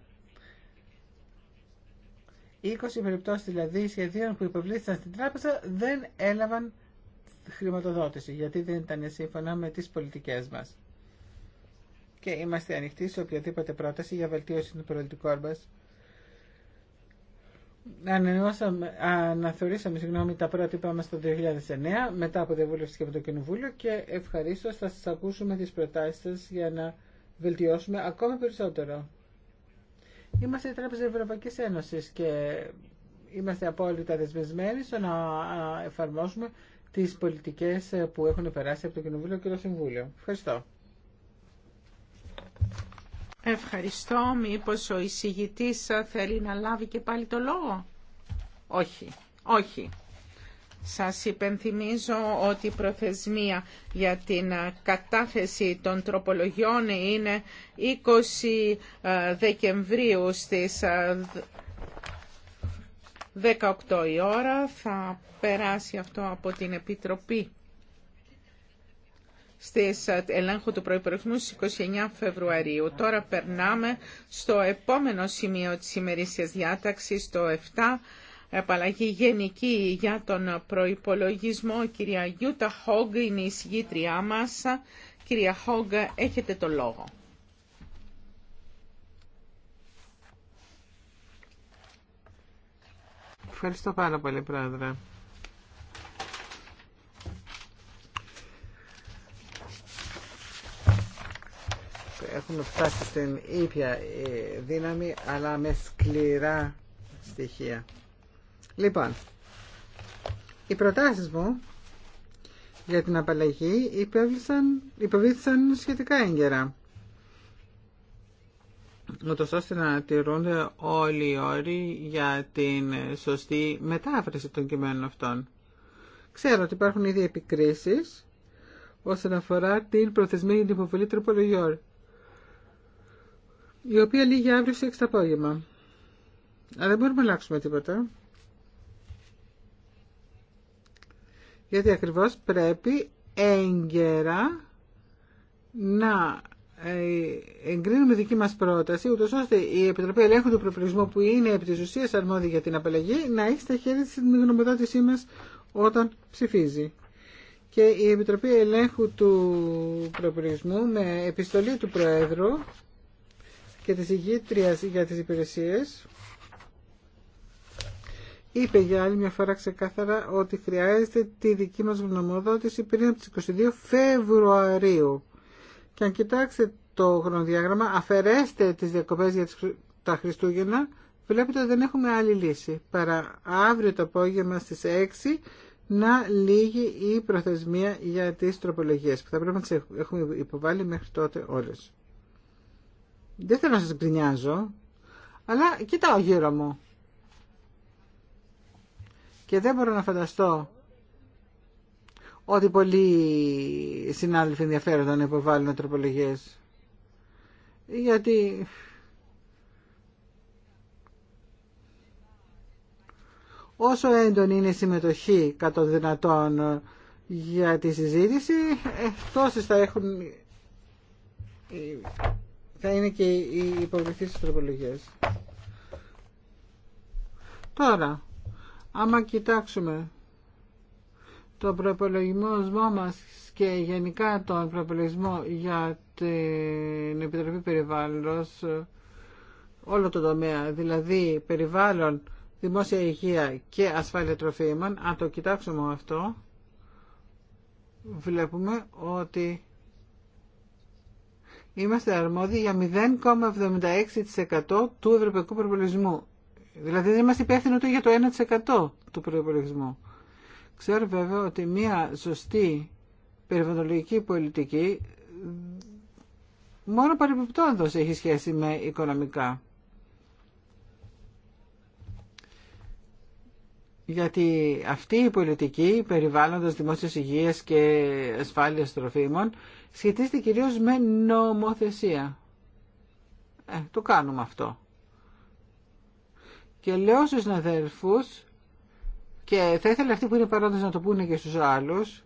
20 περιπτώσεις δηλαδή σχεδίων που υποβλήθησαν στην τράπεζα δεν έλαβαν χρηματοδότηση γιατί δεν ήταν σύμφωνα με τις πολιτικές μας. Και είμαστε ανοιχτοί σε οποιαδήποτε πρόταση για βελτίωση του πολιτικών μας αναθεωρήσαμε συγγνώμη, τα πρότυπα μας το 2009 μετά από διαβούλευση και από το Κοινοβούλιο και ευχαρίστω θα σας ακούσουμε τις προτάσεις σας για να βελτιώσουμε ακόμα περισσότερο. Είμαστε η Τράπεζα Ευρωπαϊκή Ένωση και είμαστε απόλυτα δεσμευμένοι στο να εφαρμόσουμε τις πολιτικές ε, που έχουν περάσει από το Κοινοβούλιο και το Συμβούλιο. Ευχαριστώ. Ευχαριστώ. Μήπως ο εισηγητής θέλει να λάβει και πάλι το λόγο. Όχι. Όχι. Σας υπενθυμίζω ότι η προθεσμία για την κατάθεση των τροπολογιών είναι 20 ε, Δεκεμβρίου στις 18 ε, η ώρα. Θα περάσει αυτό από την Επιτροπή στις ε, ελέγχου του προϋπολογισμού στις 29 Φεβρουαρίου. Τώρα περνάμε στο επόμενο σημείο της ημερήσιας διάταξης, το 7, επαλλαγή γενική για τον προϋπολογισμό. Κυρία Γιούτα Χόγκ είναι η συγγήτριά μας. Κυρία Χόγκ, έχετε το λόγο. Ευχαριστώ πάρα πολύ, Πρόεδρε. έχουν φτάσει στην ήπια ε, δύναμη αλλά με σκληρά στοιχεία. Λοιπόν, οι προτάσεις μου για την απαλλαγή υπέβλησαν σχετικά έγκαιρα ούτως ώστε να τηρούνται όλοι οι όροι για την σωστή μετάφραση των κειμένων αυτών. Ξέρω ότι υπάρχουν ήδη επικρίσεις όσον αφορά την προθεσμένη υποβολή τροπολογιών η οποία λύγει αύριο στις 6 το απόγευμα. Αλλά δεν μπορούμε να αλλάξουμε τίποτα. Γιατί ακριβώς πρέπει έγκαιρα να ε, εγκρίνουμε δική μας πρόταση, ούτως ώστε η Επιτροπή Ελέγχου του Προπολογισμού που είναι επί της ουσίας αρμόδια για την απαλλαγή, να έχει στα χέρια της την γνωμοδότησή μας όταν ψηφίζει. Και η Επιτροπή Ελέγχου του Προπολογισμού με επιστολή του Προέδρου και της ηγήτριας για τις υπηρεσίες είπε για άλλη μια φορά ξεκάθαρα ότι χρειάζεται τη δική μας γνωμοδότηση πριν από τις 22 Φεβρουαρίου. Και αν κοιτάξετε το χρονοδιάγραμμα, αφαιρέστε τις διακοπές για τα Χριστούγεννα, βλέπετε ότι δεν έχουμε άλλη λύση παρά αύριο το απόγευμα στις 6 να λύγει η προθεσμία για τις τροπολογίες που θα πρέπει να τις έχουμε υποβάλει μέχρι τότε όλες. Δεν θέλω να σας γκρινιάζω, αλλά κοιτάω γύρω μου. Και δεν μπορώ να φανταστώ ότι πολλοί συνάδελφοι ενδιαφέρονται να υποβάλουν τροπολογίες. Γιατί όσο έντονη είναι η συμμετοχή κατά δυνατόν για τη συζήτηση, ε, τόσες θα έχουν θα είναι και οι υποβληθείς της Τώρα, άμα κοιτάξουμε το προπολογισμό μας και γενικά τον προπολογισμό για την Επιτροπή Περιβάλλοντος, όλο το τομέα, δηλαδή περιβάλλον, δημόσια υγεία και ασφάλεια τροφίμων, αν το κοιτάξουμε αυτό, βλέπουμε ότι είμαστε αρμόδιοι για 0,76% του ευρωπαϊκού προπολογισμού. Δηλαδή δεν είμαστε υπεύθυνοι ούτε για το 1% του προπολογισμού. Ξέρω βέβαια ότι μια σωστή περιβαλλοντολογική πολιτική μόνο παρεμπιπτόντως έχει σχέση με οικονομικά. Γιατί αυτή η πολιτική περιβάλλοντας δημόσιας υγείας και ασφάλειας τροφίμων σχετίζεται κυρίως με νομοθεσία. Ε, το κάνουμε αυτό. Και λέω στους αδέρφους, και θα ήθελα αυτοί που είναι παρόντες να το πούνε και στους άλλους,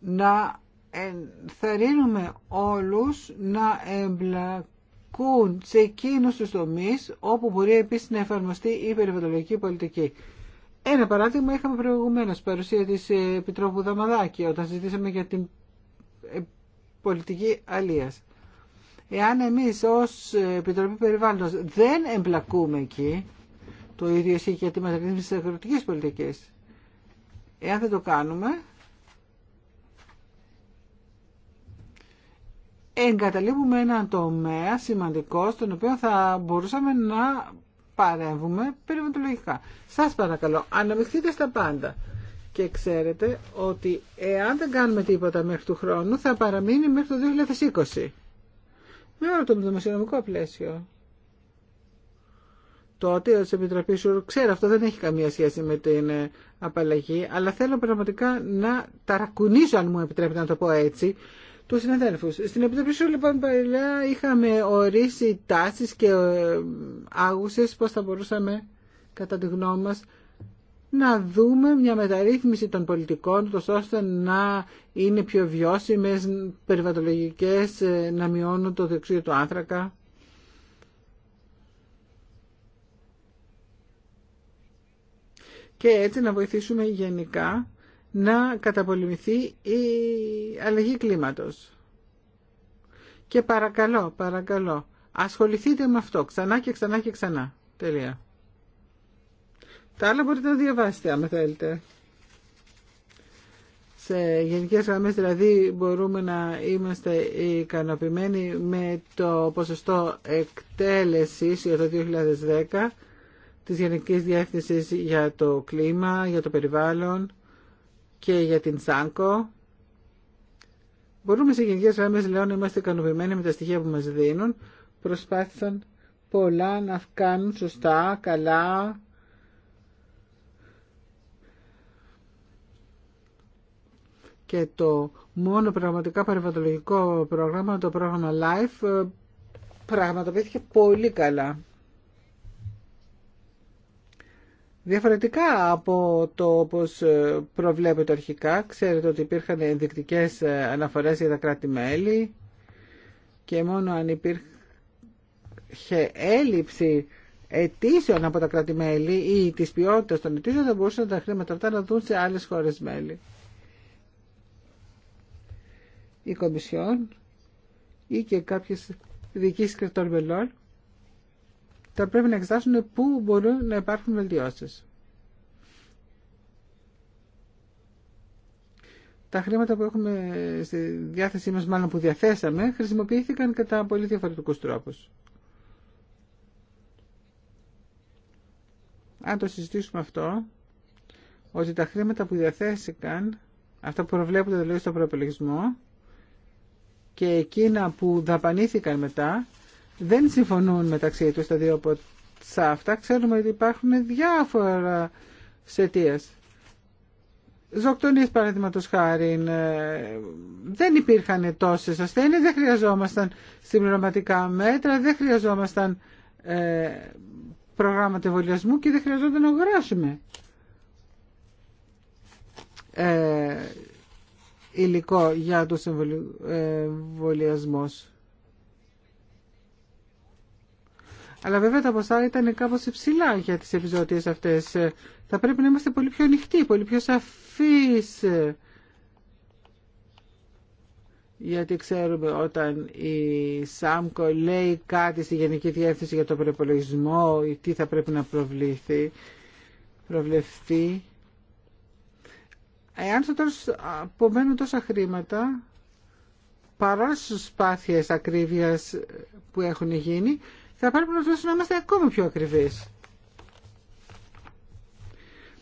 να ενθαρρύνουμε όλους να εμπλακούν σε εκείνους τους τομείς όπου μπορεί επίσης να εφαρμοστεί η περιβαλλοντική πολιτική. Ένα παράδειγμα είχαμε προηγουμένω παρουσία της Επιτρόπου Δαμαδάκη όταν ζητήσαμε για την ε, πολιτική αλίας. Εάν εμείς ως Επιτροπή Περιβάλλοντος δεν εμπλακούμε εκεί, το ίδιο ισχύει για τη μεταρρύθμιση της αγροτικής πολιτικής. Εάν δεν το κάνουμε, εγκαταλείπουμε έναν τομέα σημαντικό στον οποίο θα μπορούσαμε να παρέμβουμε περιβαλλοντολογικά. Σας παρακαλώ, αναμειχθείτε στα πάντα. Και ξέρετε ότι εάν δεν κάνουμε τίποτα μέχρι του χρόνου θα παραμείνει μέχρι το 2020. Με όλο το δημοσιονομικό πλαίσιο. Τότε ο Επιτροπή σου, ξέρω αυτό δεν έχει καμία σχέση με την ε, απαλλαγή, αλλά θέλω πραγματικά να ταρακουνήσω, αν μου επιτρέπετε να το πω έτσι, του συναδέλφου. Στην Επιτροπή σου, λοιπόν, παλιά είχαμε ορίσει τάσει και ε, άγουσε πώ θα μπορούσαμε, κατά τη γνώμη μα, να δούμε μια μεταρρύθμιση των πολιτικών τους ώστε να είναι πιο βιώσιμες, περιβατολογικές, ε, να μειώνουν το δεξίο του άνθρακα. Και έτσι να βοηθήσουμε γενικά να καταπολεμηθεί η αλλαγή κλίματος. Και παρακαλώ, παρακαλώ, ασχοληθείτε με αυτό ξανά και ξανά και ξανά. Τελεία. Τα άλλα μπορείτε να διαβάσετε άμα θέλετε. Σε γενικές γραμμές δηλαδή μπορούμε να είμαστε ικανοποιημένοι με το ποσοστό εκτέλεσης για το 2010 της Γενικής Διεύθυνσης για το κλίμα, για το περιβάλλον και για την ΣΑΝΚΟ. Μπορούμε σε γενικές γραμμές λέω να είμαστε ικανοποιημένοι με τα στοιχεία που μας δίνουν. Προσπάθησαν πολλά να κάνουν σωστά, καλά, και το μόνο πραγματικά παρεμβατολογικό πρόγραμμα, το πρόγραμμα LIFE, ε, πραγματοποιήθηκε πολύ καλά. Διαφορετικά από το όπως ε, προβλέπετε αρχικά, ξέρετε ότι υπήρχαν ενδεικτικές ε, αναφορές για τα κράτη-μέλη και μόνο αν υπήρχε έλλειψη αιτήσεων από τα κράτη-μέλη ή της ποιότητας των αιτήσεων θα μπορούσαν τα χρήματα αυτά να δουν σε άλλες χώρες μέλη η Κομισιόν ή και κάποιες διοικήσεις κρατών μελών θα πρέπει να εξετάσουν πού μπορούν να υπάρχουν βελτιώσεις. Τα χρήματα που έχουμε στη διάθεσή μας, μάλλον που διαθέσαμε, χρησιμοποιήθηκαν κατά πολύ διαφορετικούς τρόπους. Αν το συζητήσουμε αυτό, ότι τα χρήματα που διαθέθηκαν, αυτά που προβλέπονται δηλαδή στο προπολογισμό, και εκείνα που δαπανήθηκαν μετά δεν συμφωνούν μεταξύ τους τα δύο ποσά αυτά. Ξέρουμε ότι υπάρχουν διάφορα αιτία. Ζωκτονίες παραδείγματος χάρη ε, δεν υπήρχαν τόσες ασθένειες, δεν χρειαζόμασταν συμπληρωματικά μέτρα, δεν χρειαζόμασταν ε, προγράμματα εμβολιασμού και δεν χρειαζόταν να αγοράσουμε ε, υλικό για το εμβολιασμού. Αλλά βέβαια τα ποσά ήταν κάπως υψηλά για τις επιζωτίες αυτές. Θα πρέπει να είμαστε πολύ πιο ανοιχτοί, πολύ πιο σαφείς. Γιατί ξέρουμε όταν η ΣΑΜΚΟ λέει κάτι στη Γενική Διεύθυνση για τον προπολογισμό ή τι θα πρέπει να προβληθεί, προβλεφθεί, Εάν θα τώρα απομένουν τόσα χρήματα, παρά στις σπάθιες ακρίβειας που έχουν γίνει, θα πρέπει να είμαστε ακόμα πιο ακριβείς.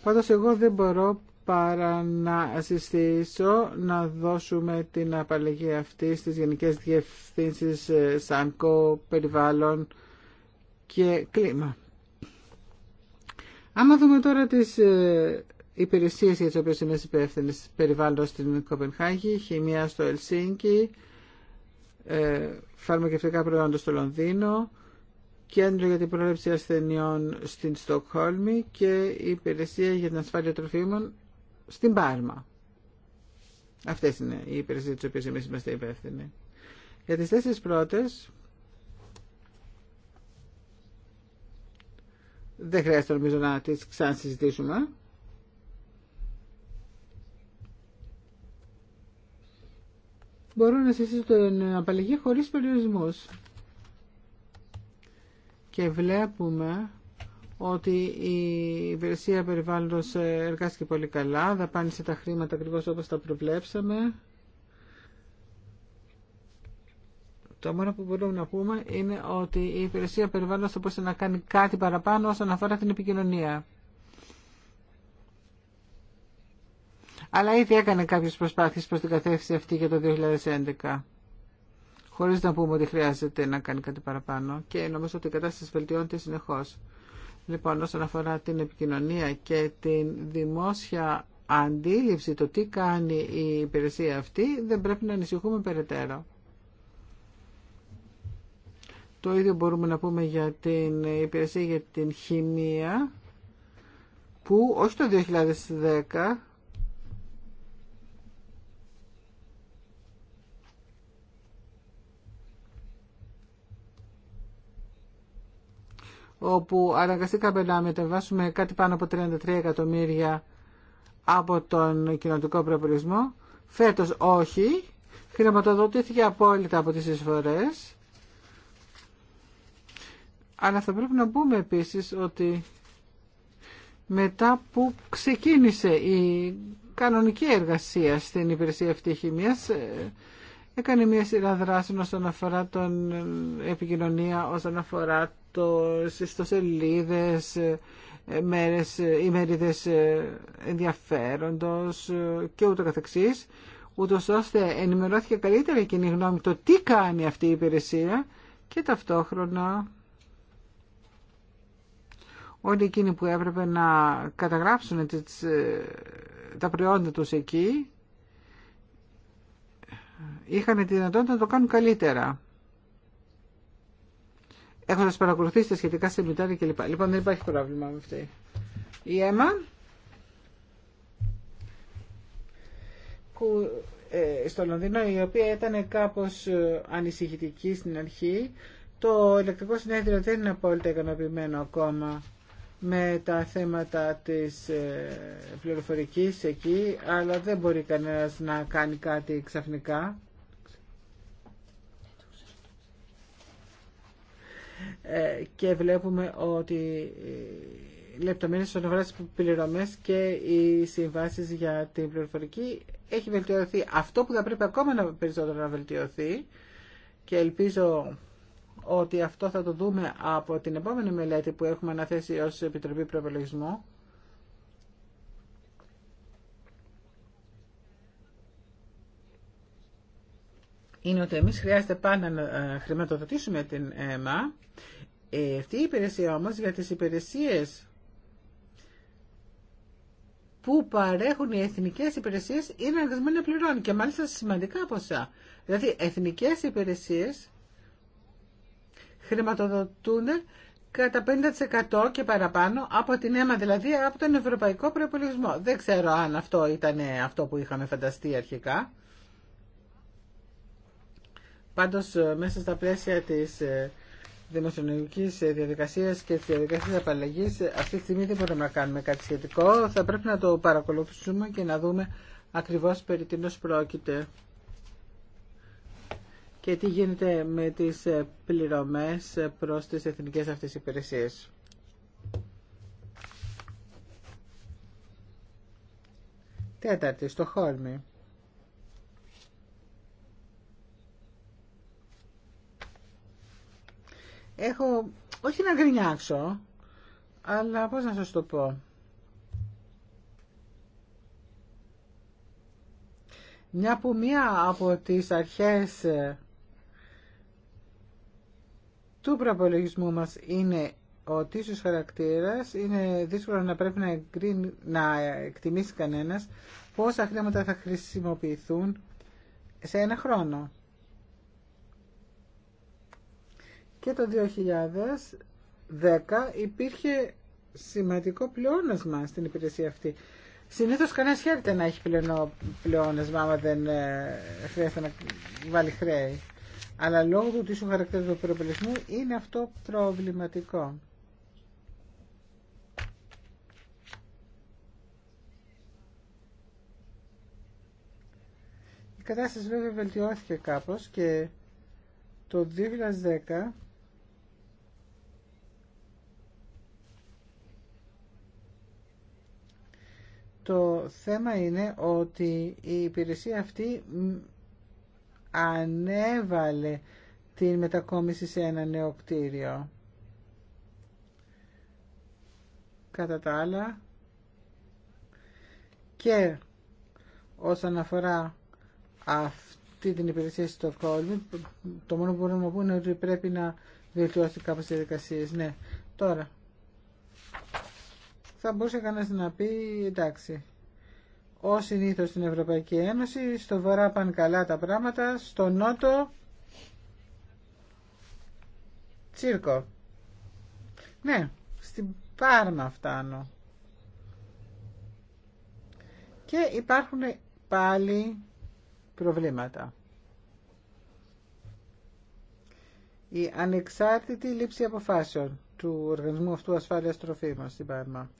Πάντως εγώ δεν μπορώ παρά να συστήσω να δώσουμε την απαλλαγή αυτή στις Γενικές Διευθύνσεις ε, ΣΑΝΚΟ, Περιβάλλον και Κλίμα. Άμα δούμε τώρα τις ε, υπηρεσίε για τι οποίε είμαστε υπεύθυνε. Περιβάλλοντο στην Κοπενχάγη, χημεία στο Ελσίνκι, ε, φαρμακευτικά προϊόντα στο Λονδίνο, κέντρο για την πρόληψη ασθενειών στην Στοκχόλμη και υπηρεσία για την ασφάλεια τροφίμων στην Πάρμα. Αυτές είναι οι υπηρεσίες τις οποίες εμείς είμαστε υπεύθυνοι. Για τις τέσσερις πρώτες, δεν χρειάζεται νομίζω να τις ξανασυζητήσουμε. μπορούν να συστήσουν την απαλλαγή χωρίς περιορισμούς. Και βλέπουμε ότι η υπηρεσία περιβάλλοντος εργάστηκε πολύ καλά, δαπάνησε τα χρήματα ακριβώς όπως τα προβλέψαμε. Το μόνο που μπορούμε να πούμε είναι ότι η υπηρεσία περιβάλλοντος θα μπορούσε να κάνει κάτι παραπάνω όσον αφορά την επικοινωνία. αλλά ήδη έκανε κάποιες προσπάθειες προς την κατεύθυνση αυτή για το 2011 χωρίς να πούμε ότι χρειάζεται να κάνει κάτι παραπάνω και νομίζω ότι η κατάσταση βελτιώνεται συνεχώς. Λοιπόν, όσον αφορά την επικοινωνία και την δημόσια αντίληψη το τι κάνει η υπηρεσία αυτή, δεν πρέπει να ανησυχούμε περαιτέρω. Το ίδιο μπορούμε να πούμε για την υπηρεσία για την χημεία, που όχι το 2010, όπου αναγκαστήκαμε να μεταβάσουμε κάτι πάνω από 33 εκατομμύρια από τον κοινοτικό προπολισμό. Φέτος όχι. Χρηματοδοτήθηκε απόλυτα από τις εισφορές. Αλλά θα πρέπει να πούμε επίσης ότι μετά που ξεκίνησε η κανονική εργασία στην υπηρεσία αυτή χημίας, ε, έκανε μια σειρά δράσεων όσον αφορά την ε, επικοινωνία, όσον αφορά στο σελίδε, ε, ε, μέρες, ε, ημερίδες ενδιαφέροντος και ούτω καθεξής, ούτως ώστε ενημερώθηκε καλύτερα η κοινή γνώμη το τι κάνει αυτή η υπηρεσία και ταυτόχρονα όλοι εκείνοι που έπρεπε να καταγράψουν τις, τα προϊόντα τους εκεί είχαν τη δυνατότητα να το κάνουν καλύτερα έχοντας παρακολουθήσει τα σχετικά και κλπ. Λοιπόν, δεν υπάρχει πρόβλημα με αυτή. Η αίμα που ε, στο Λονδίνο η οποία ήταν κάπως ε, ανησυχητική στην αρχή το ηλεκτρικό συνέδριο δεν είναι απόλυτα ικανοποιημένο ακόμα με τα θέματα της ε, πληροφορικής εκεί αλλά δεν μπορεί κανένας να κάνει κάτι ξαφνικά Ε, και βλέπουμε ότι λεπτομέρειες στον αφορά και οι συμβάσεις για την πληροφορική έχει βελτιωθεί. Αυτό που θα πρέπει ακόμα να, περισσότερο να βελτιωθεί και ελπίζω ότι αυτό θα το δούμε από την επόμενη μελέτη που έχουμε αναθέσει ως Επιτροπή Προπολογισμού είναι ότι εμείς χρειάζεται πάντα να ε, χρηματοδοτήσουμε την ΕΜΑ. Ε, αυτή η υπηρεσία όμως για τις υπηρεσίες που παρέχουν οι εθνικές υπηρεσίες είναι αναγκασμένοι να πληρώνουν και μάλιστα σημαντικά ποσά. Δηλαδή εθνικές υπηρεσίες χρηματοδοτούν κατά 50% και παραπάνω από την αίμα, δηλαδή από τον ευρωπαϊκό προπολογισμό. Δεν ξέρω αν αυτό ήταν ε, αυτό που είχαμε φανταστεί αρχικά. Πάντως ε, μέσα στα πλαίσια της ε, δημοσιονομικής ε, διαδικασίας και της διαδικασίας απαλλαγής αυτή τη στιγμή δεν μπορούμε να κάνουμε κάτι σχετικό. Θα πρέπει να το παρακολουθήσουμε και να δούμε ακριβώς περί τίνος πρόκειται και τι γίνεται με τις πληρωμές προς τις εθνικές αυτές υπηρεσίες. Τέταρτη, στο Χόλμη. έχω, όχι να γκρινιάξω, αλλά πώς να σας το πω. Μια που μία από τις αρχές ε, του προπολογισμού μας είναι ότι στους χαρακτήρας, είναι δύσκολο να πρέπει να, να εκτιμήσει κανένας πόσα χρήματα θα χρησιμοποιηθούν σε ένα χρόνο. και το 2010 υπήρχε σημαντικό πλεόνασμα στην υπηρεσία αυτή. Συνήθω κανένα χαίρεται να έχει πλεονό, πλεόνασμα άμα δεν ε, χρειάζεται να βάλει χρέη. Αλλά λόγω του τίσου χαρακτήρα του προπολισμού είναι αυτό προβληματικό. Η κατάσταση βέβαια βελτιώθηκε κάπως και το 2010 Το θέμα είναι ότι η υπηρεσία αυτή ανέβαλε την μετακόμιση σε ένα νέο κτίριο. Κατά τα άλλα και όσον αφορά αυτή την υπηρεσία στο Στοκόλμη, το μόνο που μπορούμε να πούμε είναι ότι πρέπει να βελτιώσει κάποιες διαδικασίες. Ναι, τώρα θα μπορούσε κανένα να πει εντάξει. Ω συνήθω στην Ευρωπαϊκή Ένωση, στο βορρά πάνε καλά τα πράγματα, στο νότο τσίρκο. Ναι, στην Πάρμα φτάνω. Και υπάρχουν πάλι προβλήματα. Η ανεξάρτητη λήψη αποφάσεων του Οργανισμού Αυτού Ασφάλειας μα, στην Πάρμα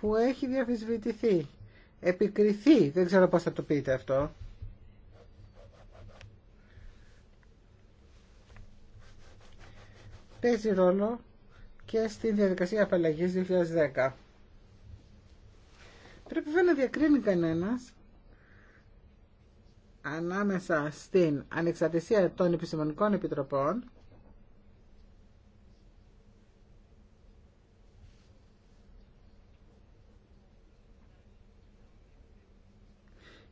που έχει διαφυσβητηθεί, επικριθεί, δεν ξέρω πώ θα το πείτε αυτό. Παίζει ρόλο και στη διαδικασία απαλλαγή 2010. Πρέπει βέβαια να διακρίνει κανένας ανάμεσα στην ανεξαρτησία των επιστημονικών επιτροπών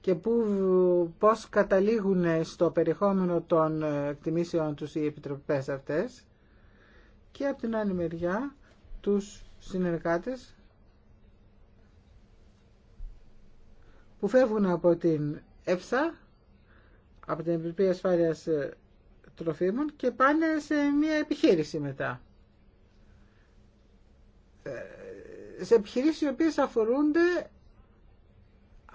και που, πώς καταλήγουν στο περιεχόμενο των ε, εκτιμήσεων τους οι επιτροπές αυτές και από την άλλη μεριά τους συνεργάτες που φεύγουν από την ΕΦΣΑ, από την Επιτροπή Ασφάλειας ε, Τροφίμων και πάνε σε μια επιχείρηση μετά. Ε, σε επιχειρήσεις οι οποίες αφορούνται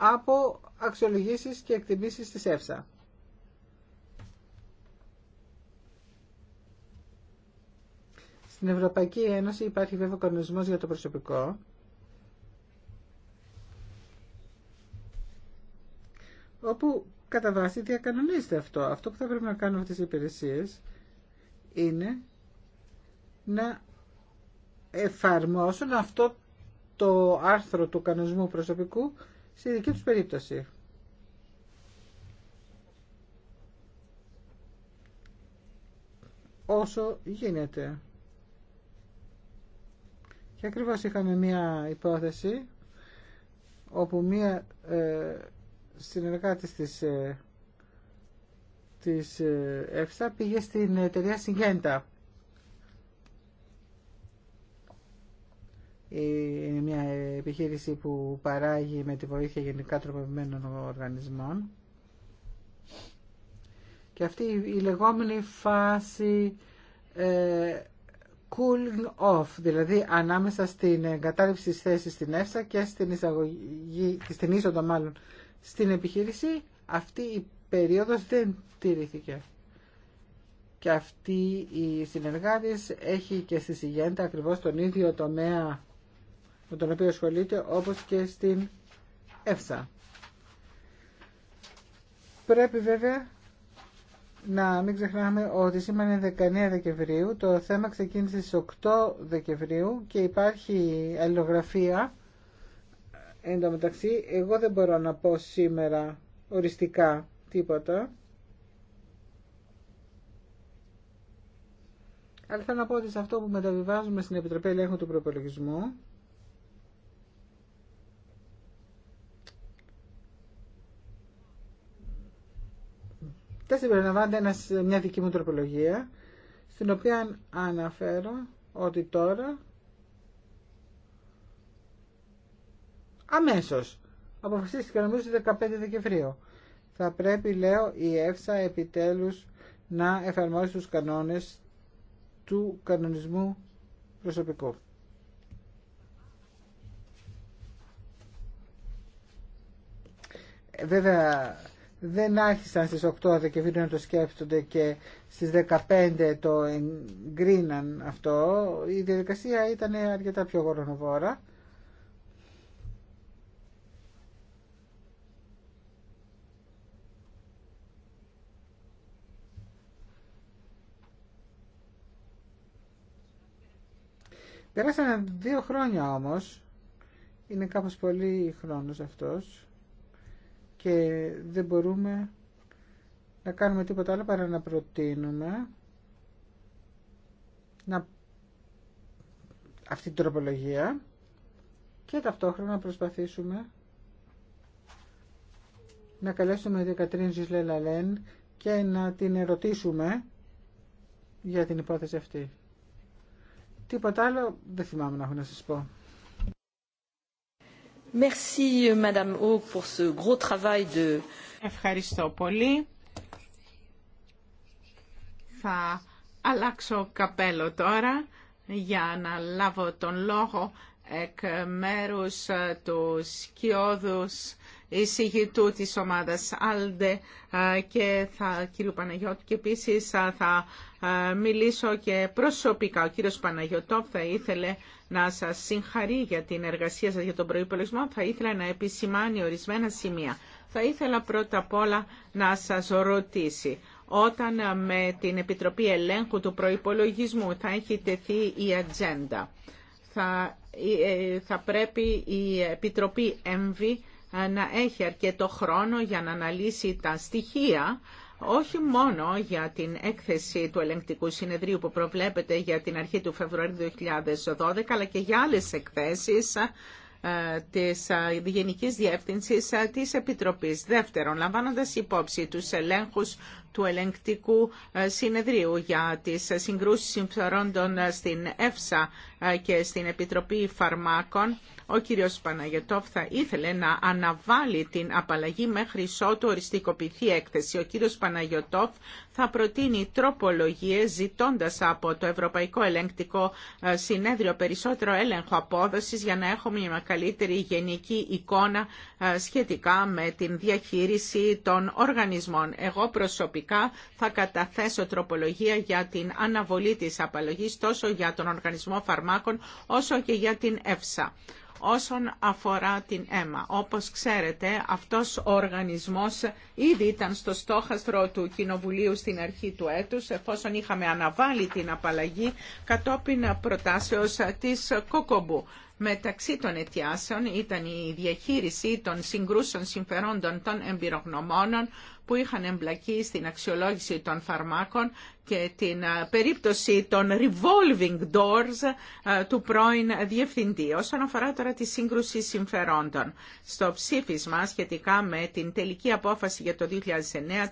από αξιολογήσεις και εκτιμήσεις της ΕΦΣΑ. Στην Ευρωπαϊκή Ένωση υπάρχει βέβαια κανονισμός για το προσωπικό, όπου κατά βάση διακανονίζεται αυτό. Αυτό που θα πρέπει να κάνουν αυτές οι υπηρεσίες είναι να εφαρμόσουν αυτό το άρθρο του κανονισμού προσωπικού στη δική τους περίπτωση. Όσο γίνεται. Και ακριβώς είχαμε μία υπόθεση όπου μία ε, συνεργάτης ε, της, ε, ΕΦΣΑ πήγε στην εταιρεία Συγγέντα είναι μια επιχείρηση που παράγει με τη βοήθεια γενικά τροποποιημένων οργανισμών. Και αυτή η λεγόμενη φάση ε, cooling off, δηλαδή ανάμεσα στην εγκατάλειψη της θέσης στην ΕΦΣΑ και στην, εισαγωγή, στην είσοδο μάλλον στην επιχείρηση, αυτή η περίοδος δεν τηρήθηκε. Και αυτή η συνεργάτης έχει και στη Σιγέντα ακριβώς τον ίδιο τομέα με τον οποίο ασχολείται όπως και στην ΕΦΣΑ. Πρέπει βέβαια να μην ξεχνάμε ότι σήμερα είναι 19 Δεκεμβρίου, το θέμα ξεκίνησε στις 8 Δεκεμβρίου και υπάρχει αλληλογραφία εν τω μεταξύ εγώ δεν μπορώ να πω σήμερα οριστικά τίποτα αλλά θέλω να πω ότι σε αυτό που μεταβιβάζουμε στην Επιτροπή Ελέγχου του Προπολογισμού Δεν συμπεριλαμβάνεται μια δική μου τροπολογία, στην οποία αναφέρω ότι τώρα αμέσως αποφασίστηκε νομίζω 15 Δεκεμβρίου. Θα πρέπει, λέω, η ΕΦΣΑ επιτέλους να εφαρμόσει τους κανόνες του κανονισμού προσωπικού. Ε, βέβαια, δεν άρχισαν στις 8 Δεκεμβρίου να το σκέφτονται και στις 15 το εγκρίναν αυτό. Η διαδικασία ήταν αρκετά πιο γορονοβόρα. Πέρασαν δύο χρόνια όμως. Είναι κάπως πολύ χρόνος αυτός και δεν μπορούμε να κάνουμε τίποτα άλλο παρά να προτείνουμε να... αυτή την τροπολογία και ταυτόχρονα προσπαθήσουμε να καλέσουμε την Κατρίν Λέν και να την ερωτήσουμε για την υπόθεση αυτή. Τίποτα άλλο δεν θυμάμαι να έχω να σας πω. Ευχαριστώ πολύ. Θα αλλάξω καπέλο τώρα για να λάβω τον λόγο εκ μέρους ε, του σκιώδους εισηγητού της ομάδας Άλντε ε, και θα, κύριο Παναγιώτη και επίσης ε, θα μιλήσω και προσωπικά. Ο κύριος Παναγιώτοφ θα ήθελε να σας συγχαρεί για την εργασία σας για τον προϋπολογισμό. Θα ήθελα να επισημάνει ορισμένα σημεία. Θα ήθελα πρώτα απ' όλα να σας ρωτήσει όταν ε, με την Επιτροπή Ελέγχου του Προϋπολογισμού θα έχει τεθεί η ατζέντα. Θα, ε, ε, θα πρέπει η Επιτροπή ΕΜΒΗ να έχει αρκετό χρόνο για να αναλύσει τα στοιχεία όχι μόνο για την έκθεση του ελεγκτικού συνεδρίου που προβλέπεται για την αρχή του Φεβρουαρίου 2012, αλλά και για άλλες εκθέσεις ε, της ε, Γενικής Διεύθυνσης ε, της Επιτροπής. Δεύτερον, λαμβάνοντας υπόψη τους ελέγχους του ελεγκτικού ε, συνεδρίου για τις συγκρούσεις συμφερόντων στην ΕΦΣΑ ε, και στην Επιτροπή Φαρμάκων. Ο κύριος Παναγετόφ θα ήθελε να αναβάλει την απαλλαγή μέχρι ότου οριστικοποιηθεί έκθεση. Ο κύριος Παναγιωτόφ θα προτείνει τροπολογίες ζητώντας από το Ευρωπαϊκό Ελεγκτικό ε, Συνέδριο περισσότερο έλεγχο απόδοσης για να έχουμε μια καλύτερη γενική εικόνα σχετικά με την διαχείριση των οργανισμών. Εγώ προσωπικά θα καταθέσω τροπολογία για την αναβολή της απαλλαγής τόσο για τον Οργανισμό Φαρμάκων όσο και για την ΕΦΣΑ. Όσον αφορά την αίμα, όπως ξέρετε, αυτός ο οργανισμός ήδη ήταν στο στόχαστρο του Κοινοβουλίου στην αρχή του έτους, εφόσον είχαμε αναβάλει την απαλλαγή κατόπιν προτάσεως της Κόκομπου. Μεταξύ των αιτιάσεων ήταν η διαχείριση των συγκρούσεων συμφερόντων των εμπειρογνωμόνων που είχαν εμπλακεί στην αξιολόγηση των φαρμάκων και την περίπτωση των revolving doors του πρώην διευθυντή. Όσον αφορά τώρα τη σύγκρουση συμφερόντων, στο ψήφισμα σχετικά με την τελική απόφαση για το 2009,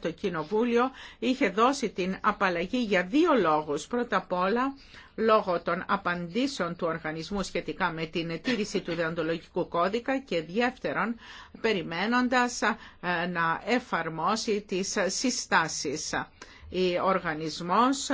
το Κοινοβούλιο είχε δώσει την απαλλαγή για δύο λόγους. Πρώτα απ' όλα, λόγω των απαντήσεων του οργανισμού σχετικά με την τήρηση του διοντολογικού κώδικα και δεύτερον, περιμένοντας να εφαρμόσει Τη της συστάσεις. Ο οργανισμός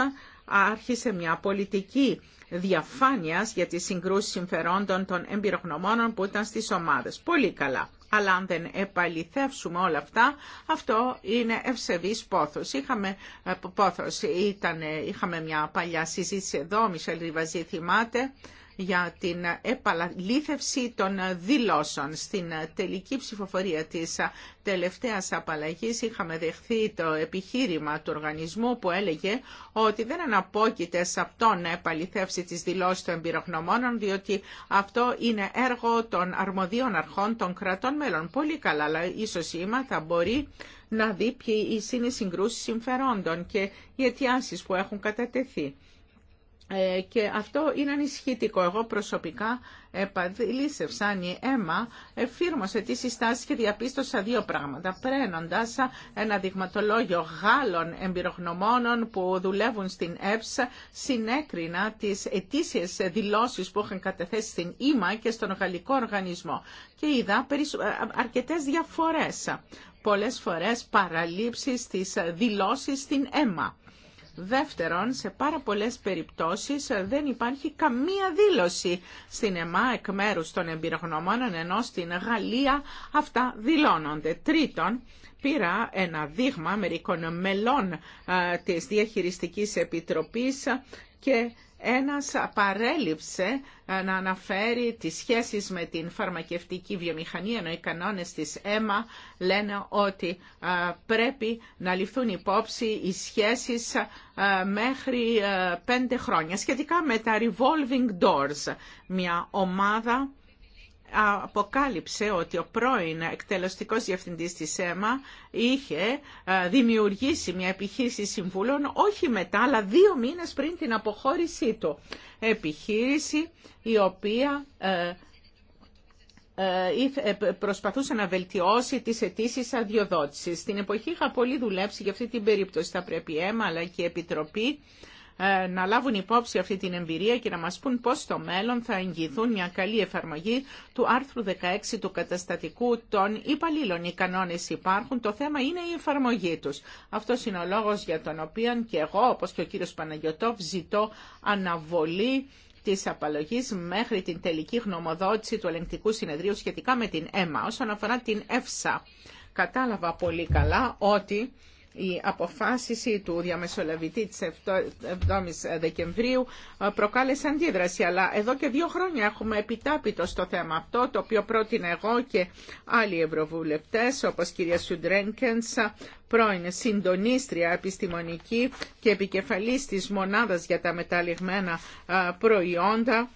άρχισε μια πολιτική διαφάνειας για τις συγκρούσεις συμφερόντων των εμπειρογνωμόνων που ήταν στις ομάδες. Πολύ καλά. Αλλά αν δεν επαληθεύσουμε όλα αυτά, αυτό είναι ευσεβής πόθος. Είχαμε, ε, πόθος. Ήταν, είχαμε μια παλιά συζήτηση εδώ, Μισελ Ριβαζή θυμάται, για την επαλήθευση των δηλώσεων. Στην τελική ψηφοφορία της τελευταίας απαλλαγής είχαμε δεχθεί το επιχείρημα του οργανισμού που έλεγε ότι δεν αναπόκειται σε αυτό να επαληθεύσει τις δηλώσεις των εμπειρογνωμόνων διότι αυτό είναι έργο των αρμοδίων αρχών των κρατών μέλων. Πολύ καλά, αλλά ίσως η θα μπορεί να δει ποιοι είναι οι συγκρούσεις συμφερόντων και οι αιτιάσεις που έχουν κατατεθεί. Ε, και αυτό είναι ανησυχητικό. Εγώ προσωπικά αν η αίμα, εφήρμοσε τις συστάσεις και διαπίστωσα δύο πράγματα. Πρένοντας ένα δειγματολόγιο Γάλλων εμπειρογνωμόνων που δουλεύουν στην ΕΠΣ, συνέκρινα τις ετήσιες δηλώσεις που είχαν κατεθέσει στην ΕΜΑ και στον Γαλλικό Οργανισμό. Και είδα αρκετές διαφορές. Πολλές φορές παραλήψεις στις δηλώσεις στην ΕΜΑ. Δεύτερον, σε πάρα πολλές περιπτώσεις ε, δεν υπάρχει καμία δήλωση στην ΕΜΑ εκ μέρους των εμπειρογνωμόνων, ενώ στην Γαλλία αυτά δηλώνονται. Τρίτον, πήρα ένα δείγμα μερικών μελών ε, της Διαχειριστικής Επιτροπής και ένας παρέλειψε να αναφέρει τις σχέσεις με την φαρμακευτική βιομηχανία, ενώ οι κανόνες της ΕΜΑ λένε ότι πρέπει να ληφθούν υπόψη οι σχέσεις μέχρι πέντε χρόνια, σχετικά με τα revolving doors, μια ομάδα αποκάλυψε ότι ο πρώην εκτελεστικός διευθυντής της ΕΜΑ είχε ε, δημιουργήσει μια επιχείρηση συμβούλων όχι μετά αλλά δύο μήνες πριν την αποχώρησή του. Επιχείρηση η οποία ε, ε, προσπαθούσε να βελτιώσει τις αιτήσει αδειοδότησης. Στην εποχή είχα πολύ δουλέψει για αυτή την περίπτωση. Θα πρέπει η ΕΜΑ αλλά και η Επιτροπή ε, να λάβουν υπόψη αυτή την εμπειρία και να μας πούν πώς στο μέλλον θα εγγυηθούν μια καλή εφαρμογή του άρθρου 16 του καταστατικού των υπαλλήλων. Οι κανόνες υπάρχουν, το θέμα είναι η εφαρμογή τους. Αυτός είναι ο λόγος για τον οποίο και εγώ, όπως και ο κύριος Παναγιωτόφ, ζητώ αναβολή της απαλογής μέχρι την τελική γνωμοδότηση του ελεγκτικού συνεδρίου σχετικά με την ΕΜΑ. Όσον αφορά την ΕΦΣΑ, κατάλαβα πολύ καλά ότι η αποφάσιση του διαμεσολαβητή της 7ης Δεκεμβρίου ε, προκάλεσε αντίδραση, αλλά εδώ και δύο χρόνια έχουμε επιτάπητο στο θέμα αυτό, το οποίο πρότεινα εγώ και άλλοι ευρωβουλευτές, όπως κυρία Σουντρένκενς, πρώην συντονίστρια επιστημονική και επικεφαλής της μονάδας για τα μεταλλιγμένα ε, προϊόντα,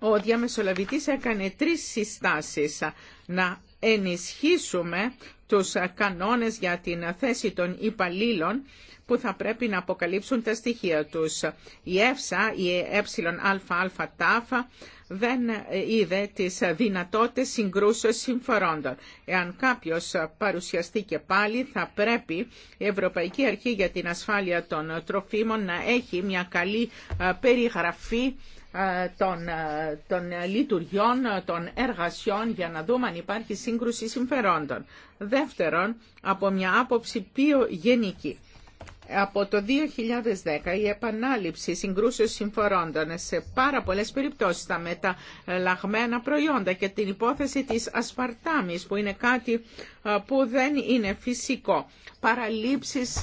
ο διαμεσολαβητής έκανε τρεις συστάσεις ε, να ενισχύσουμε τους κανόνες για την θέση των υπαλλήλων που θα πρέπει να αποκαλύψουν τα στοιχεία τους. Η ΕΦΣΑ, η ΕΑΑΤΑΦΑ, ΕΕ, δεν είδε τις δυνατότητες συγκρούσεως συμφερόντων. Εάν κάποιος παρουσιαστεί και πάλι, θα πρέπει η Ευρωπαϊκή Αρχή για την Ασφάλεια των Τροφίμων να έχει μια καλή ε, περιγραφή ε, των, ε, των λειτουργιών, των εργασιών για να δούμε αν υπάρχει σύγκρουση συμφερόντων. Δεύτερον, από μια άποψη πιο γενική. Από το 2010 η επανάληψη συγκρούσεως συμφερόντων σε πάρα πολλές περιπτώσεις τα μεταλλαγμένα προϊόντα και την υπόθεση της ασπαρτάμης που είναι κάτι που δεν είναι φυσικό. Παραλήψεις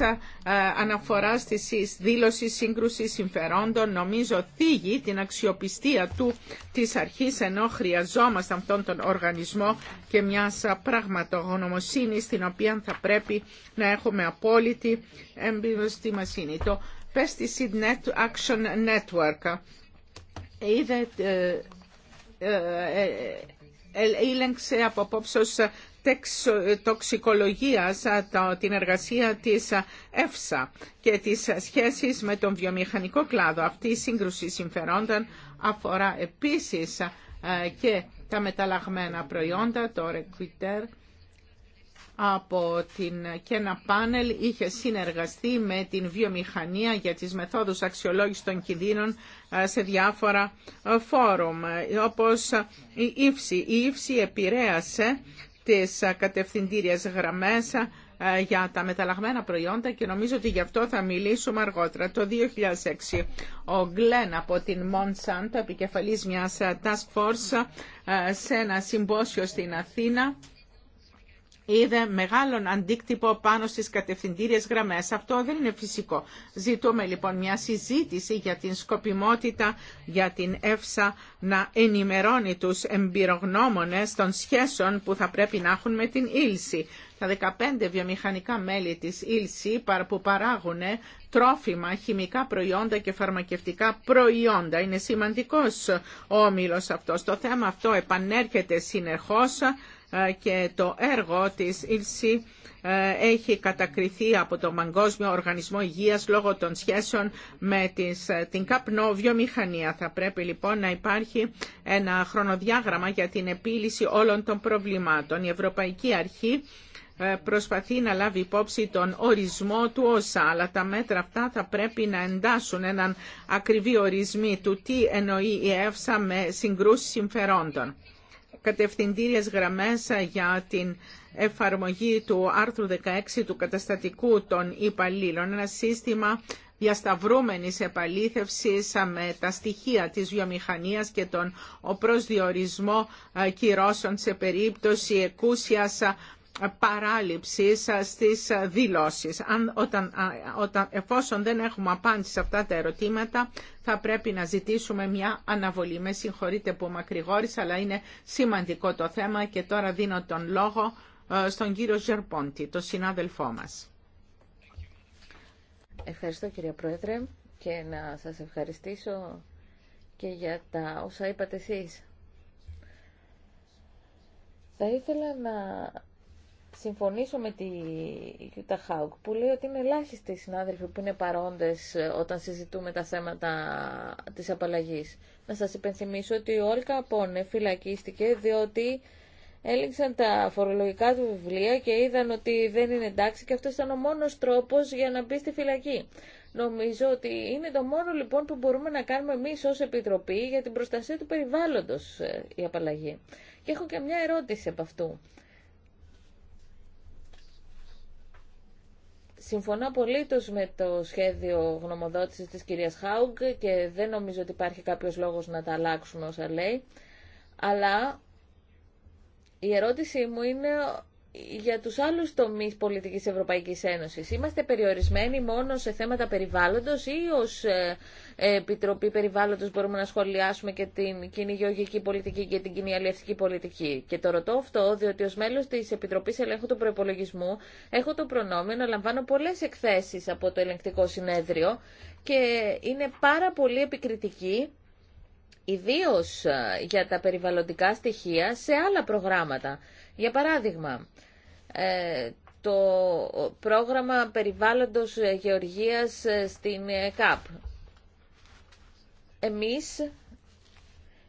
αναφοράς της δήλωση σύγκρουση συμφερόντων νομίζω θίγει την αξιοπιστία του της αρχής ενώ χρειαζόμαστε αυτόν τον οργανισμό και μιας πραγματογνωμοσύνης την οποία θα πρέπει να έχουμε απόλυτη εμπιστοσύνη. Το Pesticide Net Action Network είδε, έλεγξε από απόψεως τοξικολογίας, την εργασία της ΕΦΣΑ και τις σχέσεις με τον βιομηχανικό κλάδο. Αυτή η σύγκρουση συμφερόντων αφορά επίσης και τα μεταλλαγμένα προϊόντα, το Requiter, από την και ένα πάνελ είχε συνεργαστεί με την βιομηχανία για τις μεθόδους αξιολόγησης των κινδύνων σε διάφορα φόρουμ, όπως η ύψη. Η ύψη επηρέασε τις ε, κατευθυντήριες γραμμές ε, για τα μεταλλαγμένα προϊόντα και νομίζω ότι γι' αυτό θα μιλήσουμε αργότερα. Το 2006 ο Γκλέν από την Monsanto, επικεφαλής μιας ε, task force, σε ένα συμπόσιο στην Αθήνα, είδε μεγάλον αντίκτυπο πάνω στις κατευθυντήριες γραμμές. Αυτό δεν είναι φυσικό. Ζητούμε λοιπόν μια συζήτηση για την σκοπιμότητα για την ΕΦΣΑ να ενημερώνει τους εμπειρογνώμονες των σχέσεων που θα πρέπει να έχουν με την ήλση. Τα 15 βιομηχανικά μέλη της ήλση που παράγουν τρόφιμα, χημικά προϊόντα και φαρμακευτικά προϊόντα. Είναι σημαντικός ο όμιλος αυτός. Το θέμα αυτό επανέρχεται συνεχώς ε, και το έργο της Ήλση ε, έχει κατακριθεί από το Μαγκόσμιο Οργανισμό Υγείας λόγω των σχέσεων με ε, την καπνοβιομηχανία. Θα πρέπει λοιπόν να υπάρχει ένα χρονοδιάγραμμα για την επίλυση όλων των προβλημάτων. Η Ευρωπαϊκή Αρχή προσπαθεί να λάβει υπόψη τον ορισμό του όσα, αλλά τα μέτρα αυτά θα πρέπει να εντάσσουν έναν ακριβή ορισμή του τι εννοεί η ΕΦΣΑ με συγκρούσεις συμφερόντων κατευθυντήριες γραμμές για την εφαρμογή του άρθρου 16 του καταστατικού των υπαλλήλων, ένα σύστημα διασταυρούμενης επαλήθευσης με τα στοιχεία της βιομηχανίας και τον προσδιορισμό ε, κυρώσεων σε περίπτωση εκούσιας παράληψης ε, στις ε, δηλώσεις. όταν, όταν, εφόσον δεν έχουμε απάντηση σε αυτά τα ερωτήματα, θα πρέπει να ζητήσουμε μια αναβολή. Με συγχωρείτε που μακρηγόρησα, αλλά είναι σημαντικό το θέμα και τώρα δίνω τον λόγο ε, στον κύριο Ζερπόντι, τον συνάδελφό μας. Ευχαριστώ κύριε Πρόεδρε και να σας ευχαριστήσω και για τα όσα είπατε εσείς. Θα ήθελα να συμφωνήσω με τη Γιούτα Χάουκ που λέει ότι είναι ελάχιστοι οι συνάδελφοι που είναι παρόντες ε, όταν συζητούμε τα θέματα της απαλλαγής. Να σας υπενθυμίσω ότι η Όλκα Πόνε φυλακίστηκε διότι έληξαν τα φορολογικά του βιβλία και είδαν ότι δεν είναι εντάξει και αυτό ήταν ο μόνος τρόπος για να μπει στη φυλακή. Νομίζω ότι είναι το μόνο λοιπόν που μπορούμε να κάνουμε εμεί ω Επιτροπή για την προστασία του περιβάλλοντος ε, η απαλλαγή. Και έχω και μια ερώτηση από αυτού. Συμφωνώ πολύ με το σχέδιο γνωμοδότησης της κυρίας Χάουγκ και δεν νομίζω ότι υπάρχει κάποιο λόγος να τα αλλάξουμε όσα λέει, αλλά η ερώτησή μου είναι για τους άλλους τομείς πολιτικής Ευρωπαϊκής Ένωσης. Είμαστε περιορισμένοι μόνο σε θέματα περιβάλλοντος ή ως ε, Επιτροπή Περιβάλλοντος μπορούμε να σχολιάσουμε και την κοινή γεωργική πολιτική και την κοινή αλληλευτική πολιτική. Και το ρωτώ αυτό διότι ως μέλος της Επιτροπής Ελέγχου του Προπολογισμού έχω το προνόμιο να λαμβάνω πολλές εκθέσεις από το ελεγκτικό συνέδριο και είναι πάρα πολύ επικριτική Ιδίω ε, για τα περιβαλλοντικά στοιχεία σε άλλα προγράμματα. Για παράδειγμα, ε, το πρόγραμμα περιβάλλοντος ε, γεωργίας στην ΚΑΠ εμείς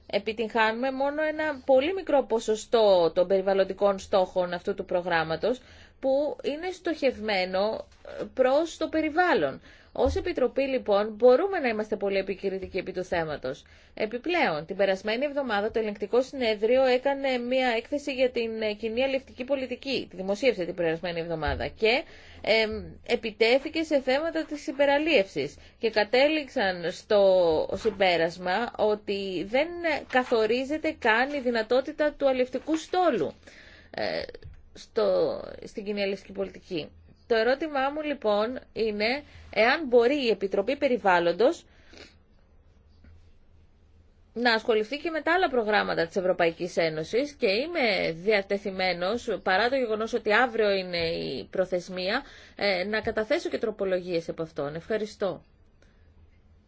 επιτυγχάνουμε μόνο ένα πολύ μικρό ποσοστό των περιβαλλοντικών στόχων αυτού του προγράμματος που είναι στοχευμένο προς το περιβάλλον. Ω Επιτροπή λοιπόν μπορούμε να είμαστε πολύ επικριτικοί επί του θέματος. Επιπλέον, την περασμένη εβδομάδα το Ελεγκτικό Συνέδριο έκανε μια έκθεση για την ε, κοινή αλληλευτική πολιτική. Τη δημοσίευσε την περασμένη εβδομάδα και ε, επιτέθηκε σε θέματα της υπεραλίευση. και κατέληξαν στο συμπέρασμα ότι δεν καθορίζεται καν η δυνατότητα του αλληλευτικού στόλου. Ε, στο, στην κοινή αλληλευτική πολιτική. Το ερώτημά μου λοιπόν είναι εάν μπορεί η Επιτροπή Περιβάλλοντος να ασχοληθεί και με τα άλλα προγράμματα της Ευρωπαϊκής Ένωσης και είμαι διατεθειμένος, παρά το γεγονός ότι αύριο είναι η προθεσμία, ε, να καταθέσω και τροπολογίες από αυτόν. Ευχαριστώ.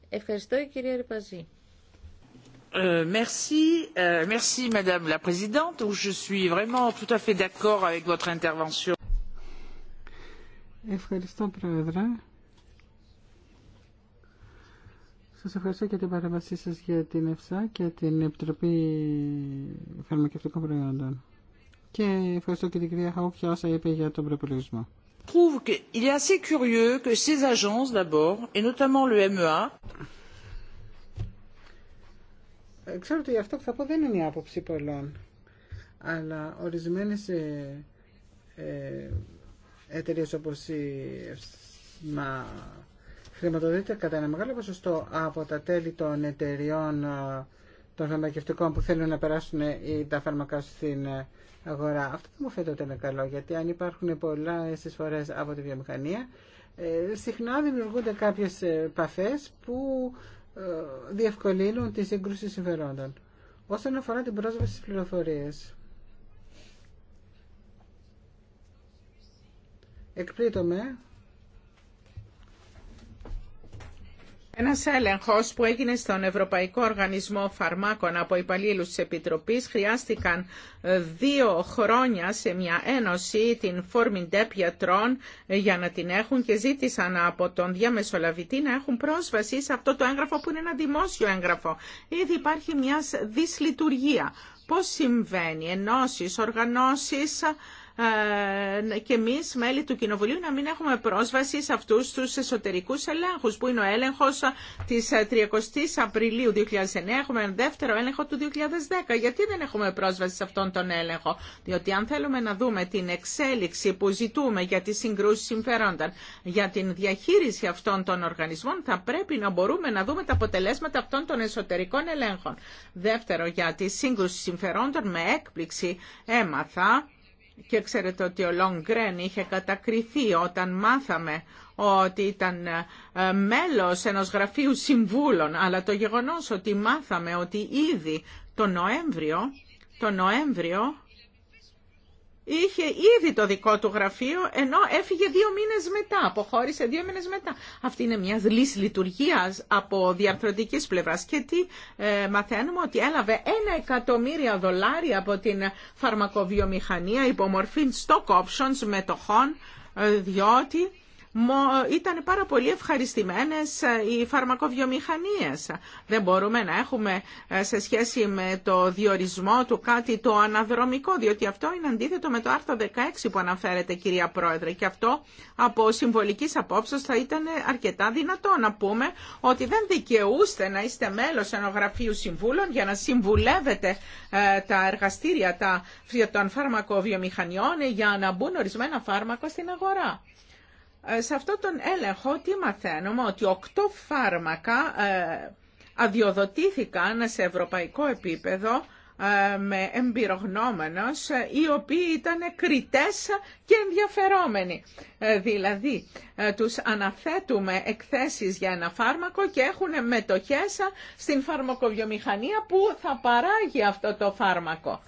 Ευχαριστώ η κυρία Ριπαζή. Ε, merci, ε, merci Madame la Présidente. Je suis vraiment tout à fait d'accord avec votre intervention. Ευχαριστώ Πρόεδρε. Σας ευχαριστώ και την παρέμβασή σας για την ΕΦΣΑ και την Επιτροπή Φαρμακευτικών Προϊόντων. Και ευχαριστώ και την κυρία Χαούκ για όσα είπε για τον προπολογισμό. Ξέρω ότι αυτό που θα πω δεν είναι η άποψη πολλών, αλλά ορισμένες ε, ε, Εταιρείε όπω η να χρηματοδοτείται κατά ένα μεγάλο ποσοστό από τα τέλη των εταιριών ε, των φαρμακευτικών που θέλουν να περάσουν τα φάρμακα στην ε, αγορά. Αυτό δεν μου φαίνεται ότι είναι καλό, γιατί αν υπάρχουν πολλά στις φορές από τη βιομηχανία, ε, συχνά δημιουργούνται κάποιες παφέ που διευκολύνουν τη σύγκρουση συμφερόντων. Όσον αφορά την πρόσβαση στις πληροφορίε, εκπλήττομαι. Ένας έλεγχος που έγινε στον Ευρωπαϊκό Οργανισμό Φαρμάκων από υπαλλήλου τη Επιτροπής χρειάστηκαν ε, δύο χρόνια σε μια ένωση, την Formindep Γιατρών, ε, για να την έχουν και ζήτησαν από τον διαμεσολαβητή να έχουν πρόσβαση σε αυτό το έγγραφο που είναι ένα δημόσιο έγγραφο. Ήδη υπάρχει μια δυσλειτουργία. Πώς συμβαίνει, ενώσεις, οργανώσεις, ε, και εμεί, μέλη του Κοινοβουλίου να μην έχουμε πρόσβαση σε αυτού του εσωτερικού ελέγχου, που είναι ο έλεγχο τη 30 η Απριλίου 2009 έχουμε ένα δεύτερο έλεγχο του 2010 γιατί δεν έχουμε πρόσβαση σε αυτόν τον έλεγχο διότι αν θέλουμε να δούμε την εξέλιξη που ζητούμε για τι συγκρούσει συμφερόντων για την διαχείριση αυτών των οργανισμών θα πρέπει να μπορούμε να δούμε τα αποτελέσματα αυτών των εσωτερικών ελέγχων δεύτερο για τη σύγκρουση συμφερόντων με έκπληξη έμαθα και ξέρετε ότι ο Λόγκρεν είχε κατακριθεί όταν μάθαμε ότι ήταν ε, μέλος ενός γραφείου συμβούλων, αλλά το γεγονός ότι μάθαμε ότι ήδη τον Νοέμβριο, το Νοέμβριο είχε ήδη το δικό του γραφείο, ενώ έφυγε δύο μήνες μετά, αποχώρησε δύο μήνες μετά. Αυτή είναι μια λύση λειτουργίας από διαρθρωτικής πλευράς. Και τι ε, μαθαίνουμε, ότι έλαβε ένα εκατομμύρια δολάρια από την φαρμακοβιομηχανία υπομορφή stock options μετοχών, ε, διότι ήταν πάρα πολύ ευχαριστημένες ε, οι φαρμακοβιομηχανίες. Δεν μπορούμε να έχουμε ε, σε σχέση με το διορισμό του κάτι το αναδρομικό, διότι αυτό είναι αντίθετο με το άρθρο 16 που αναφέρεται κυρία Πρόεδρε και αυτό από συμβολικής απόψεως θα ήταν αρκετά δυνατό να πούμε ότι δεν δικαιούστε να είστε μέλος ενογραφείου συμβούλων για να συμβουλεύετε ε, τα εργαστήρια των φαρμακοβιομηχανιών για να μπουν ορισμένα φάρμακα στην αγορά. Ε, σε αυτόν τον έλεγχο τι μαθαίνουμε, ότι οκτώ φάρμακα ε, αδειοδοτήθηκαν σε ευρωπαϊκό επίπεδο ε, με εμπειρογνώμενος, οι οποίοι ήταν κριτές και ενδιαφερόμενοι. Δηλαδή, τους αναθέτουμε εκθέσεις για ένα φάρμακο και έχουν μετοχές στην φαρμακοβιομηχανία που θα παράγει αυτό το φάρμακο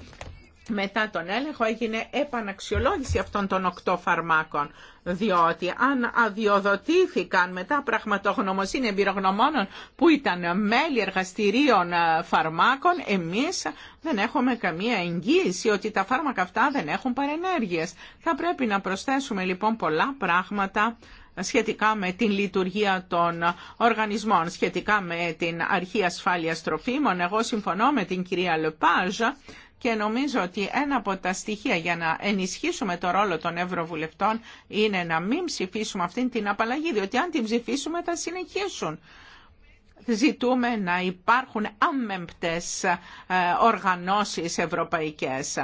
μετά τον έλεγχο έγινε επαναξιολόγηση αυτών των οκτώ φαρμάκων, διότι αν αδειοδοτήθηκαν μετά πραγματογνωμοσύνη εμπειρογνωμόνων που ήταν μέλη εργαστηρίων ε, φαρμάκων, εμείς δεν έχουμε καμία εγγύηση ότι τα φάρμακα αυτά δεν έχουν παρενέργειες. Θα πρέπει να προσθέσουμε λοιπόν πολλά πράγματα σχετικά με την λειτουργία των οργανισμών, σχετικά με την αρχή ασφάλειας τροφίμων. Εγώ συμφωνώ με την κυρία Λεπάζ και νομίζω ότι ένα από τα στοιχεία για να ενισχύσουμε το ρόλο των Ευρωβουλευτών είναι να μην ψηφίσουμε αυτή την απαλλαγή, διότι αν την ψηφίσουμε θα συνεχίσουν. Ζητούμε να υπάρχουν άμεμπτες ε, οργανώσεις ευρωπαϊκές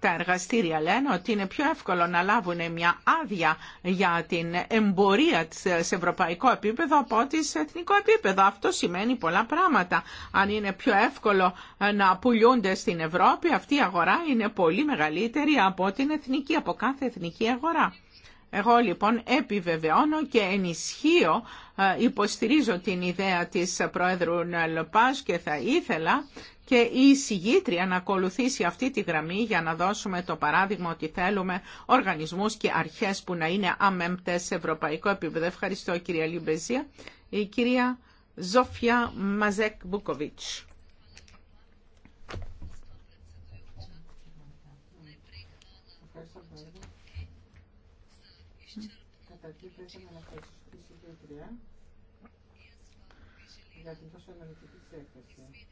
τα εργαστήρια λένε ότι είναι πιο εύκολο να λάβουν μια άδεια για την εμπορία σε ευρωπαϊκό επίπεδο από ότι σε εθνικό επίπεδο. Αυτό σημαίνει πολλά πράγματα. Αν είναι πιο εύκολο να πουλούνται στην Ευρώπη, αυτή η αγορά είναι πολύ μεγαλύτερη από την εθνική, από κάθε εθνική αγορά. Εγώ λοιπόν επιβεβαιώνω και ενισχύω, ε, υποστηρίζω την ιδέα της Πρόεδρου Λοπάς και θα ήθελα και η συγγήτρια να ακολουθήσει αυτή τη γραμμή για να δώσουμε το παράδειγμα ότι θέλουμε οργανισμούς και αρχές που να είναι αμέμπτες σε ευρωπαϊκό επίπεδο. Ευχαριστώ κυρία Λιμπεζία. Η κυρία Ζόφια Μαζέκ Μπουκοβίτς. καταρχήν πρέπει να για την τόσο αναλυτική έκθεση.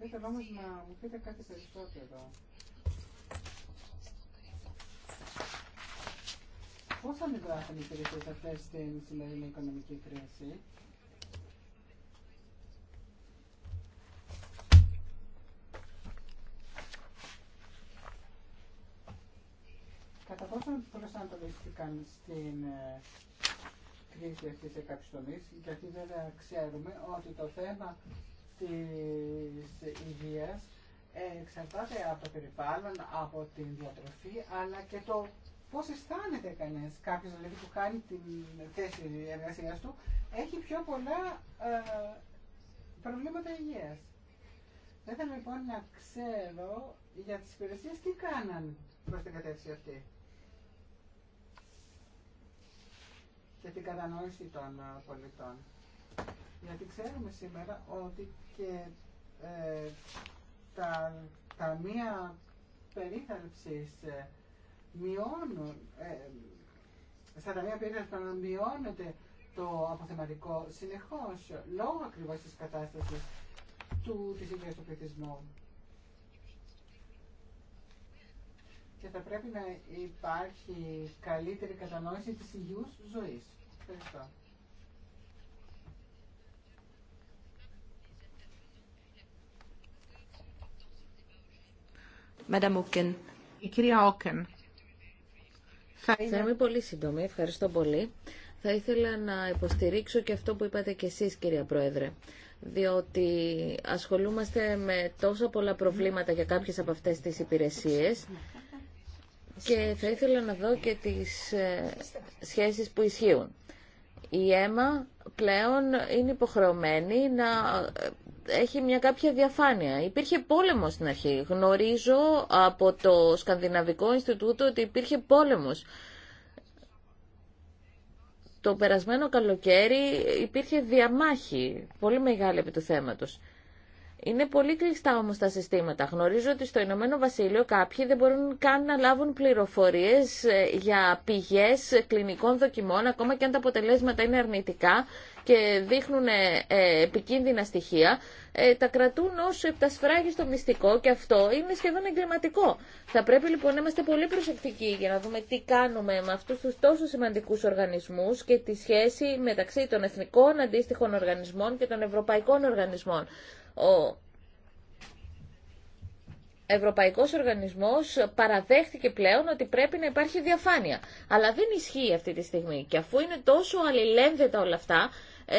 Δεν να μου πείτε κάτι περισσότερο. Πώς αντιδράσαν οι υπηρεσίες αυτές στην σημερινή οικονομική κρίση, Κατά πόσο προσανατολίστηκαν στην ε, κρίση αυτή σε κάποιους γιατί βέβαια ξέρουμε ότι το θέμα της υγείας εξαρτάται από το περιβάλλον, από την διατροφή, αλλά και το πώ αισθάνεται κανεί. Κάποιο δηλαδή που κάνει την θέση εργασία του έχει πιο πολλά ε, προβλήματα υγεία. Θα ήθελα λοιπόν να ξέρω για τι υπηρεσίε τι κάναν προ την κατεύθυνση αυτή. και την κατανόηση των ε, πολιτών. Γιατί ξέρουμε σήμερα ότι και ε, τα μία περίθαλψης ε, μειώνουν, ε, στα ταμεία περίθαλψης μειώνεται το αποθεματικό συνεχώς, λόγω ακριβώς της κατάστασης του, της ίδιας του πληθυσμού. Και θα πρέπει να υπάρχει καλύτερη κατανόηση της υγιούς ζωής. Η κυρία Όκεν. Θα είμαι πολύ σύντομη. Ευχαριστώ πολύ. Θα ήθελα να υποστηρίξω και αυτό που είπατε και εσείς, κυρία Πρόεδρε διότι ασχολούμαστε με τόσα πολλά προβλήματα για κάποιες από αυτές τις υπηρεσίες και θα ήθελα να δω και τις ε, σχέσεις που ισχύουν η αίμα πλέον είναι υποχρεωμένη να ε, έχει μια κάποια διαφάνεια. Υπήρχε πόλεμος στην αρχή. Γνωρίζω από το Σκανδιναβικό Ινστιτούτο ότι υπήρχε πόλεμος. Το περασμένο καλοκαίρι υπήρχε διαμάχη, πολύ μεγάλη επί του θέματος. Είναι πολύ κλειστά όμω τα συστήματα. Γνωρίζω ότι στο Ηνωμένο Βασίλειο κάποιοι δεν μπορούν καν να λάβουν πληροφορίε ε, για πηγέ κλινικών δοκιμών, ακόμα και αν τα αποτελέσματα είναι αρνητικά και δείχνουν ε, ε, επικίνδυνα στοιχεία. Τα κρατούν ω στο μυστικό και αυτό είναι σχεδόν εγκληματικό. Θα πρέπει λοιπόν να είμαστε πολύ προσεκτικοί για να δούμε τι κάνουμε με αυτού του τόσο σημαντικού οργανισμού και τη σχέση μεταξύ των εθνικών αντίστοιχων οργανισμών και των ευρωπαϊκών οργανισμών. Ο Ευρωπαϊκός Οργανισμός παραδέχτηκε πλέον ότι πρέπει να υπάρχει διαφάνεια. Αλλά δεν ισχύει αυτή τη στιγμή. Και αφού είναι τόσο αλληλένδετα όλα αυτά, ε,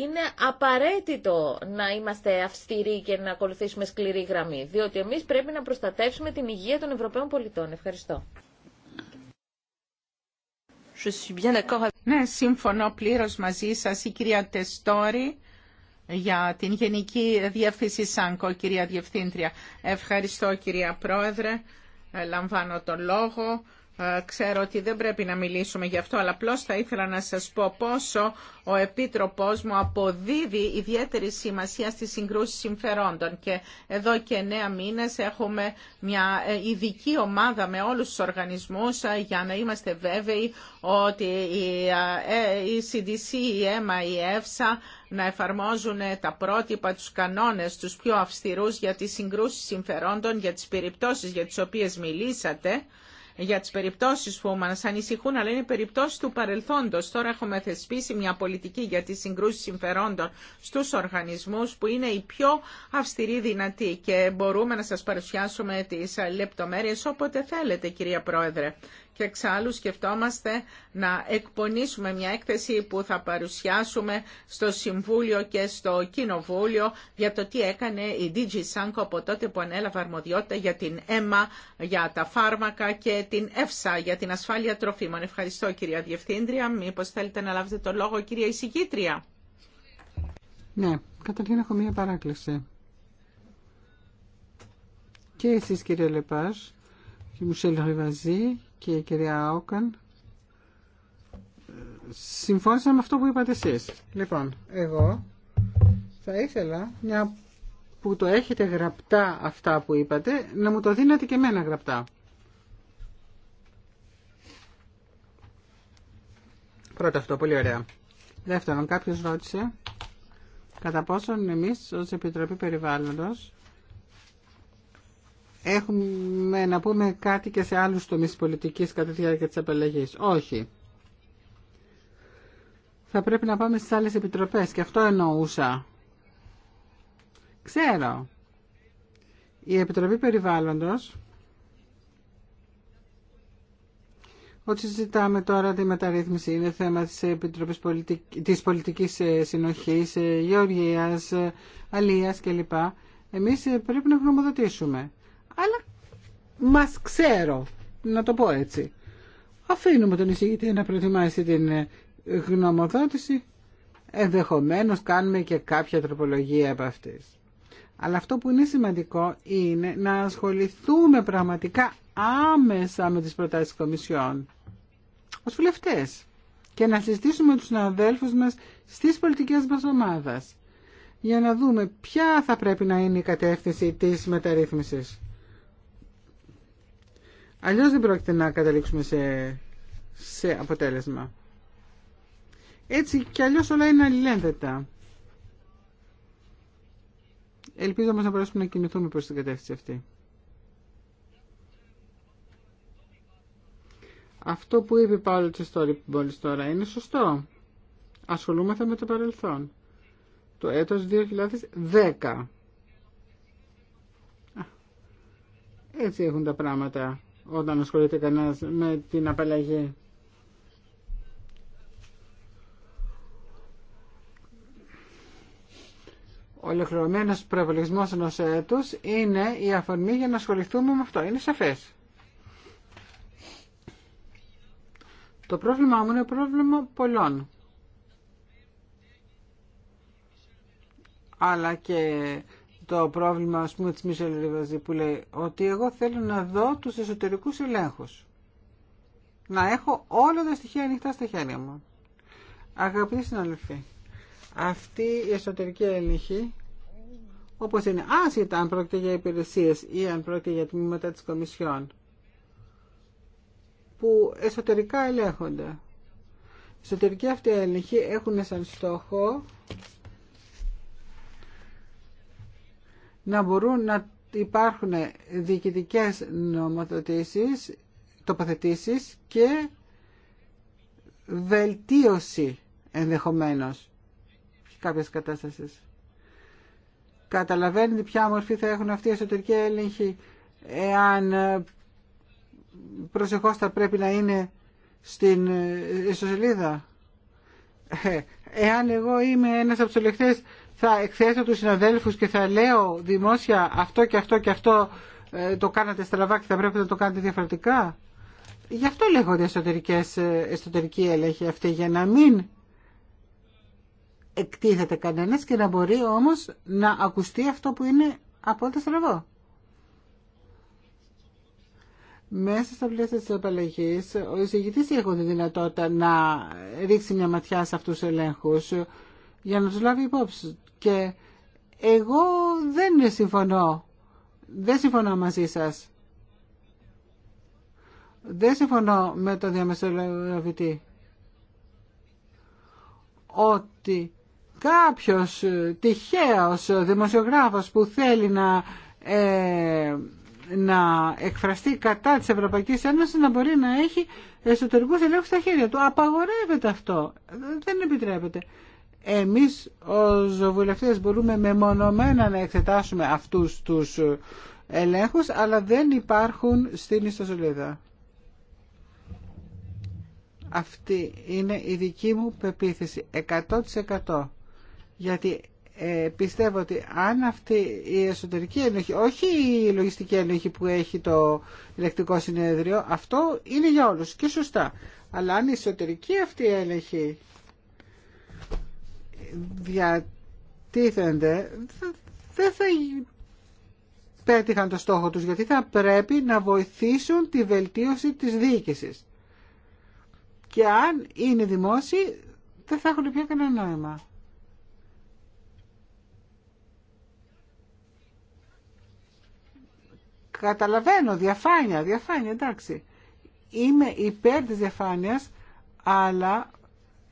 είναι απαραίτητο να είμαστε αυστηροί και να ακολουθήσουμε σκληρή γραμμή, διότι εμείς πρέπει να προστατεύσουμε την υγεία των Ευρωπαίων πολιτών. Ευχαριστώ. Ναι, συμφωνώ πλήρως μαζί σας, η κυρία Τεστόρη για την Γενική Διεύθυνση ΣΑΝΚΟ, κυρία Διευθύντρια. Ευχαριστώ κυρία Πρόεδρε, ε, λαμβάνω τον λόγο ε, ξέρω ότι δεν πρέπει να μιλήσουμε γι' αυτό, αλλά απλώ θα ήθελα να σας πω πόσο ο Επίτροπός μου αποδίδει ιδιαίτερη σημασία στις συγκρούσεις συμφερόντων. Και εδώ και εννέα μήνες έχουμε μια ε, ειδική ομάδα με όλους τους οργανισμούς ε, για να είμαστε βέβαιοι ότι η CDC, η ΕΜΑ, η ΕΦΣΑ να εφαρμόζουν τα πρότυπα, τους κανόνες, τους πιο αυστηρούς για τις συγκρούσεις συμφερόντων, για τις περιπτώσεις για τις οποίες μιλήσατε για τις περιπτώσεις που μας ανησυχούν, αλλά είναι περιπτώσεις του παρελθόντος. Τώρα έχουμε θεσπίσει μια πολιτική για τις συγκρούσεις συμφερόντων στους οργανισμούς που είναι η πιο αυστηρή δυνατή και μπορούμε να σας παρουσιάσουμε τις λεπτομέρειες όποτε θέλετε κυρία Πρόεδρε και εξάλλου σκεφτόμαστε να εκπονήσουμε μια έκθεση που θα παρουσιάσουμε στο Συμβούλιο και στο Κοινοβούλιο για το τι έκανε η DG Sanko από τότε που ανέλαβε αρμοδιότητα για την αίμα, για τα φάρμακα και την ΕΦΣΑ για την ασφάλεια τροφίμων. Ευχαριστώ κυρία Διευθύντρια. Μήπως θέλετε να λάβετε το λόγο κυρία Ισηγήτρια. Ναι, καταρχήν έχω μία παράκληση. Και εσείς κύριε Λεπάς και Μουσέλ Ριβαζή και η κυρία Όκαν συμφώνησα με αυτό που είπατε εσείς. Λοιπόν, εγώ θα ήθελα, μια που το έχετε γραπτά αυτά που είπατε, να μου το δίνατε και εμένα γραπτά. Πρώτα αυτό, πολύ ωραία. Δεύτερον, κάποιος ρώτησε κατά πόσον εμείς ως Επιτροπή Περιβάλλοντος έχουμε να πούμε κάτι και σε άλλους τομείς πολιτικής κατά τη διάρκεια της Όχι. Θα πρέπει να πάμε στις άλλες επιτροπές και αυτό εννοούσα. Ξέρω. Η Επιτροπή Περιβάλλοντος Ό,τι συζητάμε τώρα τη μεταρρύθμιση είναι θέμα της, Επιτροπής Πολιτικ... της Πολιτικής ε, Συνοχής, ε, Γεωργίας, ε, Αλίας κλπ. Εμείς πρέπει να γνωμοδοτήσουμε αλλά μας ξέρω, να το πω έτσι. Αφήνουμε τον εισηγητή να προετοιμάσει την ε, γνωμοδότηση, Ενδεχομένω κάνουμε και κάποια τροπολογία από αυτές Αλλά αυτό που είναι σημαντικό είναι να ασχοληθούμε πραγματικά άμεσα με τις προτάσεις κομισιών Κομισιόν ως βουλευτές και να συζητήσουμε τους συναδέλφους μας στις πολιτικές μας ομάδες για να δούμε ποια θα πρέπει να είναι η κατεύθυνση της μεταρρύθμισης. Αλλιώ δεν πρόκειται να καταλήξουμε σε, σε αποτέλεσμα. Έτσι κι αλλιώς όλα είναι αλληλένδετα. Ελπίζω όμω να μπορέσουμε να κινηθούμε προς την κατεύθυνση αυτή. Αυτό που είπε Πάολο Τσεστόρη μόλι τώρα είναι σωστό. Ασχολούμαστε με το παρελθόν. Το έτος 2010. Έτσι έχουν τα πράγματα όταν ασχολείται κανένας με την απαλλαγή. ολοκληρωμένο προπολογισμό ενό έτου είναι η αφορμή για να ασχοληθούμε με αυτό. Είναι σαφέ. Το πρόβλημά μου είναι πρόβλημα πολλών. Αλλά και το πρόβλημα ας πούμε της Μίσελ Ριβαζή που λέει ότι εγώ θέλω να δω τους εσωτερικούς ελέγχους. Να έχω όλα τα στοιχεία ανοιχτά στα χέρια μου. Αγαπητοί συναδελφοί, αυτή η εσωτερική έλεγχη όπως είναι άσχετα αν πρόκειται για υπηρεσίες ή αν πρόκειται για τμήματα της Κομισιόν που εσωτερικά ελέγχονται. Εσωτερικοί αυτοί έλεγχη έχουν σαν στόχο να μπορούν να υπάρχουν διοικητικές νομοθετήσεις, τοποθετήσεις και βελτίωση ενδεχομένως κάποιες κατάστασεις. Καταλαβαίνετε ποια μορφή θα έχουν αυτοί οι εσωτερικοί έλεγχοι εάν ε, προσεχώς θα πρέπει να είναι στην ε, ιστοσελίδα. Ε, εάν εγώ είμαι ένας από τους θα εκθέσω τους συναδέλφους και θα λέω δημόσια αυτό και αυτό και αυτό ε, το κάνατε στραβά και θα πρέπει να το κάνετε διαφορετικά. Γι' αυτό λέγονται εσωτερικές, ε, εσωτερική έλεγχη αυτή για να μην εκτίθεται κανένας και να μπορεί όμως να ακουστεί αυτό που είναι απόλυτα στραβό. Μέσα στα πλαίσια της απαλλαγής, ο εισηγητής έχουν τη δυνατότητα να ρίξει μια ματιά σε αυτούς τους ελέγχους για να τους λάβει υπόψη και εγώ δεν συμφωνώ. Δεν συμφωνώ μαζί σας. Δεν συμφωνώ με τον διαμεσολαβητή. Ότι κάποιος τυχαίος δημοσιογράφος που θέλει να, ε, να εκφραστεί κατά της Ευρωπαϊκής Ένωσης να μπορεί να έχει εσωτερικούς ελέγχους στα χέρια του. Απαγορεύεται αυτό. Δεν επιτρέπεται εμείς ως βουλευτές μπορούμε μεμονωμένα να εξετάσουμε αυτούς τους ελέγχους αλλά δεν υπάρχουν στην ιστοσελίδα. Αυτή είναι η δική μου πεποίθηση 100% γιατί ε, πιστεύω ότι αν αυτή η εσωτερική ενοχή, όχι η λογιστική ενοχή που έχει το ηλεκτρικό συνέδριο, αυτό είναι για όλους και σωστά. Αλλά αν η εσωτερική αυτή η διατίθενται δεν θα πέτυχαν το στόχο τους γιατί θα πρέπει να βοηθήσουν τη βελτίωση της διοίκησης. Και αν είναι δημόσιοι δεν θα έχουν πια κανένα νόημα. Καταλαβαίνω, διαφάνεια, διαφάνεια, εντάξει. Είμαι υπέρ της διαφάνειας, αλλά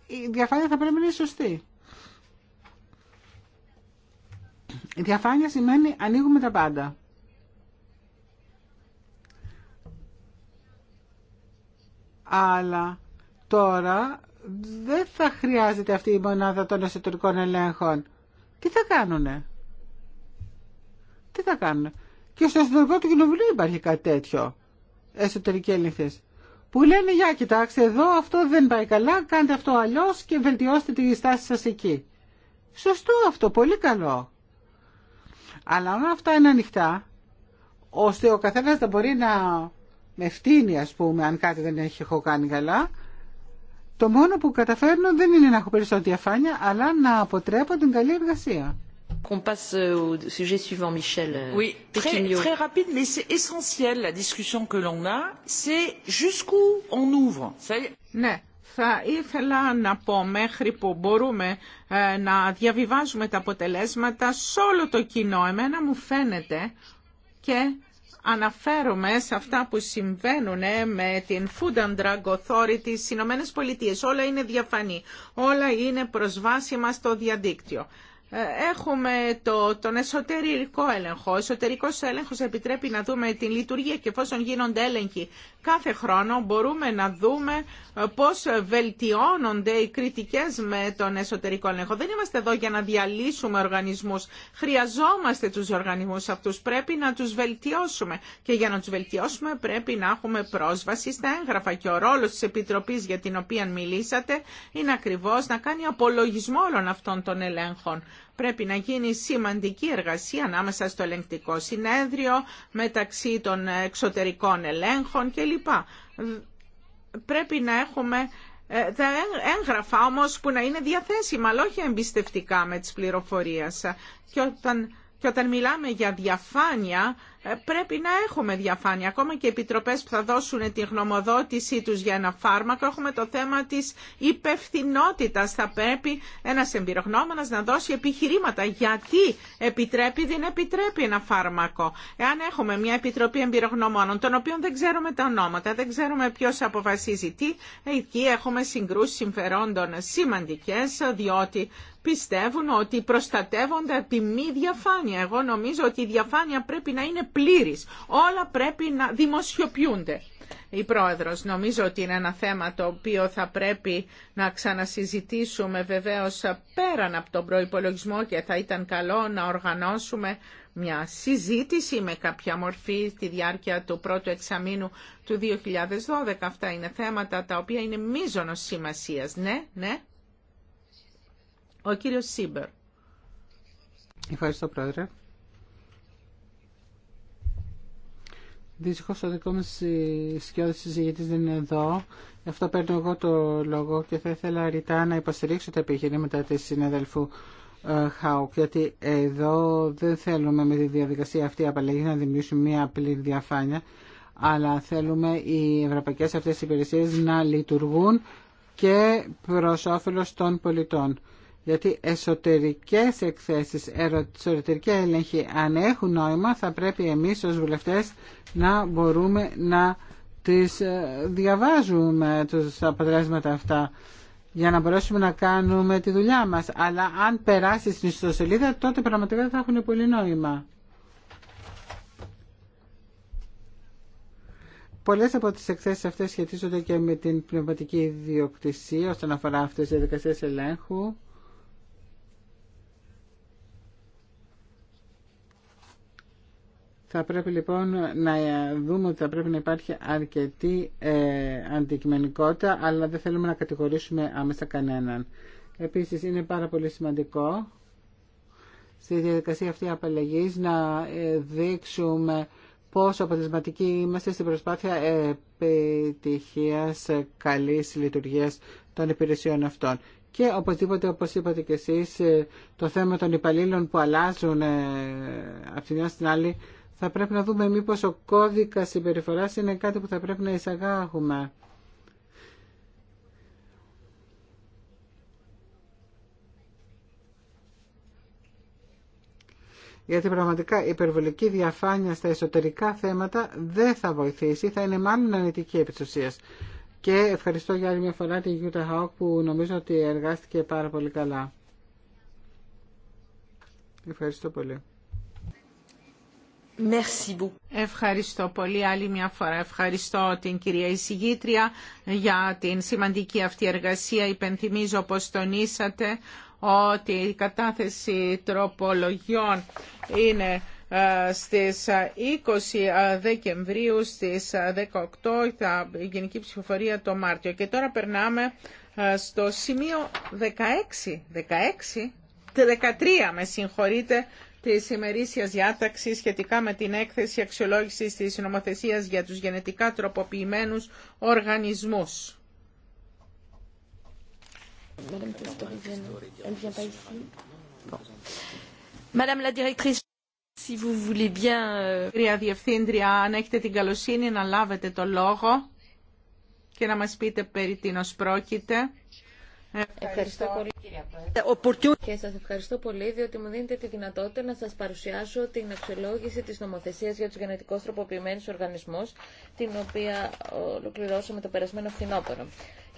η διαφάνεια θα πρέπει να είναι σωστή. Η διαφάνεια σημαίνει ανοίγουμε τα πάντα. Αλλά τώρα δεν θα χρειάζεται αυτή η μονάδα των εσωτερικών ελέγχων. Τι θα κάνουνε. Τι θα κάνουνε. Και στο εσωτερικό του κοινοβουλίου υπάρχει κάτι τέτοιο. εσωτερική ελεγχτές. Που λένε, για κοιτάξτε εδώ, αυτό δεν πάει καλά, κάντε αυτό αλλιώς και βελτιώστε τη στάση σας εκεί. Σωστό αυτό, πολύ καλό. Αλλά όλα αυτά είναι ανοιχτά, ώστε ο καθένας να μπορεί να με φτύνει, ας πούμε, αν κάτι δεν έχει, έχω κάνει καλά, το μόνο που καταφέρνω δεν είναι να έχω περισσότερη διαφάνεια, αλλά να αποτρέπω την καλή εργασία. Qu'on passe au sujet suivant, Michel. Euh, oui, très, très rapide, mais c'est essentiel la discussion que l'on a. C'est jusqu'où on ouvre. Ναι, θα ήθελα να πω μέχρι που μπορούμε ε, να διαβιβάζουμε τα αποτελέσματα σε όλο το κοινό. Εμένα μου φαίνεται και αναφέρομαι σε αυτά που συμβαίνουν ε, με την Food and Drug Authority στις Ηνωμένες Πολιτείες. Όλα είναι διαφανή, όλα είναι προσβάσιμα στο διαδίκτυο. Ε, έχουμε το, τον εσωτερικό έλεγχο. Ο εσωτερικό έλεγχο επιτρέπει να δούμε την λειτουργία και εφόσον γίνονται έλεγχοι κάθε χρόνο μπορούμε να δούμε ε, πώς βελτιώνονται οι κριτικές με τον εσωτερικό έλεγχο. Δεν είμαστε εδώ για να διαλύσουμε οργανισμούς. Χρειαζόμαστε τους οργανισμούς αυτούς. Πρέπει να τους βελτιώσουμε. Και για να τους βελτιώσουμε πρέπει να έχουμε πρόσβαση στα έγγραφα. Και ο ρόλος της Επιτροπής για την οποία μιλήσατε είναι ακριβώς να κάνει απολογισμό όλων αυτών των ελέγχων. Πρέπει να γίνει σημαντική εργασία ανάμεσα στο ελεγκτικό συνέδριο, μεταξύ των εξωτερικών ελέγχων κλπ. Πρέπει να έχουμε τα ε, έγγραφα όμως που να είναι διαθέσιμα, αλλά όχι εμπιστευτικά με τις πληροφορίες. Και όταν, και όταν μιλάμε για διαφάνεια, ε, πρέπει να έχουμε διαφάνεια. Ακόμα και οι επιτροπές που θα δώσουν τη γνωμοδότησή τους για ένα φάρμακο, έχουμε το θέμα της υπευθυνότητα. Θα πρέπει ένας εμπειρογνώμονας να δώσει επιχειρήματα γιατί επιτρέπει ή δεν επιτρέπει ένα φάρμακο. Εάν έχουμε μια επιτροπή εμπειρογνωμόνων, των οποίων δεν ξέρουμε τα ονόματα, δεν ξέρουμε ποιο αποφασίζει τι, ε, εκεί έχουμε συγκρούσεις συμφερόντων σημαντικές, διότι πιστεύουν ότι προστατεύονται τη μη διαφάνεια. Εγώ νομίζω ότι η διαφάνεια πρέπει να είναι Όλα πρέπει να δημοσιοποιούνται. Η Πρόεδρος, νομίζω ότι είναι ένα θέμα το οποίο θα πρέπει να ξανασυζητήσουμε βεβαίως πέραν από τον προϋπολογισμό και θα ήταν καλό να οργανώσουμε μια συζήτηση με κάποια μορφή στη διάρκεια του πρώτου εξαμήνου του 2012. Αυτά είναι θέματα τα οποία είναι μείζονος σημασίας. Ναι, ναι. Ο κύριος Σίμπερ. Ευχαριστώ, Πρόεδρε. Δυστυχώ ο δικό μα σκιώδη συζητητή δεν είναι εδώ. Γι' αυτό παίρνω εγώ το λόγο και θα ήθελα ρητά να υποστηρίξω τα επιχειρήματα τη συναδελφού ε, Χάουκ. Γιατί εδώ δεν θέλουμε με τη διαδικασία αυτή απαλλαγή να δημιουργήσουμε μία απλή διαφάνεια, αλλά θέλουμε οι ευρωπαϊκέ αυτέ υπηρεσίε να λειτουργούν και προ όφελο των πολιτών γιατί εσωτερικές εκθέσεις, εσωτερικές έλεγχοι, αν έχουν νόημα θα πρέπει εμείς ως βουλευτές να μπορούμε να τις ε, διαβάζουμε τους αποτελέσματα αυτά για να μπορέσουμε να κάνουμε τη δουλειά μας. Αλλά αν περάσει στην ιστοσελίδα τότε πραγματικά θα έχουν πολύ νόημα. Πολλές από τις εκθέσεις αυτές σχετίζονται και με την πνευματική ιδιοκτησία όσον αφορά αυτές τις διαδικασίες ελέγχου. Θα πρέπει λοιπόν να δούμε ότι θα πρέπει να υπάρχει αρκετή ε, αντικειμενικότητα, αλλά δεν θέλουμε να κατηγορήσουμε άμεσα κανέναν. Επίσης είναι πάρα πολύ σημαντικό στη διαδικασία αυτή απαλλαγής να ε, δείξουμε πόσο αποτελεσματικοί είμαστε στην προσπάθεια επιτυχίας καλής λειτουργίας των υπηρεσιών αυτών. Και οπωσδήποτε, όπως είπατε και εσείς, ε, το θέμα των υπαλλήλων που αλλάζουν από τη μια στην άλλη θα πρέπει να δούμε μήπως ο κώδικας συμπεριφοράς είναι κάτι που θα πρέπει να εισαγάγουμε. γιατί πραγματικά η υπερβολική διαφάνεια στα εσωτερικά θέματα δεν θα βοηθήσει, θα είναι μάλλον αρνητική επί Και ευχαριστώ για άλλη μια φορά την Γιούτα Χαόκ που νομίζω ότι εργάστηκε πάρα πολύ καλά. Ευχαριστώ πολύ. Ευχαριστώ πολύ άλλη μια φορά. Ευχαριστώ την κυρία εισηγήτρια για την σημαντική αυτή εργασία. Υπενθυμίζω πως τονίσατε ότι η κατάθεση τροπολογιών είναι ε, στις 20 ε, ε, Δεκεμβρίου στις 18 η γενική ψηφοφορία το Μάρτιο. Και τώρα περνάμε στο σημείο 16, 16, 13 με συγχωρείτε τη ημερήσια διάταξη σχετικά με την έκθεση αξιολόγηση τη νομοθεσία για τους γενετικά τροποποιημένους οργανισμούς. Κυρία Διευθύντρια, αν έχετε την καλοσύνη να λάβετε το λόγο και να μας πείτε περί τίνος πρόκειται. Ευχαριστώ, πολύ και σας ευχαριστώ πολύ διότι μου δίνετε τη δυνατότητα να σας παρουσιάσω την αξιολόγηση της νομοθεσίας για τους γενετικώς τροποποιημένους οργανισμούς την οποία ολοκληρώσαμε το περασμένο φθινόπωρο.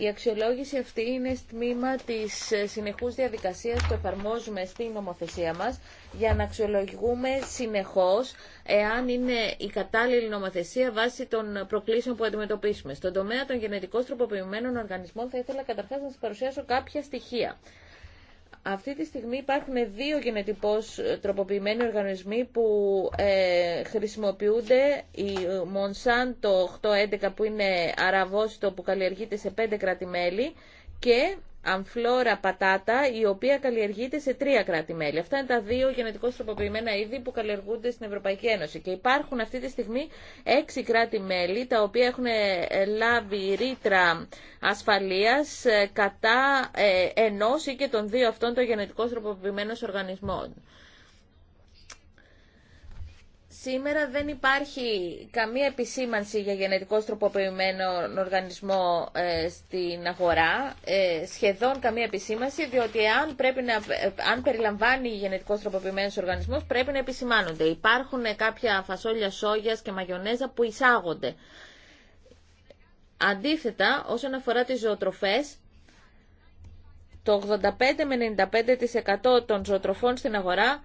Η αξιολόγηση αυτή είναι στμήμα της συνεχούς διαδικασίας που εφαρμόζουμε στην νομοθεσία μας για να αξιολογούμε συνεχώς εάν είναι η κατάλληλη νομοθεσία βάσει των προκλήσεων που αντιμετωπίσουμε. Στον τομέα των γενετικώς τροποποιημένων οργανισμών θα ήθελα καταρχάς να σας παρουσιάσω κάποια στοιχεία. Αυτή τη στιγμή υπάρχουν δύο γενετικώς ε, τροποποιημένοι οργανισμοί που ε, χρησιμοποιούνται. Η ε, Monsanto 811 που είναι αραβόστο που καλλιεργείται σε πέντε κράτη-μέλη και αμφλόρα πατάτα η οποία καλλιεργείται σε τρία κράτη-μέλη. Αυτά είναι τα δύο γενετικώς τροποποιημένα είδη που καλλιεργούνται στην Ευρωπαϊκή Ένωση. Και υπάρχουν αυτή τη στιγμή έξι κράτη-μέλη τα οποία έχουν ε, λάβει ρήτρα ασφαλεία ε, κατά ε, ενό ή και των δύο αυτών των γενετικώς τροποποιημένων οργανισμών. Σήμερα δεν υπάρχει καμία επισήμανση για γενετικό τροποποιημένο οργανισμό ε, στην αγορά, ε, σχεδόν καμία επισήμανση, διότι αν, πρέπει να, ε, αν περιλαμβάνει γενετικό τροποποιημένος οργανισμός πρέπει να επισημάνονται. Υπάρχουν κάποια φασόλια σόγιας και μαγιονέζα που εισάγονται. Αντίθετα, όσον αφορά τις ζωοτροφές, το 85 με 95% των ζωοτροφών στην αγορά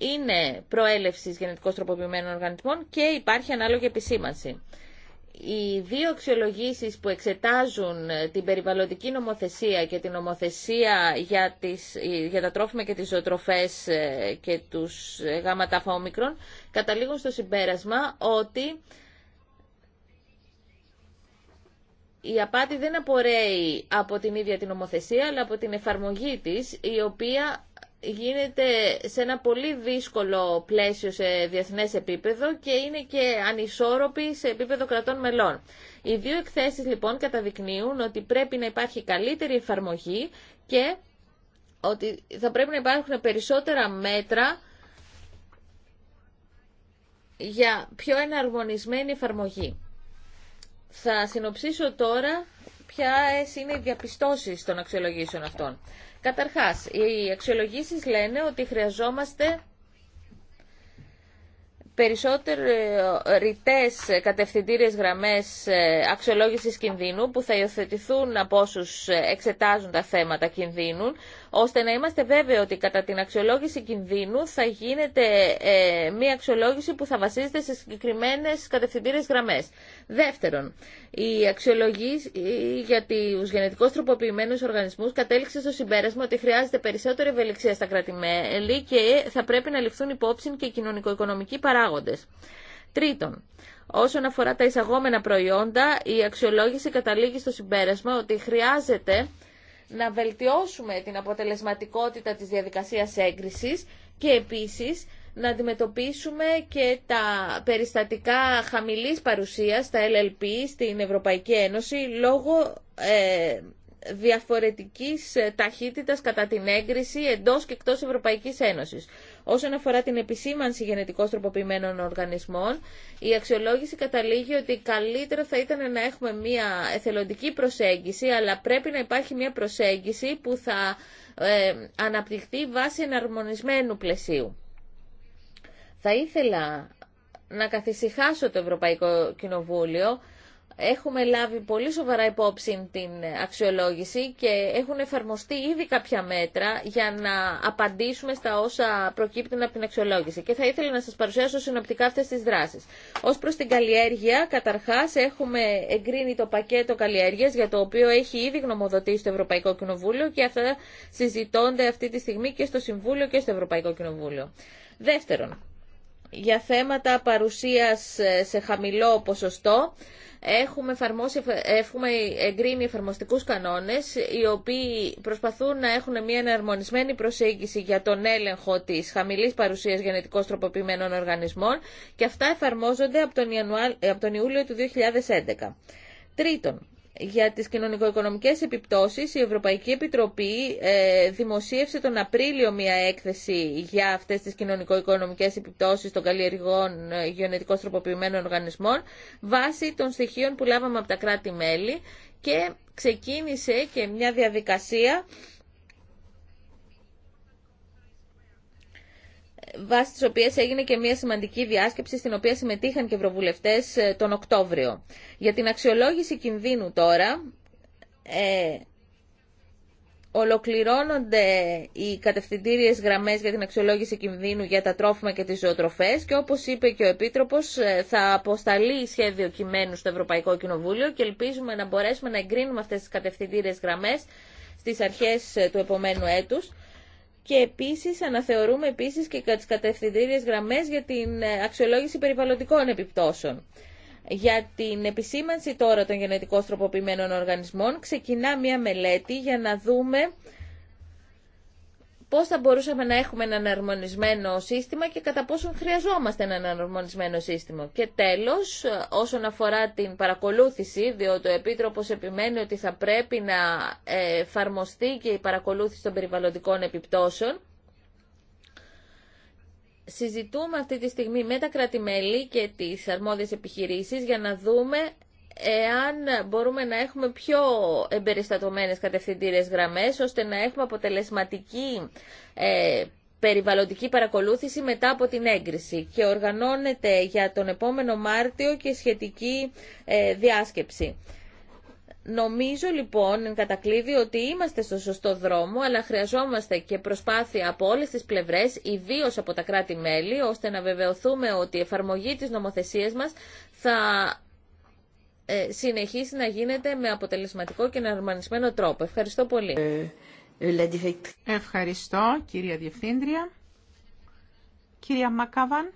είναι προέλευση γενετικώ τροποποιημένων οργανισμών και υπάρχει ανάλογη επισήμανση. Οι δύο αξιολογήσει που εξετάζουν ε, την περιβαλλοντική νομοθεσία και την νομοθεσία για, τις, ε, για τα τρόφιμα και τις ζωοτροφές ε, και τους γάματα φαόμικρων καταλήγουν στο συμπέρασμα ότι η απάτη δεν απορρέει από την ίδια την νομοθεσία αλλά από την εφαρμογή της η οποία γίνεται σε ένα πολύ δύσκολο πλαίσιο σε διεθνές επίπεδο και είναι και ανισόρροπη σε επίπεδο κρατών μελών. Οι δύο εκθέσεις λοιπόν καταδεικνύουν ότι πρέπει να υπάρχει καλύτερη εφαρμογή και ότι θα πρέπει να υπάρχουν περισσότερα μέτρα για πιο εναρμονισμένη εφαρμογή. Θα συνοψίσω τώρα ποια είναι οι διαπιστώσεις των αξιολογήσεων αυτών. Καταρχάς, οι αξιολογήσεις λένε ότι χρειαζόμαστε περισσότερες ρητές κατευθυντήριες γραμμές ε, αξιολόγησης κινδύνου που θα υιοθετηθούν από όσου ε, εξετάζουν τα θέματα κινδύνου ώστε να είμαστε βέβαιοι ότι κατά την αξιολόγηση κινδύνου θα γίνεται ε, μια αξιολόγηση που θα βασίζεται σε συγκεκριμένες κατευθυντήρες γραμμές. Δεύτερον, η αξιολογή για του γενετικώ τροποποιημένου οργανισμού κατέληξε στο συμπέρασμα ότι χρειάζεται περισσότερη ευελιξία στα κρατημέλη και θα πρέπει να ληφθούν υπόψη και οι κοινωνικο-οικονομικοί παράγοντε. Τρίτον, όσον αφορά τα εισαγόμενα προϊόντα, η αξιολόγηση καταλήγει στο συμπέρασμα ότι χρειάζεται να βελτιώσουμε την αποτελεσματικότητα της διαδικασίας έγκρισης και επίσης να αντιμετωπίσουμε και τα περιστατικά χαμηλής παρουσίας, τα LLP, στην Ευρωπαϊκή Ένωση λόγω ε, διαφορετικής ταχύτητας κατά την έγκριση εντός και εκτός Ευρωπαϊκής Ένωσης. Όσον αφορά την επισήμανση γενετικώς τροποποιημένων οργανισμών, η αξιολόγηση καταλήγει ότι καλύτερο θα ήταν να έχουμε μια εθελοντική προσέγγιση, αλλά πρέπει να υπάρχει μια προσέγγιση που θα ε, αναπτυχθεί βάσει εναρμονισμένου πλαισίου. Θα ήθελα να καθησυχάσω το Ευρωπαϊκό Κοινοβούλιο Έχουμε λάβει πολύ σοβαρά υπόψη την αξιολόγηση και έχουν εφαρμοστεί ήδη κάποια μέτρα για να απαντήσουμε στα όσα προκύπτουν από την αξιολόγηση. Και θα ήθελα να σας παρουσιάσω συνοπτικά αυτές τις δράσεις. Ως προς την καλλιέργεια, καταρχάς έχουμε εγκρίνει το πακέτο καλλιέργειας για το οποίο έχει ήδη γνωμοδοτήσει το Ευρωπαϊκό Κοινοβούλιο και αυτά συζητώνται αυτή τη στιγμή και στο Συμβούλιο και στο Ευρωπαϊκό Κοινοβούλιο. Δεύτερον, για θέματα παρουσίας ε, σε χαμηλό ποσοστό έχουμε, εφαρμόσει, έχουμε εγκρίνει εφαρμοστικούς κανόνες οι οποίοι προσπαθούν να έχουν μια εναρμονισμένη προσέγγιση για τον έλεγχο της χαμηλής παρουσίας γενετικώς τροποποιημένων οργανισμών και αυτά εφαρμόζονται από τον, ε, από τον Ιούλιο του 2011. Τρίτον, για τις κοινωνικο-οικονομικές επιπτώσεις, η Ευρωπαϊκή Επιτροπή ε, δημοσίευσε τον Απρίλιο μία έκθεση για αυτές τις κοινωνικο-οικονομικές επιπτώσεις των καλλιεργών ε, γεωνετικώς τροποποιημένων οργανισμών βάσει των στοιχείων που λάβαμε από τα κράτη-μέλη και ξεκίνησε και μια διαδικασία βάσει τη οποίε έγινε και μια σημαντική διάσκεψη στην οποία συμμετείχαν και ευρωβουλευτές ε, τον Οκτώβριο. Για την αξιολόγηση κινδύνου τώρα, ε, ολοκληρώνονται οι κατευθυντήριες γραμμές για την αξιολόγηση κινδύνου για τα τρόφιμα και τις ζωοτροφές και όπως είπε και ο Επίτροπος ε, θα αποσταλεί σχέδιο κειμένου στο Ευρωπαϊκό Κοινοβούλιο και ελπίζουμε να μπορέσουμε να εγκρίνουμε αυτές τις κατευθυντήριες γραμμές στις αρχές ε, του επομένου έτους και επίσης αναθεωρούμε επίσης και τι κατευθυντήριε γραμμές για την ε, αξιολόγηση περιβαλλοντικών επιπτώσεων. Για την επισήμανση τώρα των γενετικώς τροποποιημένων οργανισμών ξεκινά μια μελέτη για να δούμε πώς θα μπορούσαμε να έχουμε ένα αρμονισμένο σύστημα και κατά πόσον χρειαζόμαστε ένα αναρμονισμένο σύστημα. Και τέλος, όσον αφορά την παρακολούθηση, διότι ο Επίτροπος επιμένει ότι θα πρέπει να εφαρμοστεί και η παρακολούθηση των περιβαλλοντικών επιπτώσεων, συζητούμε αυτή τη στιγμή με τα κρατη και τις αρμόδιες επιχειρήσεις για να δούμε εάν μπορούμε να έχουμε πιο εμπεριστατωμένες κατευθυντήρες γραμμές, ώστε να έχουμε αποτελεσματική ε, περιβαλλοντική παρακολούθηση μετά από την έγκριση και οργανώνεται για τον επόμενο Μάρτιο και σχετική ε, διάσκεψη. Νομίζω λοιπόν, κατακλείδη, ότι είμαστε στο σωστό δρόμο, αλλά χρειαζόμαστε και προσπάθεια από όλες τις πλευρές, ιδίω από τα κράτη-μέλη, ώστε να βεβαιωθούμε ότι η εφαρμογή της νομοθεσίας μας θα ε, συνεχίσει να γίνεται με αποτελεσματικό και εναρμανισμένο τρόπο. Ευχαριστώ πολύ. Ε, ε, Ευχαριστώ κυρία Διευθύντρια. Κυρία Μακάβαν.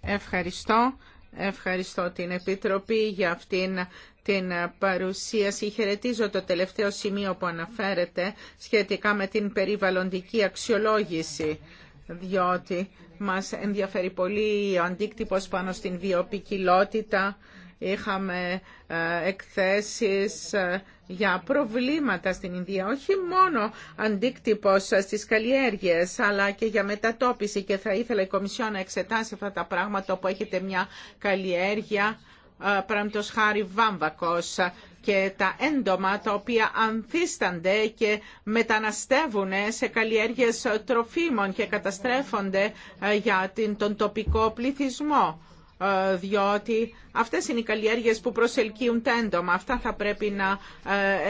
Ευχαριστώ. Ευχαριστώ την Επιτροπή για αυτήν την παρουσίαση. Χαιρετίζω το τελευταίο σημείο που αναφέρεται σχετικά με την περιβαλλοντική αξιολόγηση, διότι μας ενδιαφέρει πολύ ο αντίκτυπος πάνω στην βιοπικιλότητα. Είχαμε ε, εκθέσεις ε, για προβλήματα στην Ινδία. Όχι μόνο αντίκτυπος στις καλλιέργειες, αλλά και για μετατόπιση. Και θα ήθελα η Κομισιόν να εξετάσει αυτά τα πράγματα πού έχετε μια καλλιέργεια ε, παραμπτός χάρη βάμβακος και τα έντομα τα οποία ανθίστανται και μεταναστεύουν σε καλλιέργειες τροφίμων και καταστρέφονται ε, για τον τοπικό πληθυσμό. Ε, διότι αυτές είναι οι καλλιέργειες που προσελκύουν τα έντομα. Αυτά θα πρέπει να,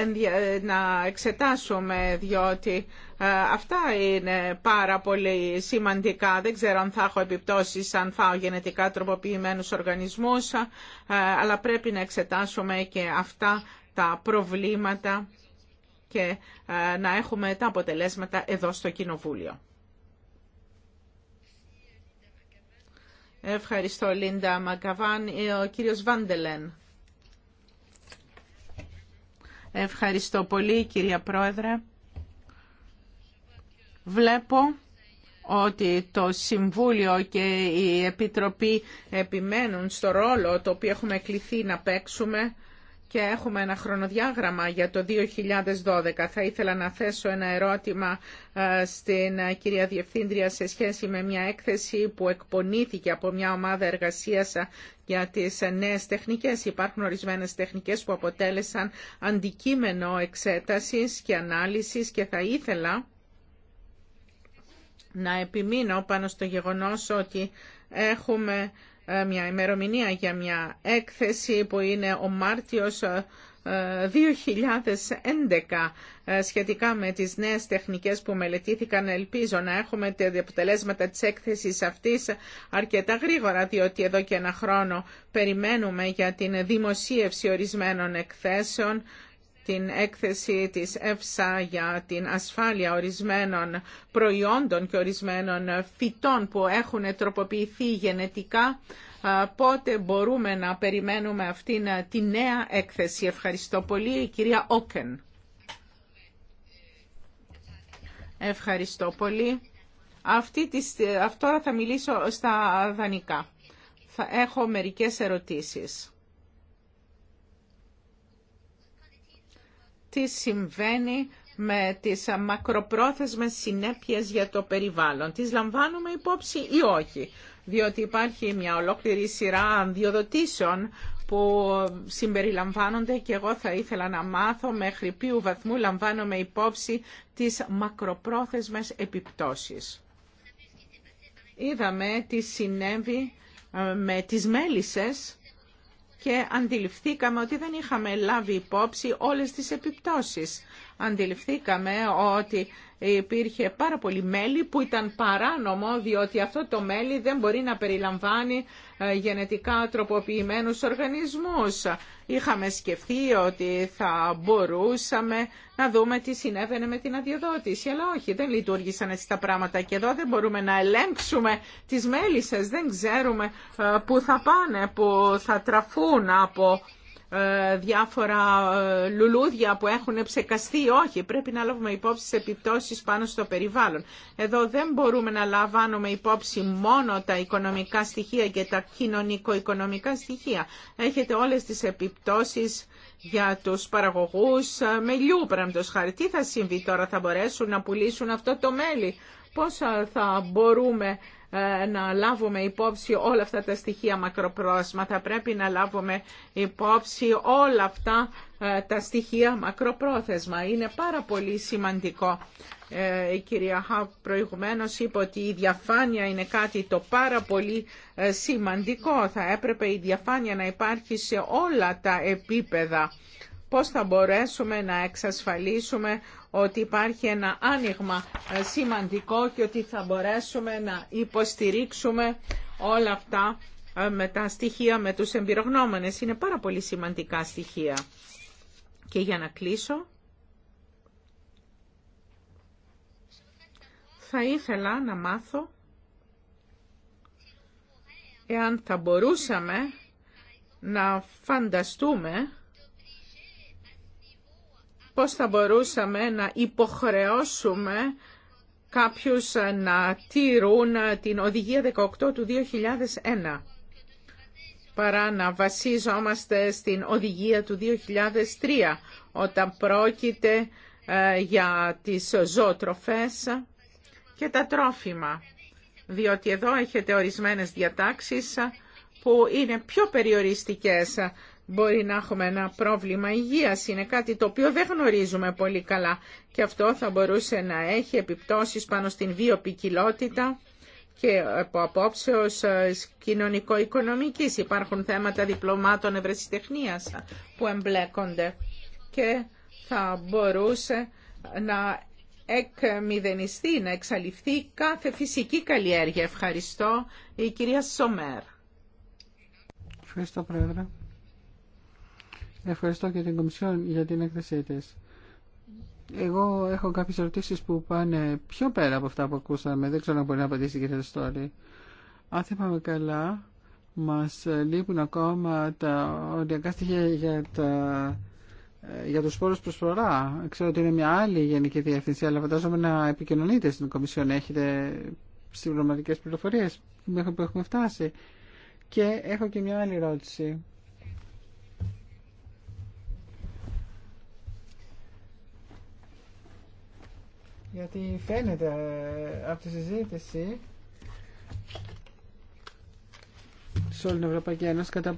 ε, να εξετάσουμε, διότι ε, αυτά είναι πάρα πολύ σημαντικά. Δεν ξέρω αν θα έχω επιπτώσεις αν φάω γενετικά τροποποιημένους οργανισμούς, αλλά πρέπει να εξετάσουμε και αυτά τα προβλήματα και να έχουμε τα αποτελέσματα εδώ στο Κοινοβούλιο. Ευχαριστώ, Λίντα Μακαβάν. Ο κύριος Βάντελεν. Ευχαριστώ πολύ, κυρία Πρόεδρε. Βλέπω ότι το Συμβούλιο και η Επιτροπή επιμένουν στο ρόλο το οποίο έχουμε κληθεί να παίξουμε και έχουμε ένα χρονοδιάγραμμα για το 2012. Θα ήθελα να θέσω ένα ερώτημα ε, στην ε, κυρία Διευθύντρια σε σχέση με μια έκθεση που εκπονήθηκε από μια ομάδα εργασίας ε, για τις νέες τεχνικές. Υπάρχουν ορισμένες τεχνικές που αποτέλεσαν αντικείμενο εξέτασης και ανάλυσης και θα ήθελα να επιμείνω πάνω στο γεγονός ότι έχουμε ε, μια ημερομηνία για μια έκθεση που είναι ο Μάρτιος 2011 ε, ε, σχετικά με τις νέες τεχνικές που μελετήθηκαν ελπίζω να έχουμε τα αποτελέσματα της έκθεσης αυτής αρκετά γρήγορα διότι εδώ και ένα χρόνο περιμένουμε για την δημοσίευση ορισμένων εκθέσεων την έκθεση της ΕΦΣΑ για την ασφάλεια ορισμένων προϊόντων και ορισμένων φυτών που έχουν τροποποιηθεί γενετικά, πότε μπορούμε να περιμένουμε αυτήν τη νέα έκθεση. Ευχαριστώ πολύ, κυρία Όκεν. Ευχαριστώ πολύ. Αυτή τη, τώρα θα μιλήσω στα δανεικά. Θα έχω μερικές ερωτήσεις. τι συμβαίνει με τις μακροπρόθεσμες συνέπειες για το περιβάλλον. Τις λαμβάνουμε υπόψη ή όχι, διότι υπάρχει μια ολόκληρη σειρά διοδοτήσεων που συμπεριλαμβάνονται και εγώ θα ήθελα να μάθω μέχρι ποιου βαθμού λαμβάνουμε υπόψη τις μακροπρόθεσμες επιπτώσεις. Είδαμε τι συνέβη ε, με τις μέλισσες και αντιληφθήκαμε ότι δεν είχαμε λάβει υπόψη όλες τις επιπτώσεις. Αντιληφθήκαμε ότι υπήρχε πάρα πολύ μέλι που ήταν παράνομο διότι αυτό το μέλι δεν μπορεί να περιλαμβάνει ε, γενετικά τροποποιημένους οργανισμούς. Είχαμε σκεφτεί ότι θα μπορούσαμε να δούμε τι συνέβαινε με την αδειοδότηση, αλλά όχι, δεν λειτουργήσαν έτσι τα πράγματα και εδώ δεν μπορούμε να ελέγξουμε τις μέλισσες, δεν ξέρουμε ε, πού θα πάνε, πού θα τραφούν από ε, διάφορα ε, λουλούδια που έχουν ψεκαστεί. Όχι, πρέπει να λάβουμε υπόψη τις επιπτώσεις πάνω στο περιβάλλον. Εδώ δεν μπορούμε να λαμβάνουμε υπόψη μόνο τα οικονομικά στοιχεία και τα κοινωνικο-οικονομικά στοιχεία. Έχετε όλες τις επιπτώσεις για τους παραγωγούς ε, μελιού, πράγματος. χάρη. Τι θα συμβεί τώρα, θα μπορέσουν να πουλήσουν αυτό το μέλι. Πώς θα μπορούμε ε, να λάβουμε υπόψη όλα αυτά τα στοιχεία μακροπρόθεσμα. Θα πρέπει να λάβουμε υπόψη όλα αυτά ε, τα στοιχεία μακροπρόθεσμα. Είναι πάρα πολύ σημαντικό. Ε, η κυρία Χα προηγουμένως είπε ότι η διαφάνεια είναι κάτι το πάρα πολύ σημαντικό. Θα έπρεπε η διαφάνεια να υπάρχει σε όλα τα επίπεδα πώς θα μπορέσουμε να εξασφαλίσουμε ότι υπάρχει ένα άνοιγμα ε, σημαντικό και ότι θα μπορέσουμε να υποστηρίξουμε όλα αυτά ε, με τα στοιχεία με τους εμπειρογνώμονες. Είναι πάρα πολύ σημαντικά στοιχεία. Και για να κλείσω, θα ήθελα να μάθω εάν θα μπορούσαμε να φανταστούμε πώς θα μπορούσαμε να υποχρεώσουμε κάποιους να τηρούν την Οδηγία 18 του 2001 παρά να βασίζομαστε στην Οδηγία του 2003 όταν πρόκειται ε, για τις ζωοτροφές και τα τρόφιμα. Διότι εδώ έχετε ορισμένες διατάξεις που είναι πιο περιοριστικές Μπορεί να έχουμε ένα πρόβλημα υγείας, είναι κάτι το οποίο δεν γνωρίζουμε πολύ καλά και αυτό θα μπορούσε να έχει επιπτώσεις πάνω στην βιοπικιλότητα και από απόψεως ε, κοινωνικο-οικονομικής. Υπάρχουν θέματα διπλωμάτων ευρεσιτεχνίας που εμπλέκονται και θα μπορούσε να εκμηδενιστεί, να εξαλειφθεί κάθε φυσική καλλιέργεια. Ευχαριστώ. Η κυρία Σομέρ. Ευχαριστώ, Πρόεδρε. Ευχαριστώ και την Κομισιόν για την έκθεσή τη. Εγώ έχω κάποιες ερωτήσεις που πάνε πιο πέρα από αυτά που ακούσαμε. Δεν ξέρω αν μπορεί να απαντήσει η κυρία Στόλη. Αν θυμάμαι καλά, μας λείπουν ακόμα τα οριακά στοιχεία για, τα, ε, για τους πόρους προσφορά. Ξέρω ότι είναι μια άλλη γενική διεύθυνση, αλλά φαντάζομαι να επικοινωνείτε στην Κομισιόν. Έχετε συμπληρωματικές πληροφορίες μέχρι που έχουμε φτάσει. Και έχω και μια άλλη ερώτηση. γιατί φαίνεται ε, από τη συζήτηση σε όλη την Ευρωπαϊκή Ένωση κατα...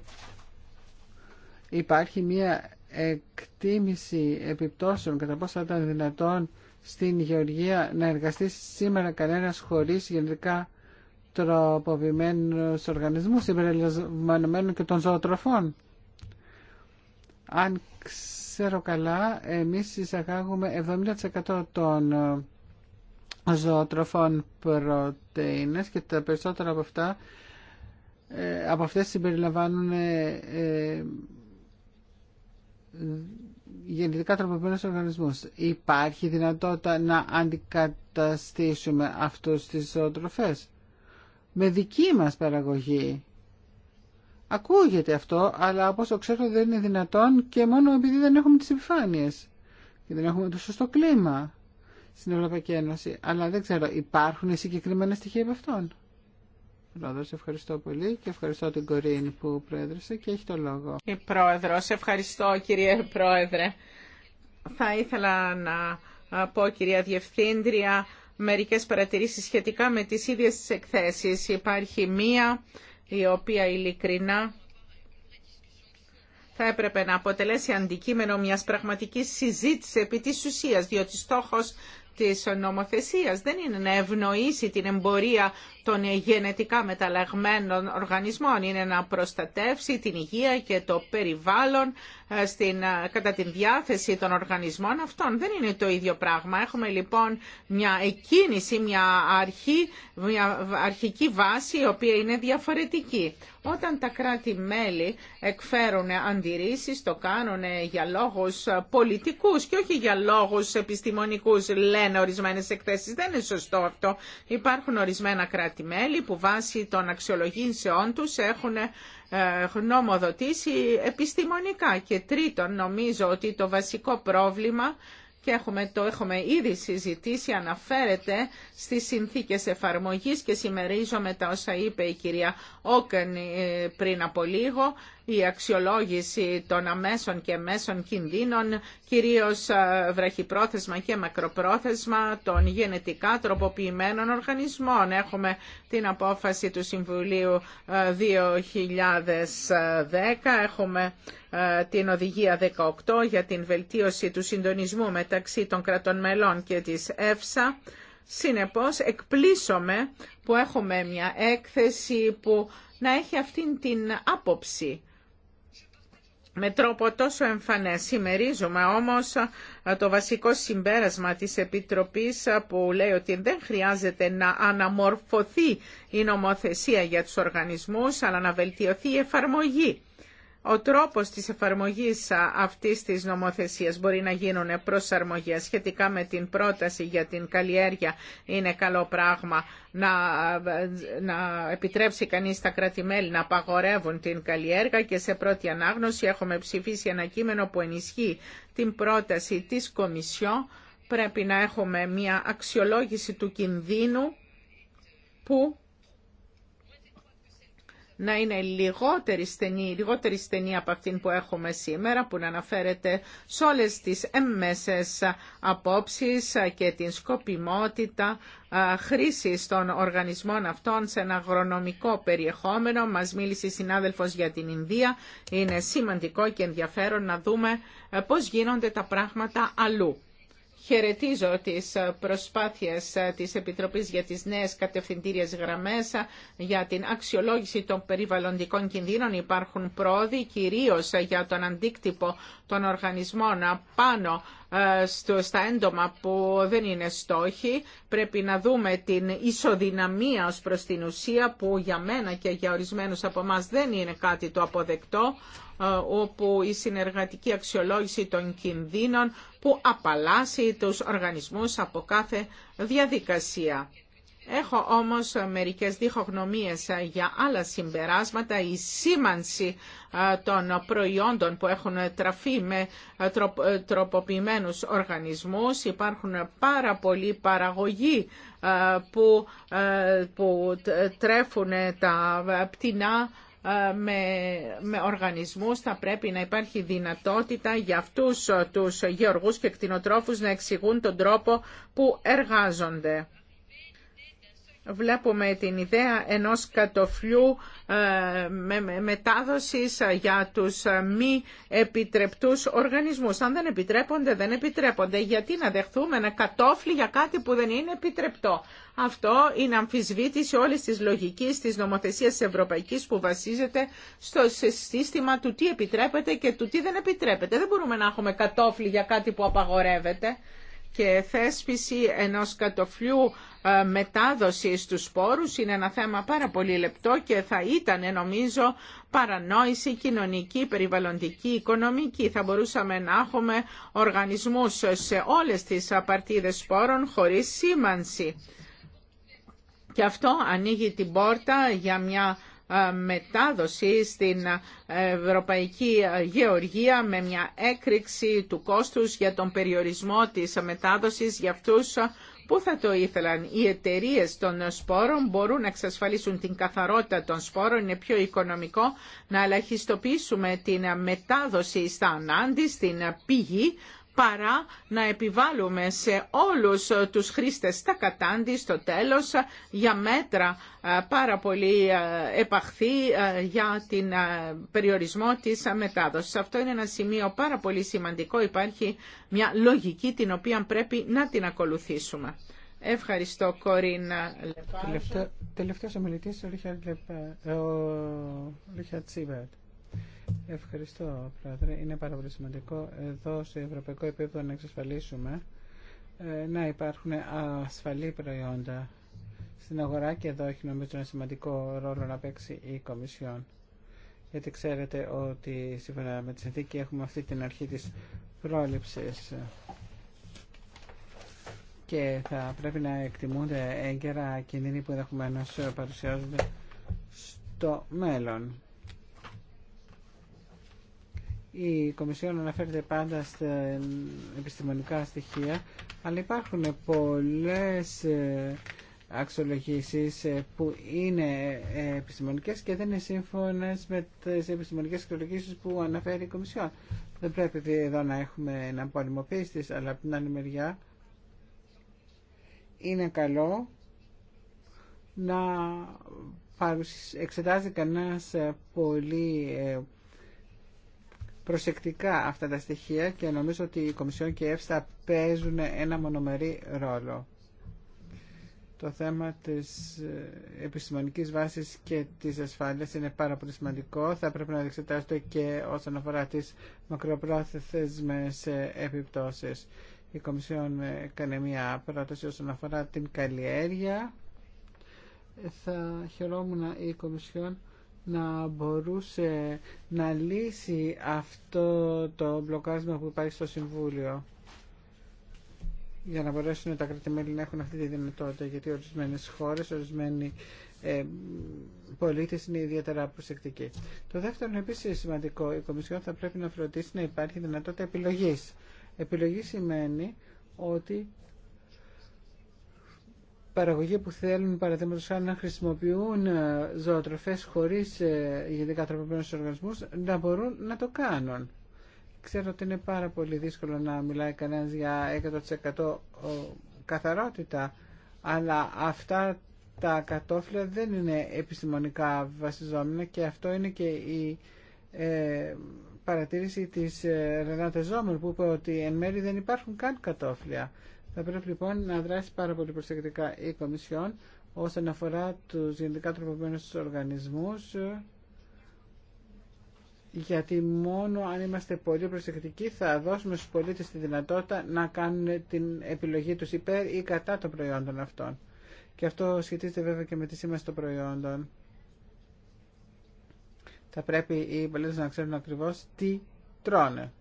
υπάρχει μια εκτίμηση επιπτώσεων κατά πόσο θα ήταν δυνατόν στην Γεωργία να εργαστεί σήμερα κανένας χωρίς γενικά τροποποιημένους οργανισμούς συμπεριλαμβανομένων και των ζωοτροφών. Αν ξέρω καλά, εμείς εισαγάγουμε 70% των ε, ζωοτροφών πρωτεΐνες και τα περισσότερα από αυτά ε, από αυτές συμπεριλαμβάνουν ε, γεννητικά τροποποιημένους οργανισμούς. Υπάρχει δυνατότητα να αντικαταστήσουμε αυτούς τις ζωοτροφές με δική μας παραγωγή Ακούγεται αυτό, αλλά όπως το ξέρω δεν είναι δυνατόν και μόνο επειδή δεν έχουμε τις επιφάνειες και δεν έχουμε το σωστό κλίμα στην Ευρωπαϊκή Ένωση. Αλλά δεν ξέρω, υπάρχουν συγκεκριμένα στοιχεία από αυτόν. Πρόεδρο, ευχαριστώ πολύ και ευχαριστώ την Κορίνη που πρόεδρεσε και έχει το λόγο. Η ε, Πρόεδρος, ευχαριστώ κύριε Πρόεδρε. Θα ήθελα να πω κυρία Διευθύντρια μερικές παρατηρήσεις σχετικά με τις ίδιες τις εκθέσεις. Υπάρχει μία η οποία ειλικρινά θα έπρεπε να αποτελέσει αντικείμενο μιας πραγματικής συζήτησης επί της ουσίας, διότι στόχος της νομοθεσίας. Δεν είναι να ευνοήσει την εμπορία των γενετικά μεταλλαγμένων οργανισμών. Είναι να προστατεύσει την υγεία και το περιβάλλον ε, στην, ε, κατά την διάθεση των οργανισμών αυτών. Δεν είναι το ίδιο πράγμα. Έχουμε λοιπόν μια εκκίνηση, μια, αρχή, μια αρχική βάση η οποία είναι διαφορετική. Όταν τα κράτη-μέλη εκφέρουν αντιρρήσεις, το κάνουν για λόγους πολιτικούς και όχι για λόγους επιστημονικούς, λένε ορισμένες εκθέσεις. Δεν είναι σωστό αυτό. Υπάρχουν ορισμένα κράτη-μέλη που βάσει των αξιολογήσεών τους έχουν ε, γνωμοδοτήσει επιστημονικά. Και τρίτον, νομίζω ότι το βασικό πρόβλημα και έχουμε, το έχουμε ήδη συζητήσει, αναφέρεται στις συνθήκες εφαρμογής και συμμερίζομαι τα όσα είπε η κυρία Όκεν ε, πριν από λίγο η αξιολόγηση των αμέσων και μέσων κινδύνων, κυρίως ε, βραχυπρόθεσμα και μακροπρόθεσμα των γενετικά τροποποιημένων οργανισμών. Έχουμε την απόφαση του Συμβουλίου 2010, ε, έχουμε ε, την Οδηγία 18 για την βελτίωση του συντονισμού μεταξύ των κρατών μελών και της ΕΦΣΑ. Συνεπώς εκπλήσωμε που έχουμε μια έκθεση που να έχει αυτήν την άποψη με τρόπο τόσο εμφανέ. Σημερίζουμε όμως το βασικό συμπέρασμα της Επιτροπής που λέει ότι δεν χρειάζεται να αναμορφωθεί η νομοθεσία για τους οργανισμούς αλλά να βελτιωθεί η εφαρμογή ο τρόπος της εφαρμογής αυτής της νομοθεσίας μπορεί να γίνουν προσαρμογέ σχετικά με την πρόταση για την καλλιέργεια είναι καλό πράγμα να, να επιτρέψει κανείς τα μελη να απαγορεύουν την καλλιέργεια και σε πρώτη ανάγνωση έχουμε ψηφίσει ένα κείμενο που ενισχύει την πρόταση της Κομισιό πρέπει να έχουμε μια αξιολόγηση του κινδύνου που να είναι λιγότερη στενή, λιγότερη στενή από αυτήν που έχουμε σήμερα, που να αναφέρεται σε όλες τις έμμεσες απόψεις και την σκοπιμότητα χρήσης των οργανισμών αυτών σε ένα αγρονομικό περιεχόμενο. Μας μίλησε η συνάδελφος για την Ινδία. Είναι σημαντικό και ενδιαφέρον να δούμε ε, πώς γίνονται τα πράγματα αλλού. Χαιρετίζω τις προσπάθειες της Επιτροπής για τις νέες κατευθυντήριες γραμμές για την αξιολόγηση των περιβαλλοντικών κινδύνων. Υπάρχουν πρόοδοι κυρίως για τον αντίκτυπο των οργανισμών πάνω ε, στα έντομα που δεν είναι στόχοι. Πρέπει να δούμε την ισοδυναμία ως προς την ουσία που για μένα και για ορισμένους από εμά δεν είναι κάτι το αποδεκτό ε, όπου η συνεργατική αξιολόγηση των κινδύνων που απαλλάσσει τους οργανισμούς από κάθε διαδικασία. Έχω όμως μερικές διχογνωμίες για άλλα συμπεράσματα. Η σήμανση των προϊόντων που έχουν τραφεί με τροποποιημένους οργανισμούς. Υπάρχουν πάρα πολλοί παραγωγοί που, που τρέφουν τα πτηνά με, με οργανισμούς θα πρέπει να υπάρχει δυνατότητα για αυτούς τους γεωργούς και κτηνοτρόφους να εξηγούν τον τρόπο που εργάζονται βλέπουμε την ιδέα ενός κατοφλιού ε, μετάδοσης ε, για τους ε, μη επιτρεπτούς οργανισμούς. Αν δεν επιτρέπονται, δεν επιτρέπονται. Γιατί να δεχθούμε ένα κατόφλι για κάτι που δεν είναι επιτρεπτό. Αυτό είναι αμφισβήτηση όλης της λογικής της νομοθεσίας της Ευρωπαϊκής που βασίζεται στο σύστημα του τι επιτρέπεται και του τι δεν επιτρέπεται. Δεν μπορούμε να έχουμε κατόφλι για κάτι που απαγορεύεται και θέσπιση ενός κατοφλιού ε, μετάδοση στους σπόρους είναι ένα θέμα πάρα πολύ λεπτό και θα ήταν νομίζω παρανόηση κοινωνική, περιβαλλοντική, οικονομική. Θα μπορούσαμε να έχουμε οργανισμούς σε όλες τις απαρτίδες σπόρων χωρίς σήμανση. Και αυτό ανοίγει την πόρτα για μια ε, μετάδοση στην Ευρωπαϊκή Γεωργία με μια έκρηξη του κόστους για τον περιορισμό της μετάδοσης για αυτούς Πού θα το ήθελαν. Οι εταιρείε των σπόρων μπορούν να εξασφαλίσουν την καθαρότητα των σπόρων. Είναι πιο οικονομικό να ελαχιστοποιήσουμε την μετάδοση στα ανάντη, στην πηγή, παρά να επιβάλλουμε σε όλους τους χρήστες τα κατάντη στο τέλος για μέτρα πάρα πολύ επαχθή για την περιορισμό της μετάδοσης. Αυτό είναι ένα σημείο πάρα πολύ σημαντικό. Υπάρχει μια λογική την οποία πρέπει να την ακολουθήσουμε. Ευχαριστώ, Κορίνα Λεπάζ. Τελευταίος ομιλητής, ο Ρίχαρτ ε, Σίβερτ. Ευχαριστώ, Πρόεδρε. Είναι πάρα πολύ σημαντικό εδώ σε ευρωπαϊκό επίπεδο να εξασφαλίσουμε ε, να υπάρχουν ασφαλή προϊόντα στην αγορά και εδώ έχει νομίζω ένα σημαντικό ρόλο να παίξει η Κομισιόν. Γιατί ξέρετε ότι σύμφωνα με τη συνθήκη έχουμε αυτή την αρχή της πρόληψης και θα πρέπει να εκτιμούνται έγκαιρα κινδύνοι που ενδεχομένω παρουσιάζονται στο μέλλον η Κομισιόν αναφέρεται πάντα στα επιστημονικά στοιχεία, αλλά υπάρχουν πολλές ε, αξιολογήσεις ε, που είναι ε, επιστημονικές και δεν είναι σύμφωνες με τις επιστημονικές αξιολογήσεις που αναφέρει η Κομισιόν. Δεν πρέπει εδώ να έχουμε έναν πίστης αλλά από την άλλη μεριά είναι καλό να εξετάζει κανένας πολύ προσεκτικά αυτά τα στοιχεία και νομίζω ότι η Κομισιόν και η ΕΦΣΑ παίζουν ένα μονομερή ρόλο. Το θέμα της ε, επιστημονικής βάσης και της ασφάλειας είναι πάρα πολύ σημαντικό. Θα πρέπει να εξετάσετε και όσον αφορά τις μακροπρόθεσμες ε, επιπτώσεις. Η Κομισιόν ε, έκανε μια πρόταση όσον αφορά την καλλιέργεια. Θα χαιρόμουν η Κομισιόν να μπορούσε να λύσει αυτό το μπλοκάσμα που υπάρχει στο Συμβούλιο για να μπορέσουν τα κρατημέλη να έχουν αυτή τη δυνατότητα γιατί ορισμένες χώρες, ορισμένοι ε, πολίτες είναι ιδιαίτερα προσεκτικοί. Το δεύτερο είναι επίσης σημαντικό. Η Κομισιόν θα πρέπει να φροντίσει να υπάρχει δυνατότητα επιλογής. Επιλογή σημαίνει ότι παραγωγή που θέλουν παραδείγματο χάρη να χρησιμοποιούν ε, ζωοτροφέ χωρί ε, γενικά τροποποιημένου οργανισμού να μπορούν να το κάνουν. Ξέρω ότι είναι πάρα πολύ δύσκολο να μιλάει κανένα για 100% καθαρότητα, αλλά αυτά τα κατόφλια δεν είναι επιστημονικά βασιζόμενα και αυτό είναι και η ε, παρατήρηση της Ρενάτε Ζόμερ που είπε ότι εν μέρη δεν υπάρχουν καν κατόφλια. Θα πρέπει λοιπόν να δράσει πάρα πολύ προσεκτικά η Κομισιόν όσον αφορά τους γενικά τροποποιημένους οργανισμούς γιατί μόνο αν είμαστε πολύ προσεκτικοί θα δώσουμε στους πολίτες τη δυνατότητα να κάνουν την επιλογή τους υπέρ ή κατά των προϊόντων αυτών. Και αυτό σχετίζεται βέβαια και με τη σήμανση των προϊόντων. Θα πρέπει οι πολίτες να ξέρουν ακριβώς τι τρώνε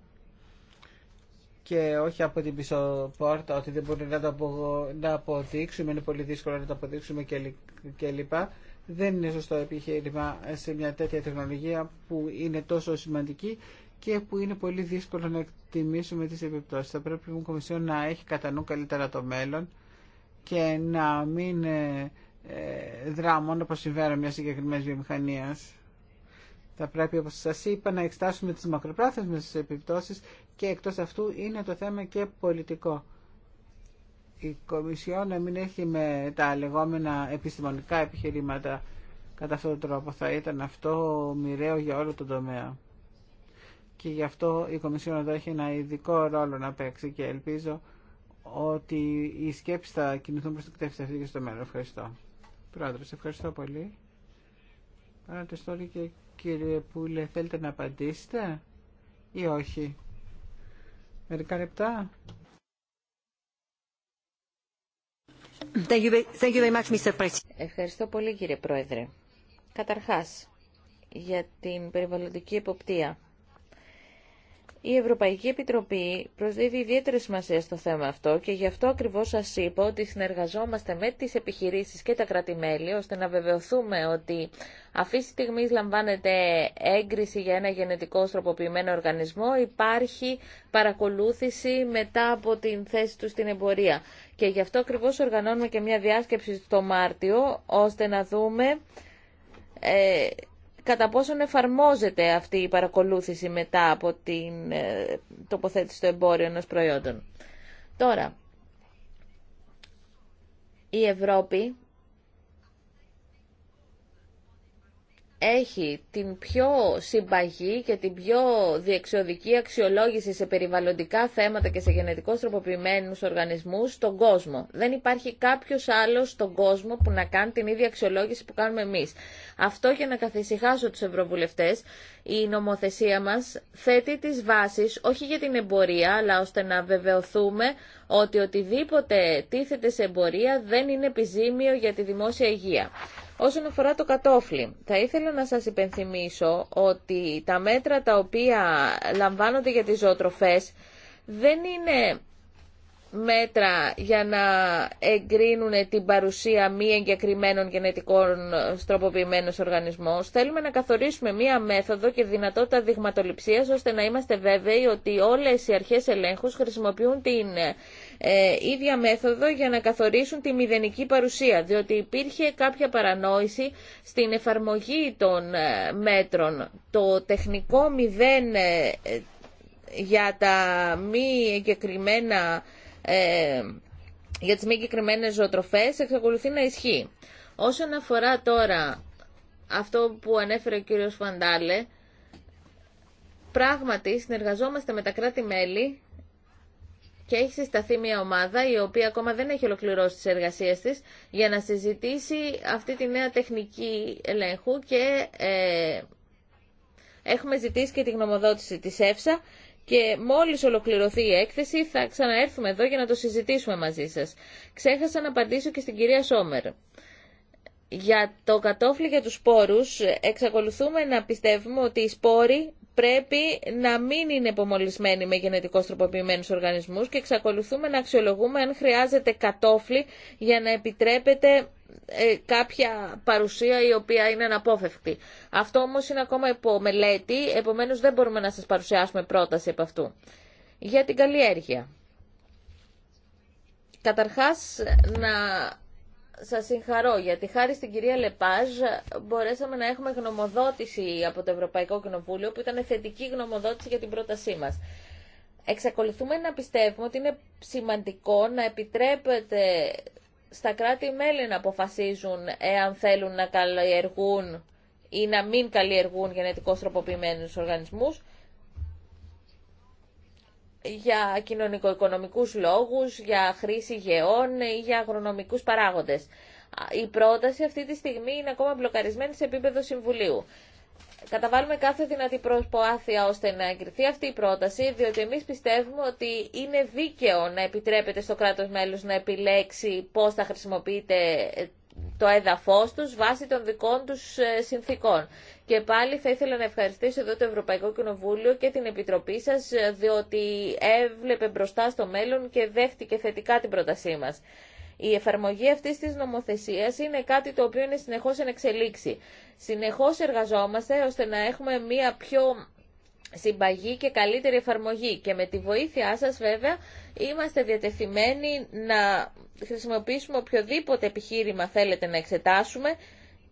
και όχι από την πίσω πόρτα ότι δεν μπορεί να το αποδείξουμε, είναι πολύ δύσκολο να το αποδείξουμε κλπ. Δεν είναι σωστό επιχείρημα σε μια τέτοια τεχνολογία που είναι τόσο σημαντική και που είναι πολύ δύσκολο να εκτιμήσουμε τις επιπτώσεις. Θα πρέπει η Κομισιόν να έχει κατά νου καλύτερα το μέλλον και να μην ε, ε, δρά μόνο προς συμφέρον μια συγκεκριμένη βιομηχανίας. Θα πρέπει, όπως σας είπα, να εξτάσουμε τις μακροπρόθεσμες επιπτώσεις και εκτός αυτού είναι το θέμα και πολιτικό. Η Κομισιόν να μην έχει με τα λεγόμενα επιστημονικά επιχειρήματα κατά αυτόν τον τρόπο. Θα ήταν αυτό μοιραίο για όλο τον τομέα. Και γι' αυτό η Κομισιόν εδώ έχει ένα ειδικό ρόλο να παίξει και ελπίζω ότι οι σκέψεις θα κινηθούν προς την κτέφηση αυτή και στο μέλλον. Ευχαριστώ. Πρόεδρε, ευχαριστώ πολύ. το και Κύριε Πούλε, θέλετε να απαντήσετε ή όχι. Μερικά λεπτά. Thank you, very much, Mr. Ευχαριστώ πολύ κύριε Πρόεδρε. Καταρχάς, για την περιβαλλοντική εποπτεία η Ευρωπαϊκή Επιτροπή προσδίδει ιδιαίτερη σημασία στο θέμα αυτό και γι' αυτό ακριβώς σας είπα ότι συνεργαζόμαστε με τις επιχειρήσεις και τα κρατημέλη ώστε να βεβαιωθούμε ότι αυτή τη στιγμή λαμβάνεται έγκριση για ένα γενετικό στροποποιημένο οργανισμό, υπάρχει παρακολούθηση μετά από την θέση του στην εμπορία. Και γι' αυτό ακριβώς οργανώνουμε και μια διάσκεψη στο Μάρτιο ώστε να δούμε... Ε, κατά πόσον εφαρμόζεται αυτή η παρακολούθηση μετά από την ε, τοποθέτηση του εμπόριου ενός προϊόντων. Τώρα, η Ευρώπη έχει την πιο συμπαγή και την πιο διεξοδική αξιολόγηση σε περιβαλλοντικά θέματα και σε γενετικώς τροποποιημένους οργανισμούς στον κόσμο. Δεν υπάρχει κάποιος άλλος στον κόσμο που να κάνει την ίδια αξιολόγηση που κάνουμε εμείς. Αυτό για να καθησυχάσω τους ευρωβουλευτές, η νομοθεσία μας θέτει τις βάσεις όχι για την εμπορία, αλλά ώστε να βεβαιωθούμε ότι οτιδήποτε τίθεται σε εμπορία δεν είναι επιζήμιο για τη δημόσια υγεία. Όσον αφορά το κατόφλι, θα ήθελα να σας υπενθυμίσω ότι τα μέτρα τα οποία λαμβάνονται για τις ζωοτροφές δεν είναι μέτρα για να εγκρίνουν την παρουσία μη εγκεκριμένων γενετικών στροποποιημένων οργανισμών. Θέλουμε να καθορίσουμε μία μέθοδο και δυνατότητα δειγματοληψίας ώστε να είμαστε βέβαιοι ότι όλες οι αρχές ελέγχους χρησιμοποιούν την ε, ίδια μέθοδο για να καθορίσουν τη μηδενική παρουσία, διότι υπήρχε κάποια παρανόηση στην εφαρμογή των ε, μέτρων. Το τεχνικό μηδέν ε, για τα μη εγκεκριμένα ε, για τις μη εγκεκριμένες ζωοτροφές εξακολουθεί να ισχύει. Όσον αφορά τώρα αυτό που ανέφερε ο κύριος Φαντάλε, πράγματι συνεργαζόμαστε με τα κράτη-μέλη και έχει συσταθεί μια ομάδα η οποία ακόμα δεν έχει ολοκληρώσει τις εργασίες της για να συζητήσει αυτή τη νέα τεχνική ελέγχου και ε, έχουμε ζητήσει και τη γνωμοδότηση της ΕΦΣΑ και μόλις ολοκληρωθεί η έκθεση θα ξαναέρθουμε εδώ για να το συζητήσουμε μαζί σας. Ξέχασα να απαντήσω και στην κυρία Σόμερ. Για το κατόφλι για τους σπόρους, εξακολουθούμε να πιστεύουμε ότι οι σπόροι πρέπει να μην είναι επομολυσμένοι με γενετικώς τροποποιημένους οργανισμούς και εξακολουθούμε να αξιολογούμε αν χρειάζεται κατόφλι για να επιτρέπεται ε, κάποια παρουσία η οποία είναι αναπόφευκτη. Αυτό όμως είναι ακόμα υπομελέτη, επομένως δεν μπορούμε να σας παρουσιάσουμε πρόταση από αυτού. Για την καλλιέργεια. Καταρχάς να σας συγχαρώ γιατί χάρη στην κυρία Λεπάζ μπορέσαμε να έχουμε γνωμοδότηση από το Ευρωπαϊκό Κοινοβούλιο που ήταν θετική γνωμοδότηση για την πρότασή μας. Εξακολουθούμε να πιστεύουμε ότι είναι σημαντικό να επιτρέπεται στα κράτη-μέλη να αποφασίζουν εάν θέλουν να καλλιεργούν ή να μην καλλιεργούν γενετικώς τροποποιημένους οργανισμούς για κοινωνικο-οικονομικούς λόγους, για χρήση γεών ή για αγρονομικούς παράγοντες. Η πρόταση αυτή τη στιγμή είναι ακόμα μπλοκαρισμένη σε επίπεδο Συμβουλίου. Καταβάλουμε κάθε δυνατή προσπάθεια ώστε να εγκριθεί αυτή η πρόταση, διότι εμείς πιστεύουμε ότι είναι δίκαιο να επιτρέπεται στο κράτος μέλος να επιλέξει πώς θα χρησιμοποιείται το έδαφος τους βάσει των δικών τους ε, συνθήκων. Και πάλι θα ήθελα να ευχαριστήσω εδώ το Ευρωπαϊκό Κοινοβούλιο και την Επιτροπή σας, ε, διότι έβλεπε μπροστά στο μέλλον και δέχτηκε θετικά την πρότασή μας. Η εφαρμογή αυτή τη νομοθεσία είναι κάτι το οποίο είναι συνεχώ εν εξελίξη. Συνεχώ εργαζόμαστε ώστε να έχουμε μια πιο συμπαγή και καλύτερη εφαρμογή. Και με τη βοήθειά σας βέβαια είμαστε διατεθειμένοι να χρησιμοποιήσουμε οποιοδήποτε επιχείρημα θέλετε να εξετάσουμε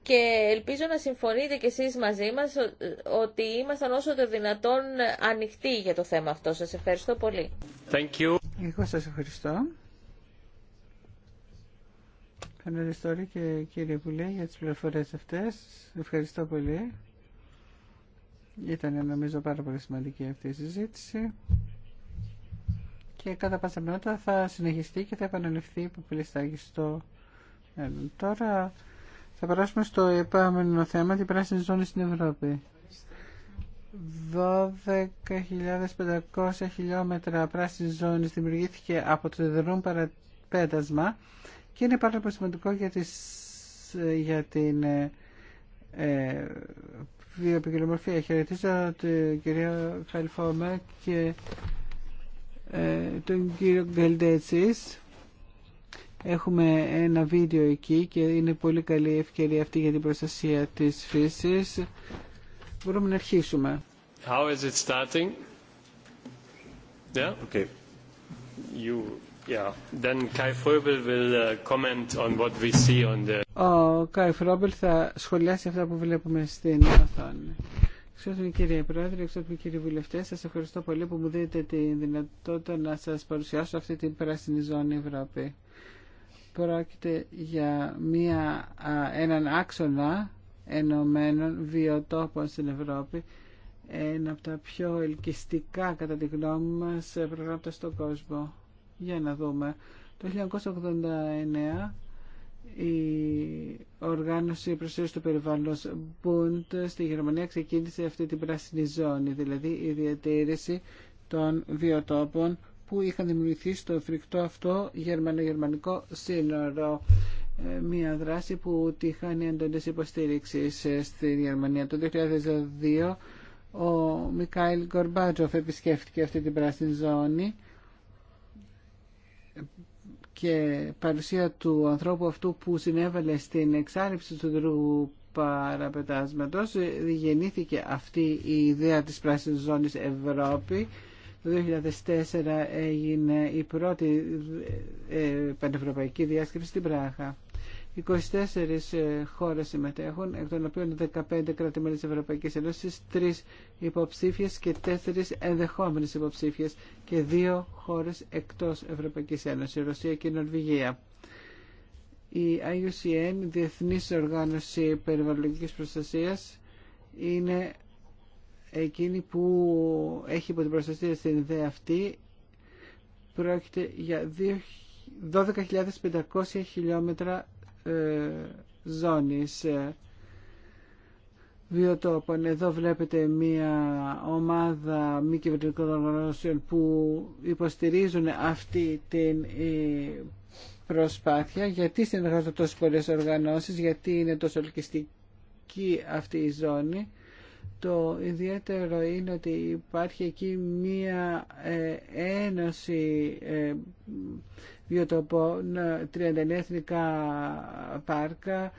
και ελπίζω να συμφωνείτε κι εσείς μαζί μας ότι ήμασταν όσο το δυνατόν ανοιχτοί για το θέμα αυτό. Σας ευχαριστώ πολύ. Thank you. Εγώ σας ευχαριστώ. Ευχαριστώ και κύριε Βουλή για τις πληροφορίες αυτές. Ευχαριστώ πολύ. Ήταν νομίζω πάρα πολύ σημαντική αυτή η συζήτηση και κατά πάσα πιθανότητα θα συνεχιστεί και θα επαναληφθεί που στο μέλλον. Τώρα θα περάσουμε στο επόμενο θέμα, την πράσινη ζώνη στην Ευρώπη. 12.500 χιλιόμετρα πράσινη ζώνη δημιουργήθηκε από το δεδρούν παραπέτασμα και είναι πάρα πολύ σημαντικό για, τις, ε, για την ε, βιοπικιλομορφία. Χαιρετίζω την κυρία Χαλφόμα και ε, τον κύριο Γκαλντέτσι. Έχουμε ένα βίντεο εκεί και είναι πολύ καλή ευκαιρία αυτή για την προστασία της φύσης. Μπορούμε να αρχίσουμε. How is it starting? Yeah? Okay. You ο Κάι Φρόμπελ θα σχολιάσει αυτά που βλέπουμε στην οθόνη. Ευχαριστώ, κύριε Πρόεδρε, ευχαριστώ, κύριε βουλευτέ, σα ευχαριστώ πολύ που μου δίνετε τη δυνατότητα να σα παρουσιάσω αυτή την πράσινη ζώνη Ευρώπη. Πρόκειται για μια, έναν άξονα ενωμένων βιοτόπων στην Ευρώπη, ένα από τα πιο ελκυστικά κατά τη γνώμη μας προγράμματα στον κόσμο. Για να δούμε. Το 1989 η οργάνωση προσέγγισης του περιβάλλοντος Bund στη Γερμανία ξεκίνησε αυτή την πράσινη ζώνη, δηλαδή η διατήρηση των βιοτόπων που είχαν δημιουργηθεί στο φρικτό αυτό γερμανο-γερμανικό σύνορο. Ε, Μια δράση που τη χάνει έντονε υποστήριξη ε, στη Γερμανία. Το 2002 ο Μικάιλ Γκορμπάτζοφ επισκέφτηκε αυτή την πράσινη ζώνη και παρουσία του ανθρώπου αυτού που συνέβαλε στην εξάρρυψη του δρού παραπετάσματος γεννήθηκε αυτή η ιδέα της πράσινης ζώνης Ευρώπη το 2004 έγινε η πρώτη ε, πανευρωπαϊκή διάσκεψη στην Πράχα 24 ε, χώρε συμμετέχουν, εκ των οποίων 15 κρατημένες τη Ευρωπαϊκή Ένωση, 3 υποψήφιε και 4 ενδεχόμενε υποψήφιε και 2 χώρε εκτό Ευρωπαϊκή Ένωση, Ρωσία και Νορβηγία. Η IUCN, διεθνή Οργάνωση Περιβαλλοντική Προστασία, είναι εκείνη που έχει υπό την προστασία στην ιδέα αυτή. Πρόκειται για 12.500 χιλιόμετρα ε, ζώνης ε, βιοτόπων. Εδώ βλέπετε μία ομάδα μη κυβερνικών οργανώσεων που υποστηρίζουν αυτή την ε, προσπάθεια. Γιατί συνεργάζονται τόσες πολλές οργανώσεις, γιατί είναι τόσο ελκυστική αυτή η ζώνη. Το ιδιαίτερο είναι ότι υπάρχει εκεί μία ένωση βιοτοπών, 39 εθνικά πάρκα,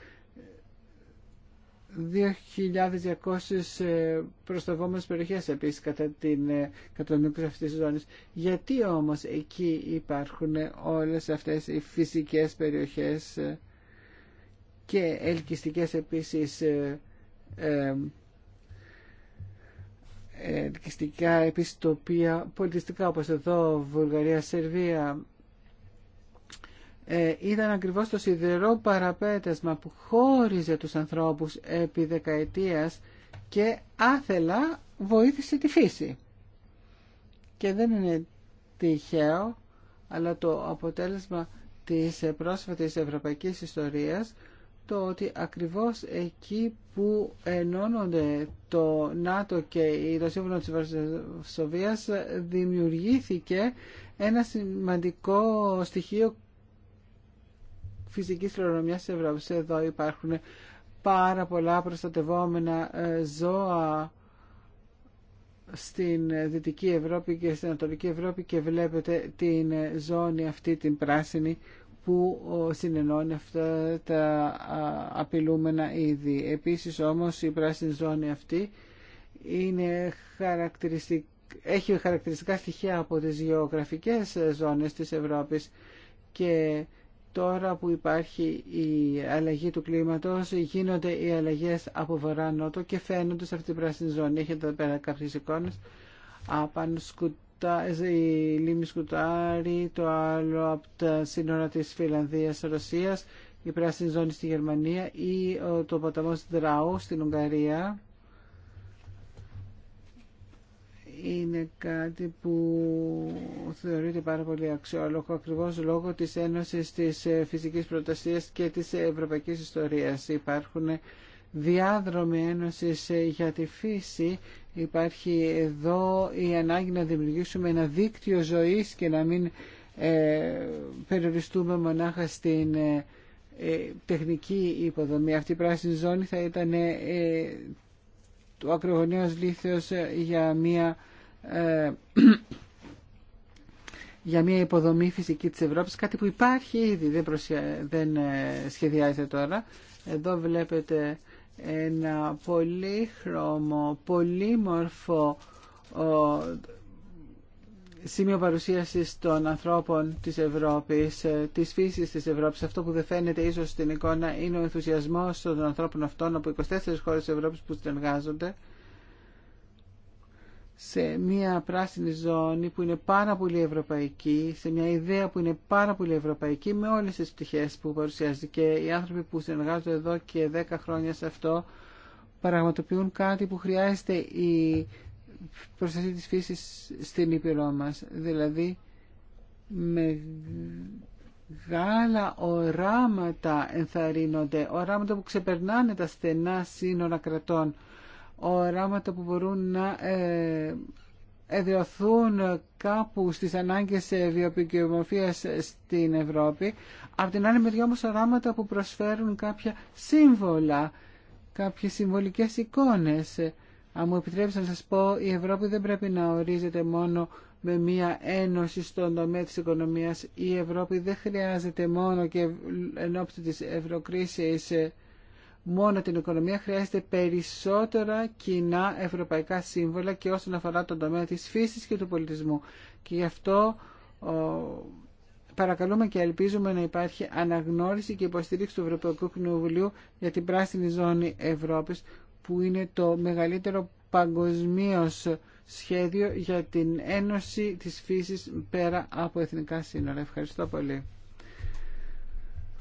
2.200 ε, προσταγόμενες περιοχές επίσης κατά την ε, κατονομικούς αυτής της ζώνης. Γιατί όμως εκεί υπάρχουν όλες αυτές οι φυσικές περιοχές ε, και ελκυστικές επίσης ελκυστικά επίσης τοπία πολιτιστικά όπως εδώ Βουλγαρία, Σερβία ε, ήταν ακριβώς το σιδερό παραπέτασμα που χώριζε τους ανθρώπους επί δεκαετίας και άθελα βοήθησε τη φύση. Και δεν είναι τυχαίο, αλλά το αποτέλεσμα της πρόσφατης ευρωπαϊκής ιστορίας το ότι ακριβώς εκεί που ενώνονται το ΝΑΤΟ και η Ρωσίβουνα της Βαρσοβίας δημιουργήθηκε ένα σημαντικό στοιχείο φυσικής κληρονομιάς της Ευρώπης. Εδώ υπάρχουν πάρα πολλά προστατευόμενα ε, ζώα στην ε, Δυτική Ευρώπη και στην Ανατολική Ευρώπη και βλέπετε την ε, ζώνη αυτή την πράσινη που συνενώνει αυτά τα απειλούμενα είδη. Επίσης όμως η πράσινη ζώνη αυτή είναι έχει χαρακτηριστικά στοιχεία από τις γεωγραφικές ζώνες της Ευρώπης και Τώρα που υπάρχει η αλλαγή του κλίματος, γίνονται οι αλλαγές από βορρά νότο και φαίνονται σε αυτή την πράσινη ζώνη. Έχετε εδώ πέρα κάποιες εικόνες. η λίμνη το άλλο από τα σύνορα της Φιλανδίας Ρωσίας, η πράσινη ζώνη στη Γερμανία ή το ποταμός Δράου στην Ουγγαρία είναι κάτι που θεωρείται πάρα πολύ αξιόλογο ακριβώς λόγω της Ένωσης της ε, Φυσικής Προτασίας και της Ευρωπαϊκής Ιστορίας. Υπάρχουν διάδρομοι Ένωσης ε, για τη φύση. Υπάρχει εδώ η ανάγκη να δημιουργήσουμε ένα δίκτυο ζωής και να μην ε, περιοριστούμε μονάχα στην τεχνική υποδομή. Αυτή η πράσινη ζώνη θα ήταν του ακρογωνίου λήθος ε, για μια, ε, για μια υποδομή φυσική της Ευρώπης, κάτι που υπάρχει ήδη, δεν, δεν ε, σχεδιάζεται τώρα. Εδώ βλέπετε ένα πολύχρωμο, πολύμορφο σημείο παρουσίαση των ανθρώπων τη Ευρώπη, ε, τη φύση τη Ευρώπη. Αυτό που δεν φαίνεται ίσω στην εικόνα είναι ο ενθουσιασμό των ανθρώπων αυτών από 24 χώρε τη Ευρώπη που συνεργάζονται σε μια πράσινη ζώνη που είναι πάρα πολύ ευρωπαϊκή, σε μια ιδέα που είναι πάρα πολύ ευρωπαϊκή με όλες τις πτυχές που παρουσιάζει και οι άνθρωποι που συνεργάζονται εδώ και 10 χρόνια σε αυτό πραγματοποιούν κάτι που χρειάζεται η προστασία της φύσης στην Ήπειρό μας. Δηλαδή με μεγάλα οράματα ενθαρρύνονται, οράματα που ξεπερνάνε τα στενά σύνορα κρατών, οράματα που μπορούν να ε, κάπου στις ανάγκες ε, βιοποικιομορφίας στην Ευρώπη. Απ' την άλλη μεριά όμως οράματα που προσφέρουν κάποια σύμβολα, κάποιες συμβολικές εικόνες αν μου επιτρέψετε να σας πω, η Ευρώπη δεν πρέπει να ορίζεται μόνο με μία ένωση στον τομέα της οικονομίας. Η Ευρώπη δεν χρειάζεται μόνο και εν ώψη της ευρωκρίσης ε, μόνο την οικονομία, χρειάζεται περισσότερα κοινά ευρωπαϊκά σύμβολα και όσον αφορά τον τομέα της φύσης και του πολιτισμού. Και γι' αυτό παρακαλούμε και ελπίζουμε να υπάρχει αναγνώριση και υποστήριξη του Ευρωπαϊκού Κοινοβουλίου για την πράσινη ζώνη Ευρώπης που είναι το μεγαλύτερο παγκοσμίω σχέδιο για την ένωση της φύσης πέρα από εθνικά σύνορα. Ευχαριστώ πολύ.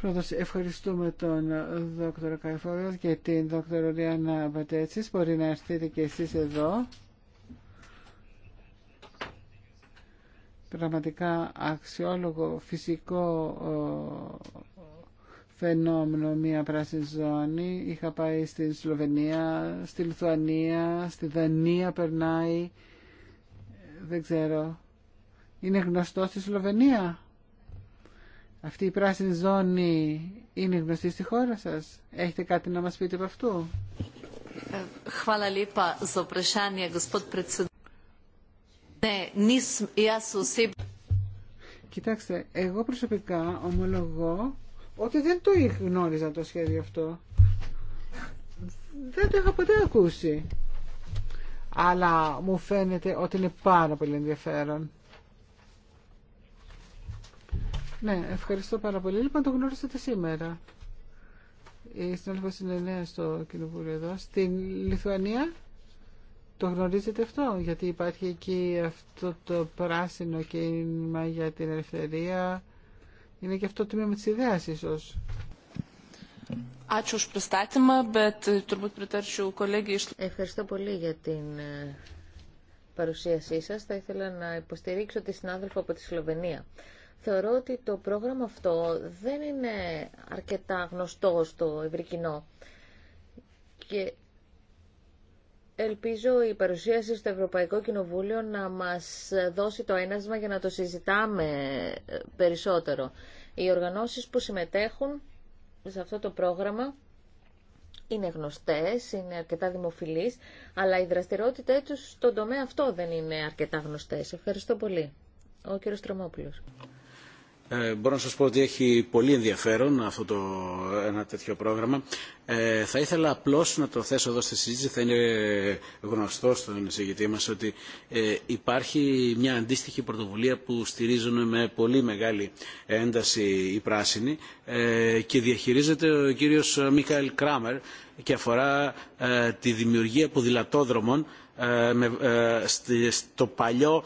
Πρώτος, ευχαριστούμε τον δόκτωρο Καϊφόρος και την δόκτωρο Ριάννα Μπατέτσης. Μπορεί να έρθετε και εσείς εδώ. Πραγματικά αξιόλογο φυσικό φαινόμενο μια πράσινη ζώνη. Είχα πάει στην Σλοβενία, στη Λιθουανία, στη Δανία περνάει. Δεν ξέρω. Είναι γνωστό στη Σλοβενία. Αυτή η πράσινη ζώνη είναι γνωστή στη χώρα σας. Έχετε κάτι να μας πείτε από αυτού. Κοιτάξτε, εγώ προσωπικά ομολογώ ότι δεν το γνώριζα το σχέδιο αυτό. Δεν το είχα ποτέ ακούσει. Αλλά μου φαίνεται ότι είναι πάρα πολύ ενδιαφέρον. Ναι, ευχαριστώ πάρα πολύ. Λοιπόν, το γνώρισατε σήμερα. Η συνάδελφος είναι νέα στο κοινοβούλιο εδώ. Στην Λιθουανία το γνωρίζετε αυτό, γιατί υπάρχει εκεί αυτό το πράσινο κίνημα για την ελευθερία είναι και αυτό το τμήμα της ιδέας ίσως. E, Ευχαριστώ πολύ για την ε, παρουσίασή σας. Θα ήθελα να υποστηρίξω τη συνάδελφο από τη Σλοβενία. Θεωρώ ότι το πρόγραμμα αυτό δεν είναι αρκετά γνωστό στο ευρύ Και Ελπίζω η παρουσίαση στο Ευρωπαϊκό Κοινοβούλιο να μας δώσει το ένασμα για να το συζητάμε ε, περισσότερο. Οι οργανώσεις που συμμετέχουν σε αυτό το πρόγραμμα είναι γνωστές, είναι αρκετά δημοφιλείς, αλλά η δραστηριότητά τους στον τομέα αυτό δεν είναι αρκετά γνωστές. Ευχαριστώ πολύ. Ο κύριος Τρομόπουλος. Ε, μπορώ να σας πω ότι έχει πολύ ενδιαφέρον αυτό το, ένα τέτοιο πρόγραμμα. Ε, θα ήθελα απλώς να το θέσω εδώ στη συζήτηση, θα είναι γνωστό στον εισηγητή μας ότι ε, υπάρχει μια αντίστοιχη πρωτοβουλία που στηρίζουν με πολύ μεγάλη ένταση οι πράσινοι ε, και διαχειρίζεται ο κύριος Μίχαελ Κράμερ και αφορά τη δημιουργία ποδηλατόδρομων με, στο παλιό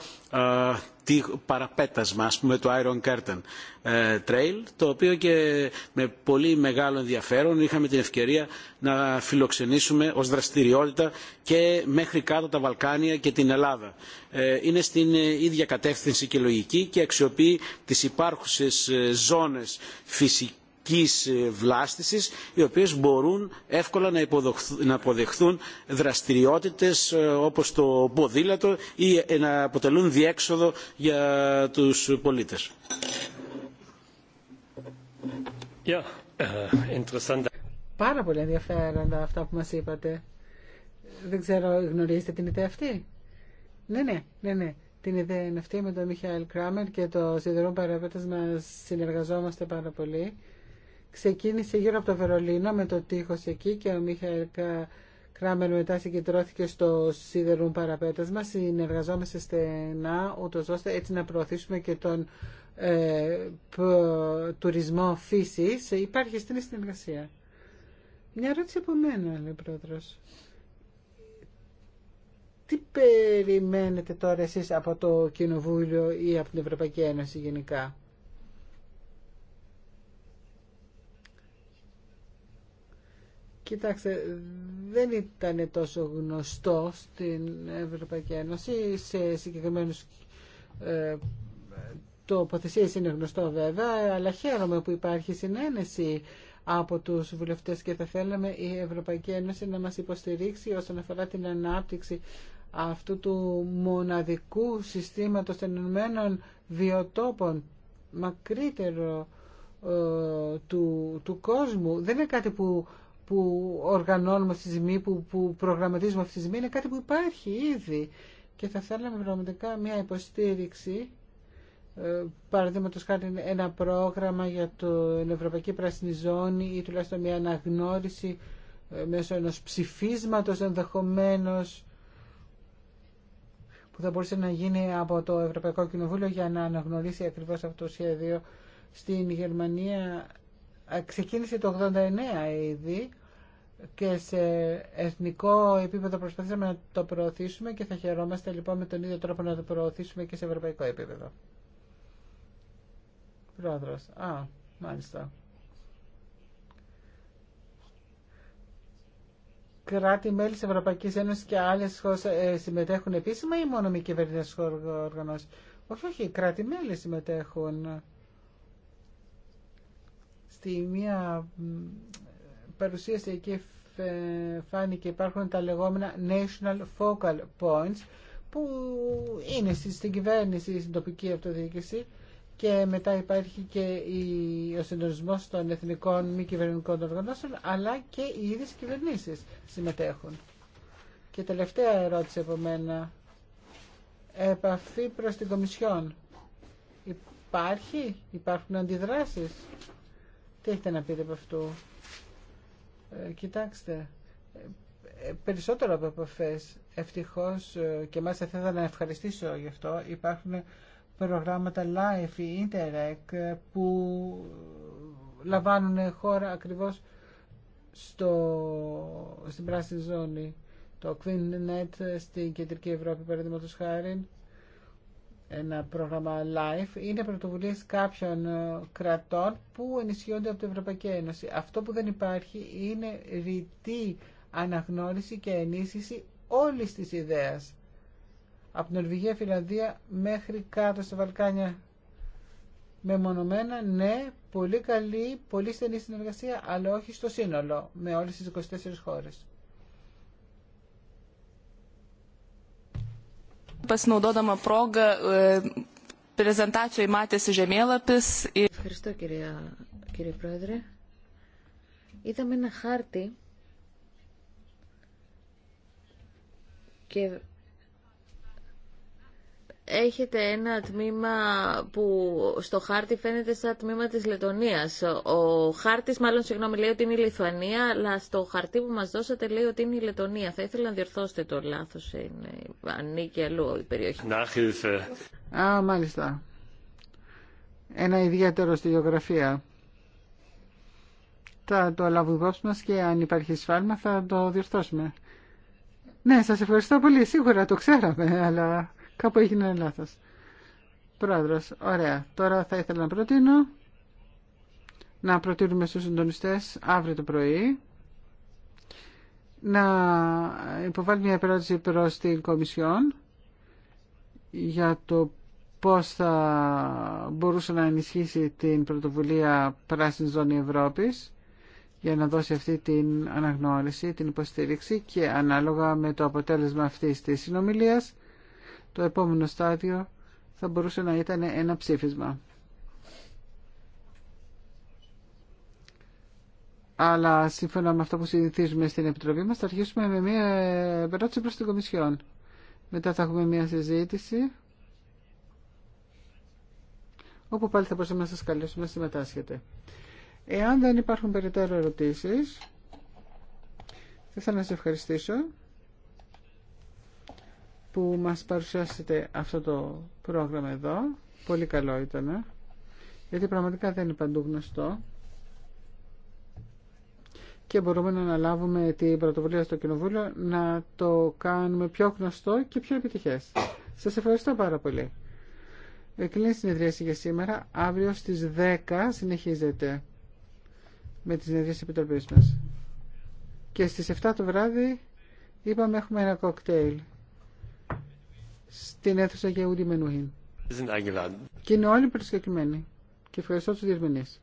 παραπέτασμα, ας πούμε το Iron Curtain ε, Trail, το οποίο και με πολύ μεγάλο ενδιαφέρον είχαμε την ευκαιρία να φιλοξενήσουμε ως δραστηριότητα και μέχρι κάτω τα Βαλκάνια και την Ελλάδα. Ε, είναι στην ε, ίδια κατεύθυνση και λογική και αξιοποιεί τις υπάρχουσες ζώνες φυσικής κοινωνικής ε, βλάστησης οι οποίες μπορούν εύκολα να αποδεχθούν δραστηριότητες ε, όπως το ποδήλατο ή ε, να αποτελούν διέξοδο για τους πολίτες. Yeah. Πάρα πολύ ενδιαφέροντα αυτά που μας είπατε. Δεν ξέρω, γνωρίζετε την ιδέα αυτή. Ναι, ναι, ναι, ναι. Την ιδέα είναι με τον Μιχαήλ Κράμερ και το Σιδερό Παραπέτας να συνεργαζόμαστε πάρα πολύ ξεκίνησε γύρω από το Βερολίνο με το τείχο εκεί και ο Μίχαελ Κράμερ μετά συγκεντρώθηκε στο σίδερουν παραπέτασμα. Συνεργαζόμαστε στενά, ούτω ώστε έτσι να προωθήσουμε και τον ε, τουρισμό φύση. Υπάρχει στην συνεργασία. Μια ερώτηση από μένα, λέει ο Τι περιμένετε τώρα εσείς από το Κοινοβούλιο ή από την Ευρωπαϊκή Ένωση γενικά. Κοιτάξτε, δεν ήταν τόσο γνωστό στην Ευρωπαϊκή Ένωση σε συγκεκριμένους ε, τοποθεσίες είναι γνωστό βέβαια, αλλά χαίρομαι που υπάρχει συνένεση από τους βουλευτές και θα θέλαμε η Ευρωπαϊκή Ένωση να μας υποστηρίξει όσον αφορά την ανάπτυξη αυτού του μοναδικού συστήματος των ενωμένων βιοτόπων μακρύτερο ε, του, του κόσμου. Δεν είναι κάτι που που οργανώνουμε αυτή τη στιγμή, που, που προγραμματίζουμε αυτή τη στιγμή, είναι κάτι που υπάρχει ήδη. Και θα θέλαμε πραγματικά μια υποστήριξη, ε, παραδείγματος χάρη ένα πρόγραμμα για την Ευρωπαϊκή Πράσινη Ζώνη ή τουλάχιστον μια αναγνώριση ε, μέσω ενός ψηφίσματος ενδεχομένως που θα μπορούσε να γίνει από το Ευρωπαϊκό Κοινοβούλιο για να αναγνωρίσει ακριβώς αυτό το σχέδιο στην Γερμανία ε, ξεκίνησε το 89 ήδη και σε εθνικό επίπεδο προσπαθήσαμε να το προωθήσουμε και θα χαιρόμαστε λοιπόν με τον ίδιο τρόπο να το προωθήσουμε και σε ευρωπαϊκό επίπεδο. Πρόεδρος. Α, μάλιστα. κράτη-μέλη τη Ευρωπαϊκή Ένωση και άλλες χώρες ε, συμμετέχουν επίσημα ή μόνο μη κυβερνητικε οργανώσει. Όχι, όχι, κράτη-μέλη συμμετέχουν. Στη μία παρουσίασε εκεί φάνηκε υπάρχουν τα λεγόμενα National Focal Points που είναι στην κυβέρνηση, στην τοπική αυτοδιοίκηση και μετά υπάρχει και ο συντονισμό των εθνικών μη κυβερνητικών οργανώσεων αλλά και οι ίδιες κυβερνήσει συμμετέχουν. Και τελευταία ερώτηση από μένα. Επαφή προς την Κομισιόν. Υπάρχει, υπάρχουν αντιδράσεις. Τι έχετε να πείτε από αυτού. Ε, κοιτάξτε, ε, περισσότερο από επαφέ. Ευτυχώς ε, και μάλιστα θα ήθελα να ευχαριστήσω γι' αυτό. Υπάρχουν προγράμματα live ή που λαμβάνουν χώρα ακριβώς στο, στην πράσινη ζώνη. Το Queen Net στην κεντρική Ευρώπη, παραδείγματο χάρη, ένα πρόγραμμα live είναι πρωτοβουλίε κάποιων ε, κρατών που ενισχύονται από την Ευρωπαϊκή Ένωση. Αυτό που δεν υπάρχει είναι ρητή αναγνώριση και ενίσχυση όλη τη ιδέας. Από την Νορβηγία, Φιλανδία μέχρι κάτω στα Βαλκάνια μεμονωμένα, ναι, πολύ καλή, πολύ στενή συνεργασία, αλλά όχι στο σύνολο, με όλες τις 24 χώρες. Pasinaudodama progą, prezentacijoje matėsi žemėlapis. και έχετε ένα τμήμα που στο χάρτη φαίνεται σαν τμήμα της Λετωνίας. Ο χάρτης μάλλον συγγνώμη λέει ότι είναι η Λιθουανία, αλλά στο χαρτί που μας δώσατε λέει ότι είναι η Λετωνία. Θα ήθελα να διορθώσετε το λάθος, είναι, ανήκει αλλού η περιοχή. Α, μάλιστα. Ένα ιδιαίτερο στη γεωγραφία. Θα το λάβουμε υπόψη μας και αν υπάρχει σφάλμα θα το διορθώσουμε. Ναι, σας ευχαριστώ πολύ. Σίγουρα το ξέραμε, αλλά Κάπου έγινε λάθο. λάθος. ωραία. Τώρα θα ήθελα να προτείνω να προτείνουμε στου συντονιστέ αύριο το πρωί να υποβάλει μια ερώτηση προ την Κομισιόν για το πώ θα μπορούσε να ενισχύσει την πρωτοβουλία Πράσινη Ζώνη Ευρώπη για να δώσει αυτή την αναγνώριση, την υποστήριξη και ανάλογα με το αποτέλεσμα αυτής της συνομιλίας το επόμενο στάδιο θα μπορούσε να ήταν ένα ψήφισμα. Αλλά σύμφωνα με αυτό που συζητήσουμε στην Επιτροπή μας θα αρχίσουμε με μια ερώτηση προς την Κομισιόν. Μετά θα έχουμε μια συζήτηση όπου πάλι θα μπορούσαμε να σας καλέσουμε να συμμετάσχετε. Εάν δεν υπάρχουν περαιτέρω ερωτήσεις, θα ήθελα να σας ευχαριστήσω που μας παρουσιάσετε αυτό το πρόγραμμα εδώ. Πολύ καλό ήταν, γιατί πραγματικά δεν είναι παντού γνωστό. Και μπορούμε να αναλάβουμε την πρωτοβουλία στο Κοινοβούλιο να το κάνουμε πιο γνωστό και πιο επιτυχές. Σας ευχαριστώ πάρα πολύ. Ε, η συνεδρίαση για σήμερα. Αύριο στις 10 συνεχίζεται με τις συνεδρίες επιτροπής μας. Και στις 7 το βράδυ είπαμε έχουμε ένα κοκτέιλ στην αίθουσα Γεούντι Μενούχιν. Και είναι όλοι προσκεκλημένοι. Και ευχαριστώ τους διερμηνείς.